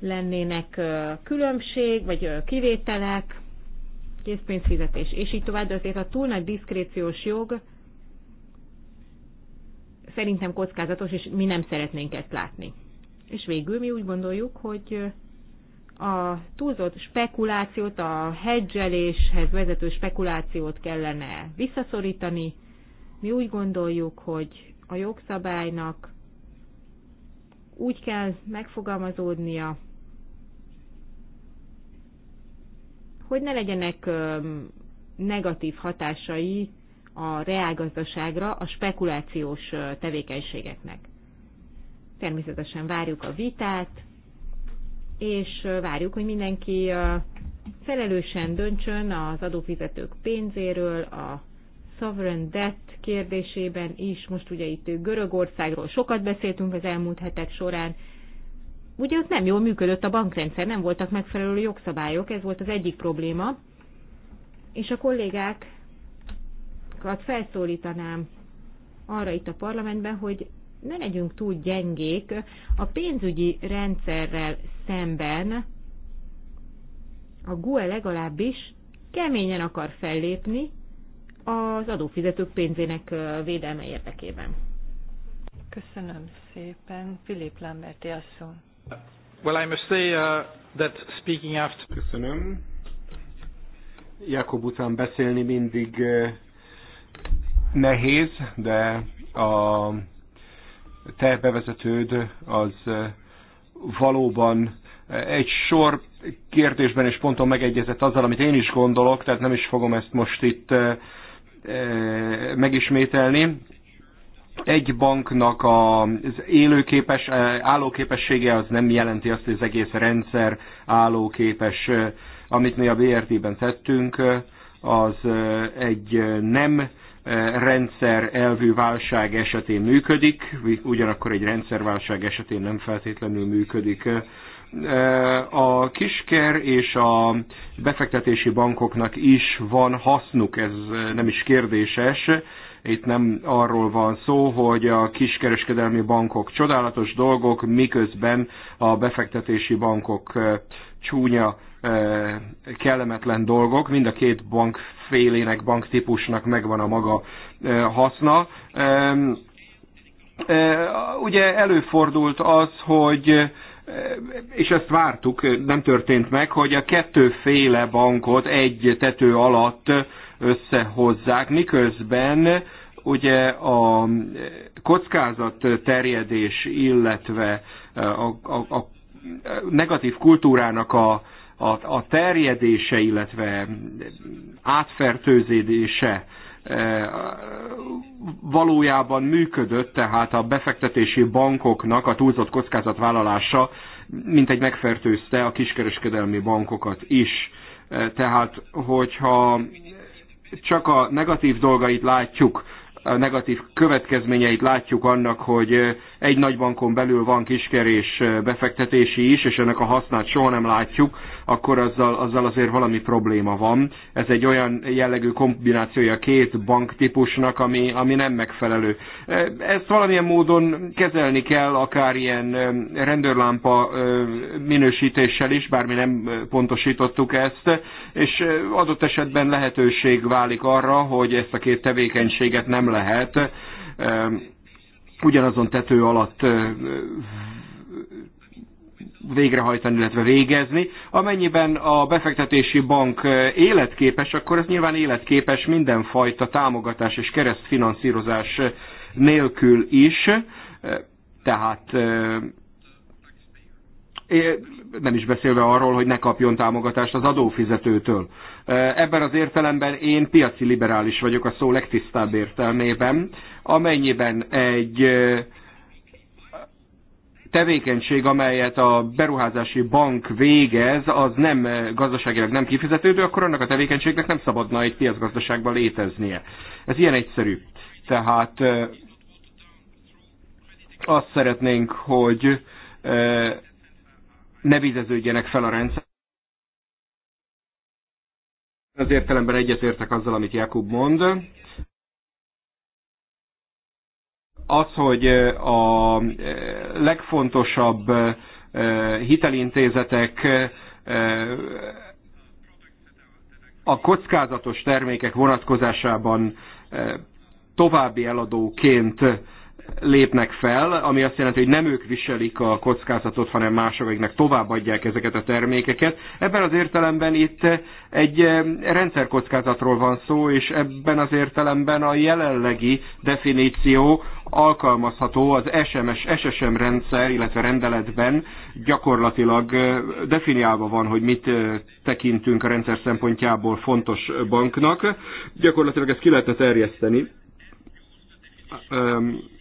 lennének különbség, vagy kivételek, készpénzfizetés, és így tovább, de azért a túl nagy diszkréciós jog szerintem kockázatos, és mi nem szeretnénk ezt látni. És végül mi úgy gondoljuk, hogy a túlzott spekulációt, a hedzseléshez vezető spekulációt kellene visszaszorítani. Mi úgy gondoljuk, hogy a jogszabálynak úgy kell megfogalmazódnia, hogy ne legyenek negatív hatásai a reálgazdaságra a spekulációs tevékenységeknek. Természetesen várjuk a vitát, és várjuk, hogy mindenki felelősen döntsön az adófizetők pénzéről, a sovereign debt kérdésében is, most ugye itt Görögországról sokat beszéltünk az elmúlt hetek során, ugye ott nem jól működött a bankrendszer, nem voltak megfelelő jogszabályok, ez volt az egyik probléma, és a kollégákat felszólítanám arra itt a parlamentben, hogy ne legyünk túl gyengék a pénzügyi rendszerrel szemben a GUE legalábbis keményen akar fellépni az adófizetők pénzének védelme érdekében. Köszönöm szépen. Filip Lamberti asszony. Well, I must say uh, that speaking after... Köszönöm. Jakob után beszélni mindig uh, nehéz, de a te bevezetőd az uh, valóban eh, egy sor kérdésben és ponton megegyezett azzal, amit én is gondolok, tehát nem is fogom ezt most itt eh, eh, megismételni. Egy banknak az élőképes, állóképessége az nem jelenti azt, hogy az egész rendszer állóképes, amit mi a BRT-ben tettünk, az egy nem Eh, rendszer elvű válság esetén működik, ugyanakkor egy rendszerválság esetén nem feltétlenül működik. Eh, a kisker és a befektetési bankoknak is van hasznuk, ez eh, nem is kérdéses. Itt nem arról van szó, hogy a kiskereskedelmi bankok csodálatos dolgok, miközben a befektetési bankok csúnya kellemetlen dolgok, mind a két bank félének, banktípusnak megvan a maga haszna. Ugye előfordult az, hogy és ezt vártuk, nem történt meg, hogy a kettőféle bankot egy tető alatt összehozzák, miközben ugye a kockázat terjedés, illetve a, a, a negatív kultúrának a a, a terjedése, illetve átfertőzédése eh, valójában működött, tehát a befektetési bankoknak a túlzott kockázatvállalása mint egy megfertőzte a kiskereskedelmi bankokat is. Eh, tehát, hogyha csak a negatív dolgait látjuk, a negatív következményeit látjuk annak, hogy egy nagy bankon belül van kiskerés eh, befektetési is, és ennek a hasznát soha nem látjuk, akkor azzal, azzal azért valami probléma van. Ez egy olyan jellegű kombinációja két banktípusnak, ami, ami nem megfelelő. E, ezt valamilyen módon kezelni kell, akár ilyen e, rendőrlámpa e, minősítéssel is, bár mi nem pontosítottuk ezt, és adott esetben lehetőség válik arra, hogy ezt a két tevékenységet nem lehet ugyanazon tető alatt végrehajtani, illetve végezni. Amennyiben a befektetési bank eh, életképes, akkor ez nyilván életképes mindenfajta támogatás és keresztfinanszírozás eh, nélkül is. Eh, tehát nem is beszélve arról, hogy ne kapjon támogatást az adófizetőtől. Ebben az értelemben én piaci liberális vagyok a szó legtisztább értelmében, amennyiben egy tevékenység, amelyet a beruházási bank végez, az nem gazdaságilag nem kifizetődő, akkor annak a tevékenységnek nem szabadna egy piacgazdaságban léteznie. Ez ilyen egyszerű. Tehát azt szeretnénk, hogy ne vizeződjenek fel a rendszer. Az értelemben egyetértek azzal, amit Jakub mond az, hogy a legfontosabb hitelintézetek a kockázatos termékek vonatkozásában további eladóként lépnek fel, ami azt jelenti, hogy nem ők viselik a kockázatot, hanem mások, akiknek továbbadják ezeket a termékeket. Ebben az értelemben itt egy rendszerkockázatról van szó, és ebben az értelemben a jelenlegi definíció alkalmazható az SMS, SSM rendszer, illetve rendeletben gyakorlatilag definiálva van, hogy mit tekintünk a rendszer szempontjából fontos banknak. Gyakorlatilag ezt ki lehetne terjeszteni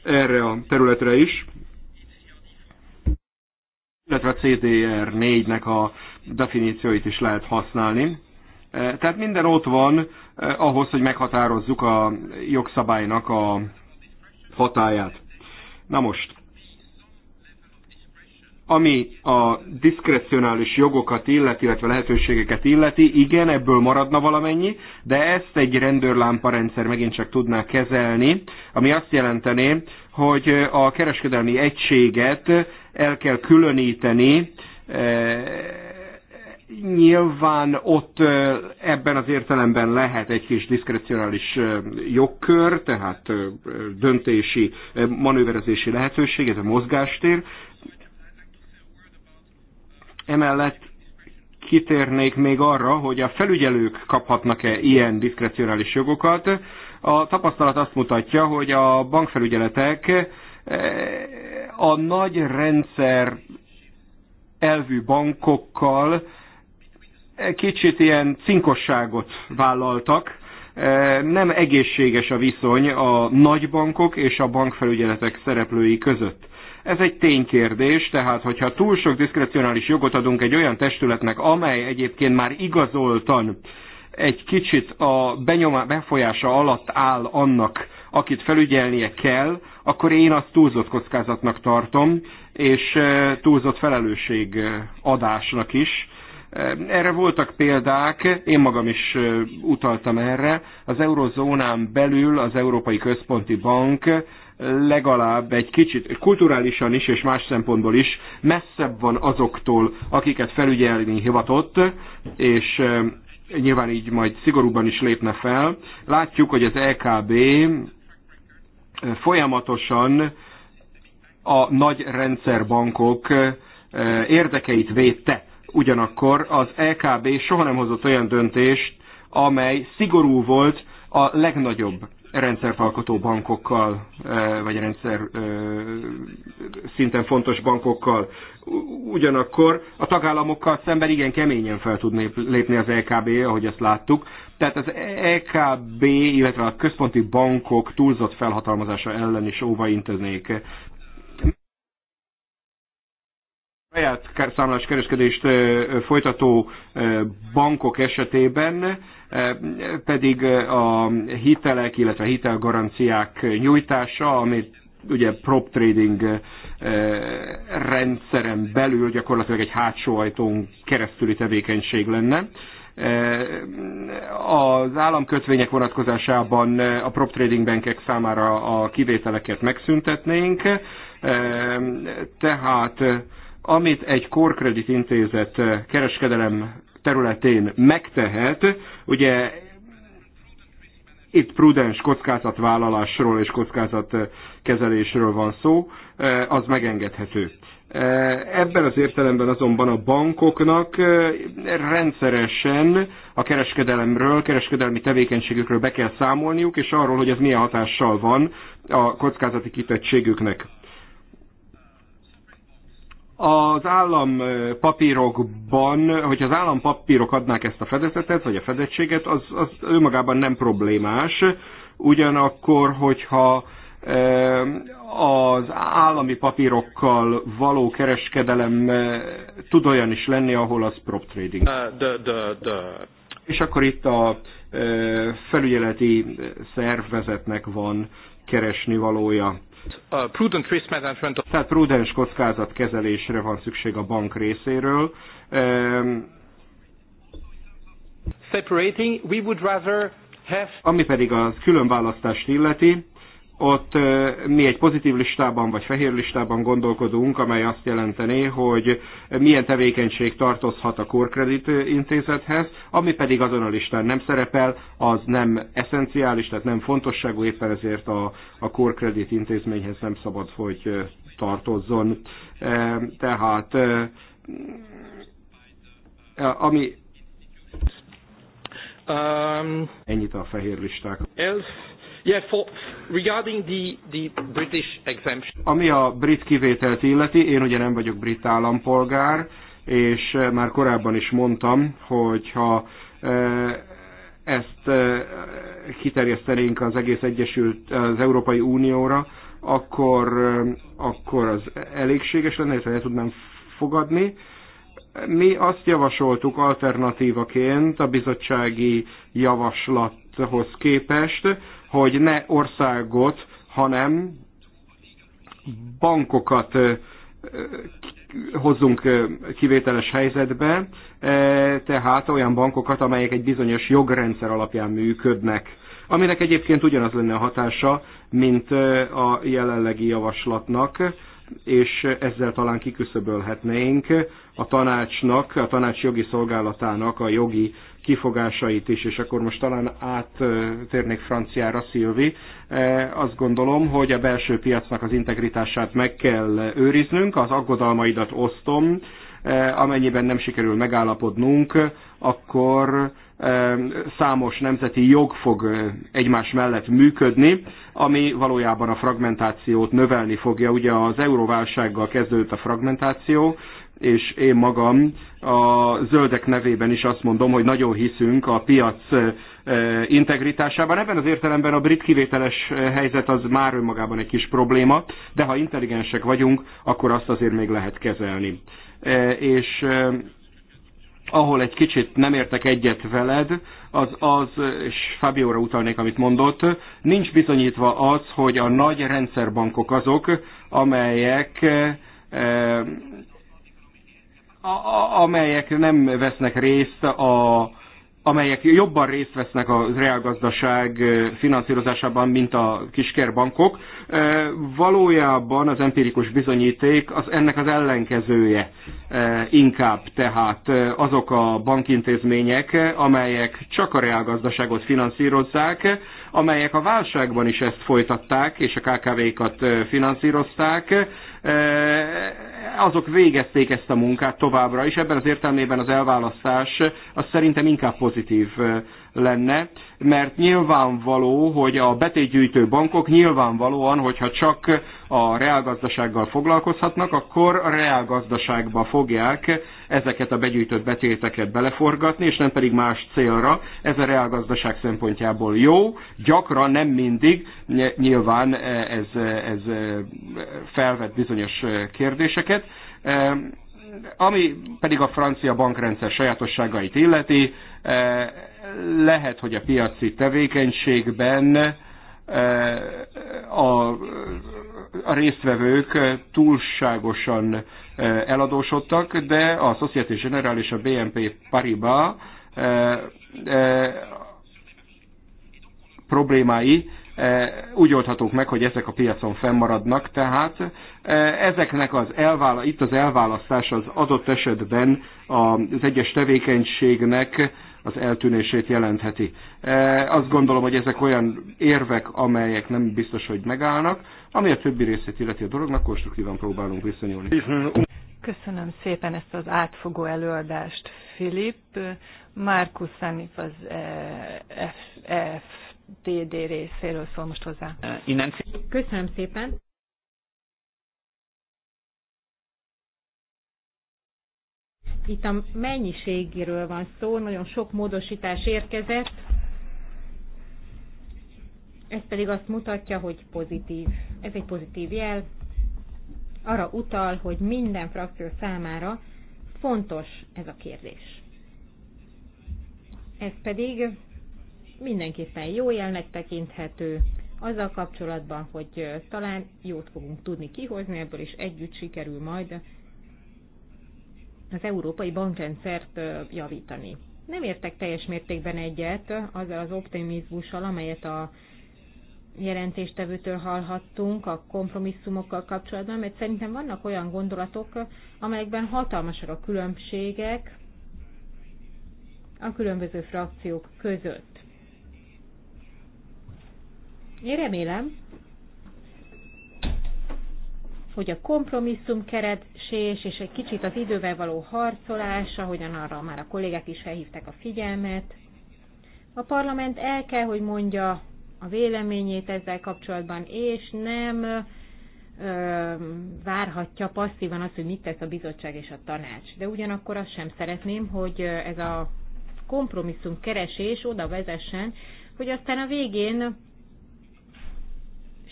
erre a területre is, illetve a CDR4-nek a definícióit is lehet használni. Tehát minden ott van ahhoz, hogy meghatározzuk a jogszabálynak a hatáját. Na most, ami a diszkrecionális jogokat illeti, illetve lehetőségeket illeti, igen, ebből maradna valamennyi, de ezt egy rendőrlámparendszer megint csak tudná kezelni, ami azt jelenteni, hogy a kereskedelmi egységet el kell különíteni, eh, nyilván ott eh, ebben az értelemben lehet egy kis diszkrecionális eh, jogkör, tehát döntési, manőverezési lehetőség, ez a mozgástér, Emellett kitérnék még arra, hogy a felügyelők kaphatnak-e ilyen diszkrecionális jogokat. A tapasztalat azt mutatja, hogy a bankfelügyeletek eh, a nagy rendszer elvű bankokkal eh, kicsit ilyen cinkosságot vállaltak, eh, nem egészséges a viszony a nagy bankok és a bankfelügyeletek szereplői között. Ez egy ténykérdés, tehát hogyha túl sok diszkrecionális jogot adunk egy olyan testületnek, amely egyébként már igazoltan egy kicsit a benyomás befolyása alatt áll annak, akit felügyelnie kell, akkor én azt túlzott kockázatnak tartom, és e, túlzott felelősség e, adásnak is. E, erre voltak példák, én magam is utaltam erre. Az eurozónán belül az Európai Központi Bank legalább egy kicsit kulturálisan is és más szempontból is messzebb van azoktól, akiket felügyelni hivatott, és nyilván így majd szigorúban is lépne fel. Látjuk, hogy az LKB e folyamatosan a nagy rendszerbankok érdekeit védte. Ugyanakkor az LKB e soha nem hozott olyan döntést, amely szigorú volt a legnagyobb rendszerfalkotó bankokkal, e, vagy rendszer e, szinten fontos bankokkal. Ugyanakkor a tagállamokkal szemben igen keményen fel tud lépni az LKB, e ahogy ezt láttuk. Tehát az EKB, illetve a központi bankok túlzott felhatalmazása ellen is óva inteznék saját számlás kereskedést folytató bankok esetében pedig a hitelek, illetve hitelgaranciák nyújtása, amit ugye prop trading rendszeren belül gyakorlatilag egy hátsó ajtón keresztüli tevékenység lenne. Az államkötvények vonatkozásában a prop trading bankek számára a kivételeket megszüntetnénk, tehát amit egy korkredit intézet eh, kereskedelem területén megtehet, ugye itt prudens kockázatvállalásról és kockázatkezelésről van szó, eh, az megengedhető. Eh, ebben az értelemben azonban a bankoknak rendszeresen a kereskedelemről, kereskedelmi tevékenységükről be kell számolniuk, és arról, hogy ez milyen hatással van a kockázati kitettségüknek az állampapírokban, hogyha az állampapírok adnák ezt a fedezetet, vagy a fedettséget, az, az önmagában nem problémás. Ugyanakkor, hogyha az állami papírokkal való kereskedelem tud olyan is lenni, ahol az prop trading. De, de, de. És akkor itt a felügyeleti szervezetnek van keresni valója prudent risk management. Tehát prudens kockázatkezelésre van szükség a bank részéről. Ehm, Separating, we would rather have... Ami pedig a különválasztást illeti, ott mi egy pozitív listában vagy fehér listában gondolkodunk, amely azt jelenteni, hogy milyen tevékenység tartozhat a korkredit intézethez, ami pedig azon a listán nem szerepel, az nem eszenciális, tehát nem fontosságú, éppen ezért a, a korkredit intézményhez nem szabad, hogy tartozzon. Tehát ami... Um, Ennyit a fehér listák. Elf Yeah, for, regarding the, the British exemption. Ami a brit kivételt illeti, én ugye nem vagyok brit állampolgár, és eh, már korábban is mondtam, hogy ha eh, ezt eh, kiterjesztenénk az egész Egyesült, az Európai Unióra, akkor, akkor az elégséges lenne, és el tudnám fogadni. Mi azt javasoltuk alternatívaként a bizottsági javaslathoz képest, hogy ne országot, hanem bankokat hozzunk kivételes helyzetbe, tehát olyan bankokat, amelyek egy bizonyos jogrendszer alapján működnek, aminek egyébként ugyanaz lenne a hatása, mint a jelenlegi javaslatnak, és ezzel talán kiküszöbölhetnénk a tanácsnak, a tanács jogi szolgálatának a jogi kifogásait is, és akkor most talán áttérnék franciára, Szilvi. E, azt gondolom, hogy a belső piacnak az integritását meg kell őriznünk, az aggodalmaidat osztom, e, amennyiben nem sikerül megállapodnunk, akkor számos nemzeti jog fog egymás mellett működni, ami valójában a fragmentációt növelni fogja. Ugye az euróválsággal kezdődött a fragmentáció, és én magam a zöldek nevében is azt mondom, hogy nagyon hiszünk a piac integritásában. Ebben az értelemben a brit kivételes helyzet az már önmagában egy kis probléma, de ha intelligensek vagyunk, akkor azt azért még lehet kezelni. És ahol egy kicsit nem értek egyet veled, az az, és Fábióra utalnék, amit mondott, nincs bizonyítva az, hogy a nagy rendszerbankok azok, amelyek eh, amelyek nem vesznek részt a amelyek jobban részt vesznek a reálgazdaság finanszírozásában, mint a kiskerbankok, valójában az empirikus bizonyíték az ennek az ellenkezője inkább. Tehát azok a bankintézmények, amelyek csak a reálgazdaságot finanszírozzák, amelyek a válságban is ezt folytatták, és a KKV-kat finanszírozták, azok végezték ezt a munkát továbbra is. Ebben az értelmében az elválasztás az szerintem inkább pozitív lenne, mert nyilvánvaló, hogy a betétgyűjtő bankok nyilvánvalóan, hogyha csak a reálgazdasággal foglalkozhatnak, akkor a reálgazdaságba fogják ezeket a begyűjtött betéteket beleforgatni, és nem pedig más célra. Ez a reálgazdaság szempontjából jó, gyakran nem mindig, nyilván e, ez, e, ez e, felvet bizonyos kérdéseket ami pedig a francia bankrendszer sajátosságait illeti, lehet, hogy a piaci tevékenységben e, a, a résztvevők túlságosan e, eladósodtak, de a Société Générale és a BNP Paribas e, problémái úgy oldhatók meg, hogy ezek a piacon fennmaradnak, tehát ezeknek az elvála, itt az elválasztás az adott esetben az egyes tevékenységnek az eltűnését jelentheti. E, azt gondolom, hogy ezek olyan érvek, amelyek nem biztos, hogy megállnak. Ami a többi részét illeti a dolognak, konstruktívan próbálunk visszanyúlni. Köszönöm szépen ezt az átfogó előadást, Filip. Markus Szenip az e, FTD részéről szól most hozzá. Köszönöm szépen. Itt a mennyiségéről van szó, nagyon sok módosítás érkezett, ez pedig azt mutatja, hogy pozitív. Ez egy pozitív jel, arra utal, hogy minden frakció számára fontos ez a kérdés. Ez pedig mindenképpen jó jelnek tekinthető, azzal kapcsolatban, hogy talán jót fogunk tudni kihozni ebből, és együtt sikerül majd az európai bankrendszert javítani. Nem értek teljes mértékben egyet azzal az optimizmussal, amelyet a jelentéstevőtől hallhattunk a kompromisszumokkal kapcsolatban, mert szerintem vannak olyan gondolatok, amelyekben hatalmasak a különbségek a különböző frakciók között. Én remélem, hogy a kompromisszum keresés és egy kicsit az idővel való harcolás, ahogyan arra már a kollégák is felhívták a figyelmet. A parlament el kell, hogy mondja a véleményét ezzel kapcsolatban, és nem ö, várhatja passzívan azt, hogy mit tesz a bizottság és a tanács. De ugyanakkor azt sem szeretném, hogy ez a kompromisszum keresés oda vezessen, hogy aztán a végén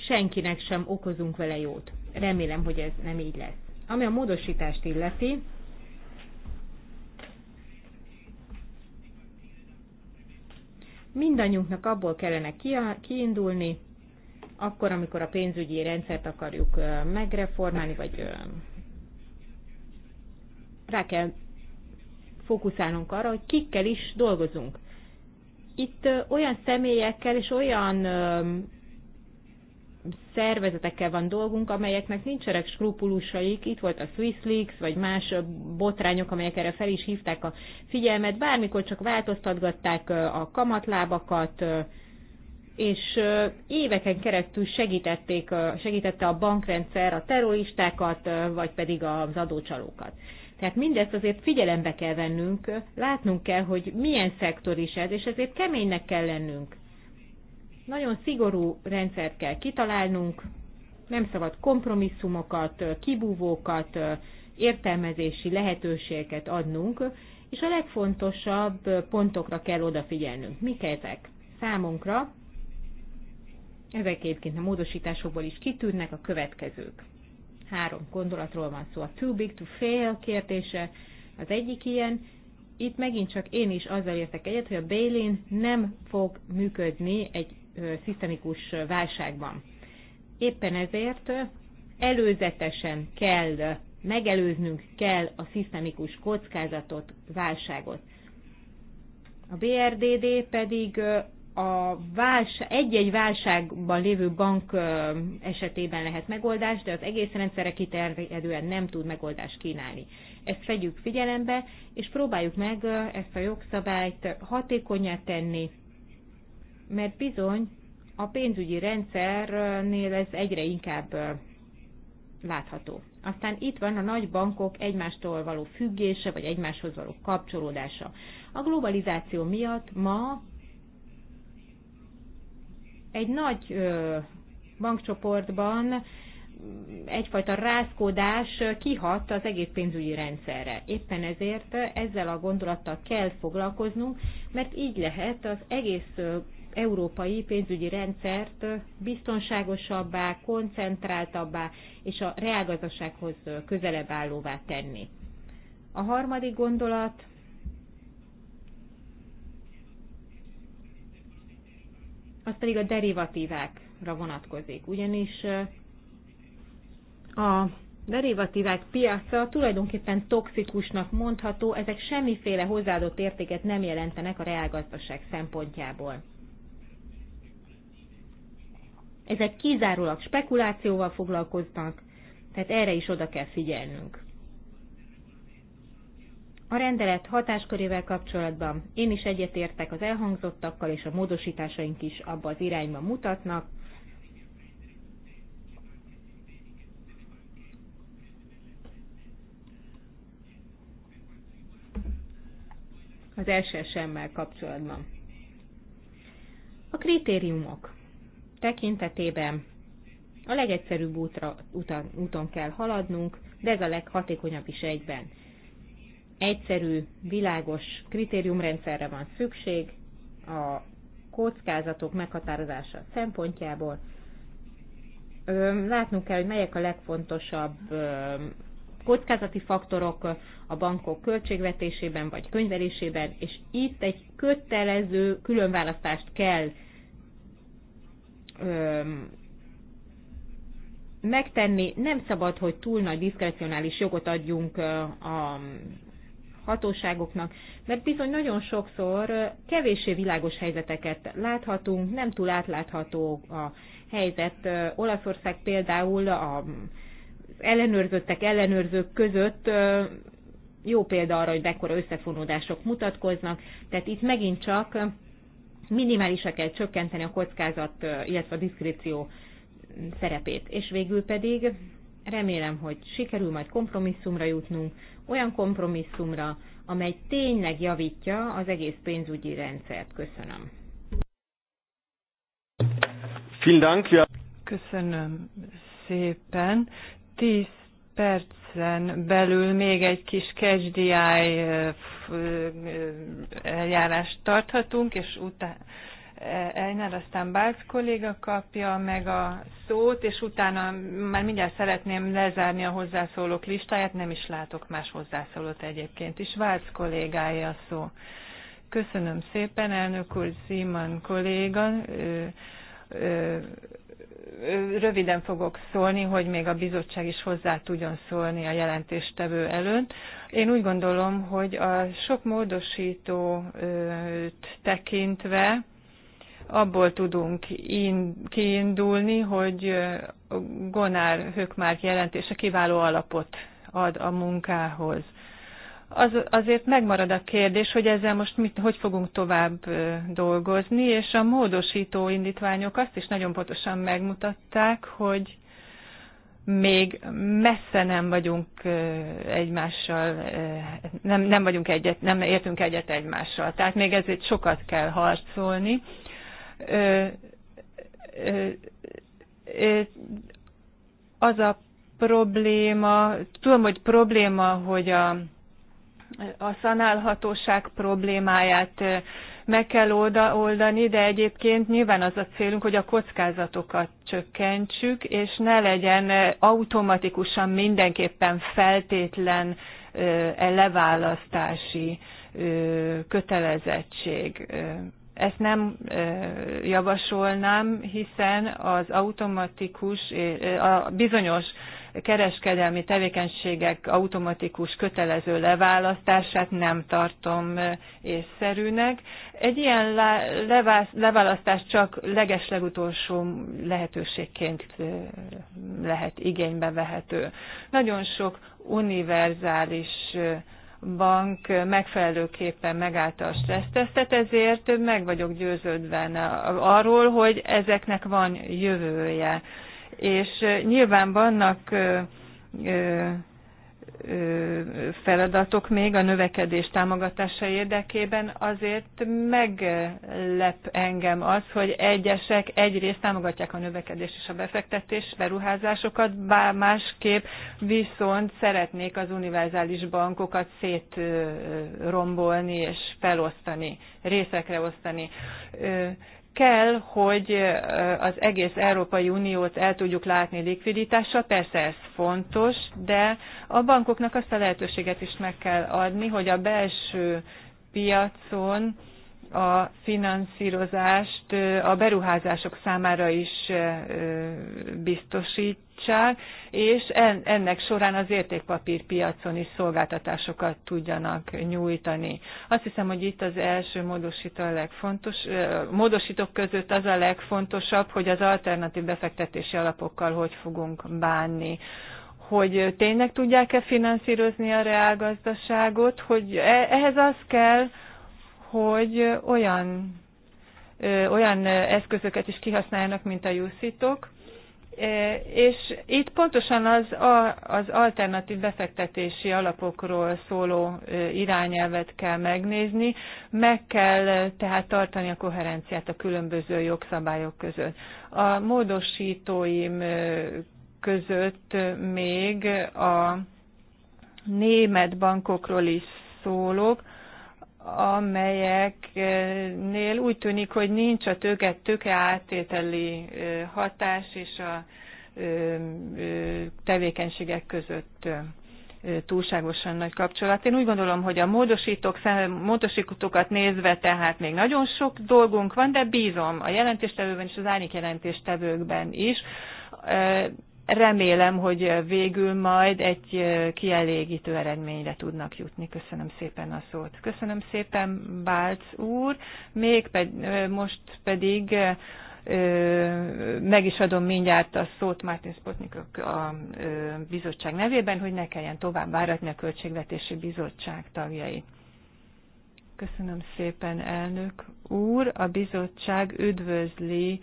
senkinek sem okozunk vele jót. Remélem, hogy ez nem így lesz. Ami a módosítást illeti, mindannyiunknak abból kellene kiindulni, akkor, amikor a pénzügyi rendszert akarjuk megreformálni, vagy rá kell fókuszálnunk arra, hogy kikkel is dolgozunk. Itt olyan személyekkel és olyan szervezetekkel van dolgunk, amelyeknek nincsenek skrupulusaik, itt volt a Swiss Leaks, vagy más botrányok, amelyek erre fel is hívták a figyelmet, bármikor csak változtatgatták a kamatlábakat, és éveken keresztül segítették, segítette a bankrendszer a terroristákat, vagy pedig az adócsalókat. Tehát mindezt azért figyelembe kell vennünk, látnunk kell, hogy milyen szektor is ez, és ezért keménynek kell lennünk. Nagyon szigorú rendszert kell kitalálnunk, nem szabad kompromisszumokat, kibúvókat, értelmezési lehetőségeket adnunk, és a legfontosabb pontokra kell odafigyelnünk. Mik ezek? Számunkra ezek egyébként a módosításokból is kitűnnek a következők. Három gondolatról van szó. A too big to fail kérdése az egyik ilyen. Itt megint csak én is azzal értek egyet, hogy a bail nem fog működni egy szisztemikus válságban. Éppen ezért előzetesen kell, megelőznünk kell a szisztemikus kockázatot, válságot. A BRDD pedig a válság, egy-egy válságban lévő bank esetében lehet megoldás, de az egész rendszerre kiterjedően nem tud megoldást kínálni. Ezt vegyük figyelembe, és próbáljuk meg ezt a jogszabályt hatékonyá tenni, mert bizony a pénzügyi rendszernél ez egyre inkább látható. Aztán itt van a nagy bankok egymástól való függése, vagy egymáshoz való kapcsolódása. A globalizáció miatt ma egy nagy bankcsoportban egyfajta rázkódás kihat az egész pénzügyi rendszerre. Éppen ezért ezzel a gondolattal kell foglalkoznunk, mert így lehet az egész európai pénzügyi rendszert biztonságosabbá, koncentráltabbá és a reálgazdasághoz közelebb állóvá tenni. A harmadik gondolat az pedig a derivatívákra vonatkozik, ugyanis a derivatívák piaca tulajdonképpen toxikusnak mondható, ezek semmiféle hozzáadott értéket nem jelentenek a reálgazdaság szempontjából ezek kizárólag spekulációval foglalkoznak, tehát erre is oda kell figyelnünk. A rendelet hatáskörével kapcsolatban én is egyetértek az elhangzottakkal, és a módosításaink is abba az irányba mutatnak. Az SSM-mel kapcsolatban. A kritériumok tekintetében a legegyszerűbb útra, utan, úton kell haladnunk, de ez a leghatékonyabb is egyben. Egyszerű, világos kritériumrendszerre van szükség a kockázatok meghatározása szempontjából. Látnunk kell, hogy melyek a legfontosabb kockázati faktorok a bankok költségvetésében vagy könyvelésében, és itt egy kötelező különválasztást kell megtenni. Nem szabad, hogy túl nagy diszkrecionális jogot adjunk a hatóságoknak, mert bizony nagyon sokszor kevéssé világos helyzeteket láthatunk, nem túl átlátható a helyzet. Olaszország például a ellenőrzöttek ellenőrzők között jó példa arra, hogy mekkora összefonódások mutatkoznak, tehát itt megint csak minimálisra kell csökkenteni a kockázat, illetve a diszkréció szerepét. És végül pedig remélem, hogy sikerül majd kompromisszumra jutnunk, olyan kompromisszumra, amely tényleg javítja az egész pénzügyi rendszert. Köszönöm. Köszönöm szépen. 10 perc percen belül még egy kis KSDI eh, eh, eljárást tarthatunk, és utána eh, Einer, aztán Bárc kolléga kapja meg a szót, és utána már mindjárt szeretném lezárni a hozzászólók listáját, nem is látok más hozzászólót egyébként is. Bárc kollégája a szó. Köszönöm szépen, elnök úr, Szíman kolléga röviden fogok szólni, hogy még a bizottság is hozzá tudjon szólni a jelentéstevő előtt. Én úgy gondolom, hogy a sok módosítót tekintve abból tudunk kiindulni, hogy Gonár Hökmárk jelentése kiváló alapot ad a munkához az, azért megmarad a kérdés, hogy ezzel most mit, hogy fogunk tovább dolgozni, és a módosító indítványok azt is nagyon pontosan megmutatták, hogy még messze nem vagyunk egymással, nem, nem vagyunk egyet, nem értünk egyet egymással. Tehát még ezért sokat kell harcolni. Az a probléma, tudom, hogy probléma, hogy a a szanálhatóság problémáját meg kell oldani, de egyébként nyilván az a célunk, hogy a kockázatokat csökkentsük, és ne legyen automatikusan mindenképpen feltétlen e leválasztási kötelezettség. Ezt nem javasolnám, hiszen az automatikus, a bizonyos kereskedelmi tevékenységek automatikus kötelező leválasztását nem tartom észszerűnek. Egy ilyen leválasztás csak legeslegutolsó lehetőségként lehet igénybe vehető. Nagyon sok univerzális bank megfelelőképpen megállta a stressztesztet, ezért meg vagyok győződve arról, hogy ezeknek van jövője és nyilván vannak feladatok még a növekedés támogatása érdekében, azért meglep engem az, hogy egyesek egyrészt támogatják a növekedés és a befektetés beruházásokat, bár másképp viszont szeretnék az univerzális bankokat szétrombolni és felosztani, részekre osztani kell, hogy az egész Európai Uniót el tudjuk látni likviditással, persze ez fontos, de a bankoknak azt a lehetőséget is meg kell adni, hogy a belső piacon a finanszírozást a beruházások számára is biztosítsák, és ennek során az értékpapírpiacon is szolgáltatásokat tudjanak nyújtani. Azt hiszem, hogy itt az első módosító a legfontos, módosítók között az a legfontosabb, hogy az alternatív befektetési alapokkal hogy fogunk bánni hogy tényleg tudják-e finanszírozni a reálgazdaságot, hogy e-, ehhez az kell, hogy olyan, olyan eszközöket is kihasználjanak, mint a jusszítók. E, és itt pontosan az, az alternatív befektetési alapokról szóló irányelvet kell megnézni, meg kell tehát tartani a koherenciát a különböző jogszabályok között. A módosítóim között még a német bankokról is szólok, amelyeknél úgy tűnik, hogy nincs a tőke, tőke áttételi hatás és a tevékenységek között túlságosan nagy kapcsolat. Én úgy gondolom, hogy a módosítók, módosítókat nézve tehát még nagyon sok dolgunk van, de bízom a jelentéstevőben és az árnyék jelentéstevőkben is. Remélem, hogy végül majd egy kielégítő eredményre tudnak jutni. Köszönöm szépen a szót. Köszönöm szépen, Bálc úr. Még ped, most pedig meg is adom mindjárt a szót Martin Spotnikok a bizottság nevében, hogy ne kelljen tovább váratni a Költségvetési Bizottság tagjai. Köszönöm szépen, elnök úr. A bizottság üdvözli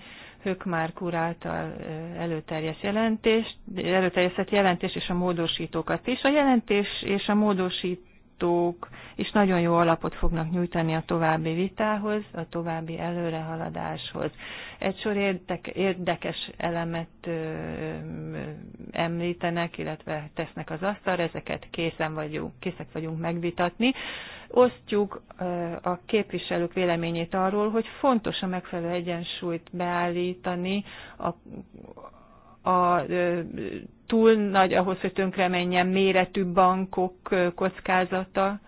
Hökmárk úr által előterjes jelentés, előterjesztett jelentés és a módosítókat is. A jelentés és a módosítók is nagyon jó alapot fognak nyújtani a további vitához, a további előrehaladáshoz. Egy sor érdekes elemet említenek, illetve tesznek az asztalra, ezeket készen vagyunk, készek vagyunk megvitatni osztjuk a képviselők véleményét arról, hogy fontos a megfelelő egyensúlyt beállítani a, a túl nagy ahhoz, hogy tönkre menjen méretű bankok kockázata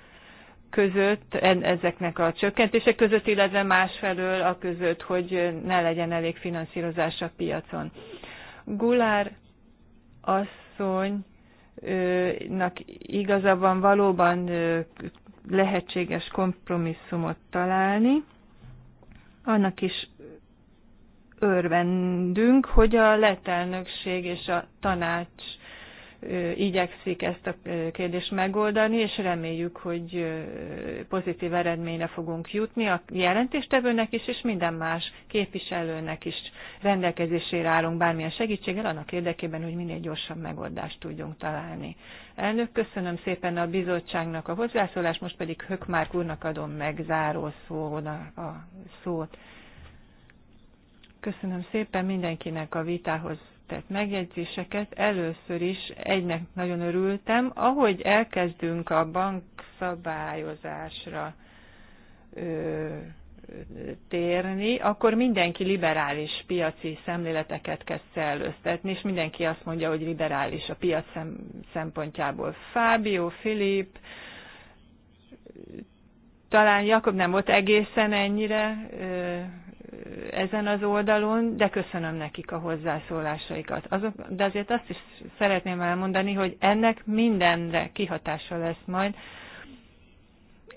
között, ezeknek a csökkentések között, illetve másfelől a között, hogy ne legyen elég finanszírozás a piacon. Gulár asszonynak igazabban valóban lehetséges kompromisszumot találni. Annak is örvendünk, hogy a letelnökség és a tanács igyekszik ezt a kérdést megoldani, és reméljük, hogy pozitív eredményre fogunk jutni a jelentéstevőnek is, és minden más képviselőnek is rendelkezésére állunk bármilyen segítséggel, annak érdekében, hogy minél gyorsabb megoldást tudjunk találni. Elnök, köszönöm szépen a bizottságnak a hozzászólást, most pedig Hökmárk úrnak adom meg záró szónak a szót. Köszönöm szépen mindenkinek a vitához tett megjegyzéseket. Először is egynek nagyon örültem, ahogy elkezdünk a bankszabályozásra ö, térni, akkor mindenki liberális piaci szemléleteket kezd szellőztetni, és mindenki azt mondja, hogy liberális a piac szempontjából. Fábio, Filip, talán Jakob nem volt egészen ennyire ezen az oldalon, de köszönöm nekik a hozzászólásaikat. Azok, de azért azt is szeretném elmondani, hogy ennek mindenre kihatása lesz majd.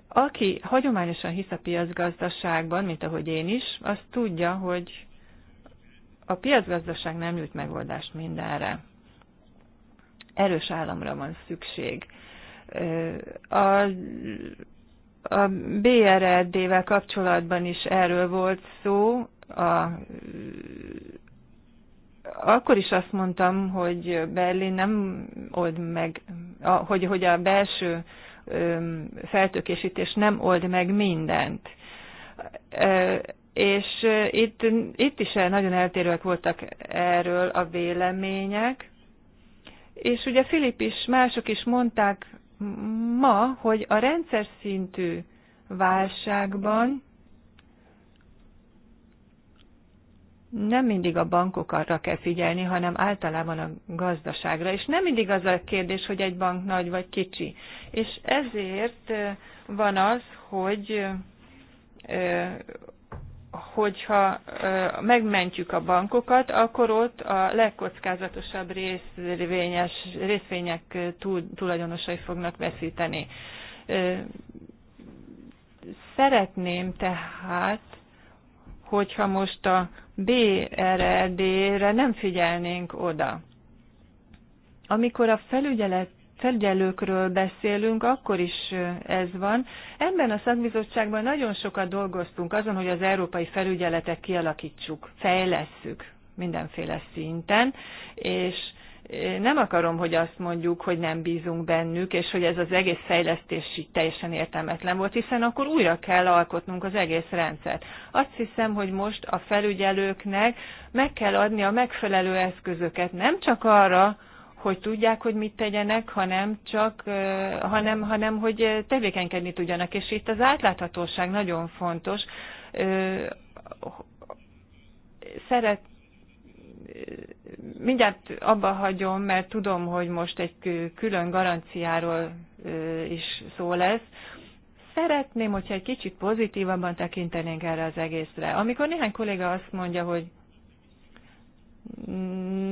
Aki hagyományosan hisz a piacgazdaságban, mint ahogy én is, az tudja, hogy a piacgazdaság nem nyújt megoldást mindenre. Erős államra van szükség. A a BRRD-vel kapcsolatban is erről volt szó. A, akkor is azt mondtam, hogy Berlin nem old meg, a, hogy, hogy a belső feltökésítés nem old meg mindent. És itt, itt is nagyon eltérőek voltak erről a vélemények. És ugye Filip is, mások is mondták ma, hogy a rendszer szintű válságban nem mindig a bankok arra kell figyelni, hanem általában a gazdaságra. És nem mindig az a kérdés, hogy egy bank nagy vagy kicsi. És ezért van az, hogy hogyha megmentjük a bankokat, akkor ott a legkockázatosabb részvényes, részvények tulajdonosai fognak veszíteni. Szeretném tehát, hogyha most a BRD-re nem figyelnénk oda. Amikor a felügyelet felügyelőkről beszélünk, akkor is ez van. Ebben a szakbizottságban nagyon sokat dolgoztunk azon, hogy az európai felügyeletet kialakítsuk, fejlesszük mindenféle szinten, és nem akarom, hogy azt mondjuk, hogy nem bízunk bennük, és hogy ez az egész fejlesztés így teljesen értelmetlen volt, hiszen akkor újra kell alkotnunk az egész rendszert. Azt hiszem, hogy most a felügyelőknek meg kell adni a megfelelő eszközöket, nem csak arra, hogy tudják, hogy mit tegyenek, hanem csak, hanem, hanem hogy tevékenykedni tudjanak. És itt az átláthatóság nagyon fontos. Szeret, mindjárt abba hagyom, mert tudom, hogy most egy külön garanciáról is szó lesz. Szeretném, hogyha egy kicsit pozitívabban tekintenénk erre az egészre. Amikor néhány kolléga azt mondja, hogy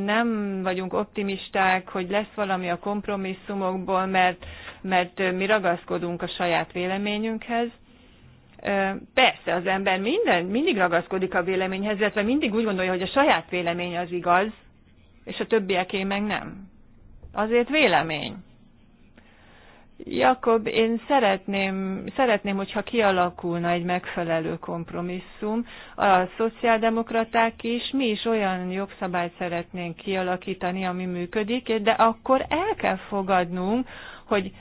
nem vagyunk optimisták, hogy lesz valami a kompromisszumokból, mert, mert mi ragaszkodunk a saját véleményünkhez. Persze, az ember minden, mindig ragaszkodik a véleményhez, illetve mindig úgy gondolja, hogy a saját vélemény az igaz, és a többieké meg nem. Azért vélemény. Jakob, én szeretném, szeretném, hogyha kialakulna egy megfelelő kompromisszum. A szociáldemokraták is, mi is olyan jogszabályt szeretnénk kialakítani, ami működik, de akkor el kell fogadnunk, hogy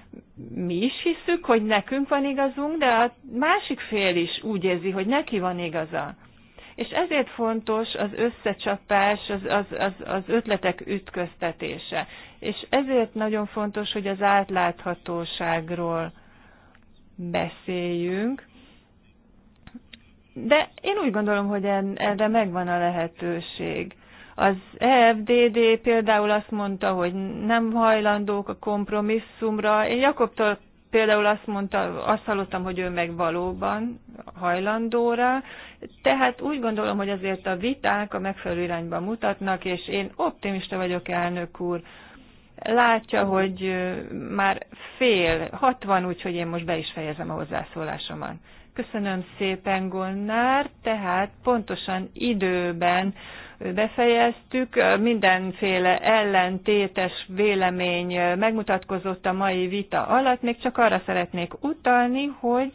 mi is hiszük, hogy nekünk van igazunk, de a másik fél is úgy érzi, hogy neki van igaza és ezért fontos az összecsapás, az, az, az, az ötletek ütköztetése. És ezért nagyon fontos, hogy az átláthatóságról beszéljünk. De én úgy gondolom, hogy erre megvan a lehetőség. Az EFDD például azt mondta, hogy nem hajlandók a kompromisszumra. Én Jakobtól például azt mondta, azt hallottam, hogy ő meg valóban hajlandó rá. Tehát úgy gondolom, hogy azért a viták a megfelelő irányba mutatnak, és én optimista vagyok, elnök úr. Látja, hogy már fél, hatvan, úgyhogy én most be is fejezem a hozzászólásomat. Köszönöm szépen, Gonnár, tehát pontosan időben befejeztük. Mindenféle ellentétes vélemény megmutatkozott a mai vita alatt. Még csak arra szeretnék utalni, hogy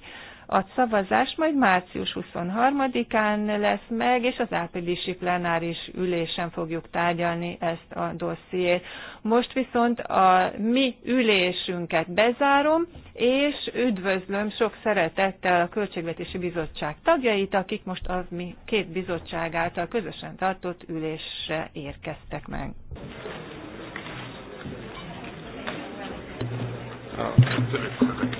a szavazás majd március 23-án lesz meg, és az áprilisi plenáris ülésen fogjuk tárgyalni ezt a dossziét. Most viszont a mi ülésünket bezárom, és üdvözlöm sok szeretettel a Költségvetési Bizottság tagjait, akik most az mi két bizottság által közösen tartott ülésre érkeztek meg. Oh,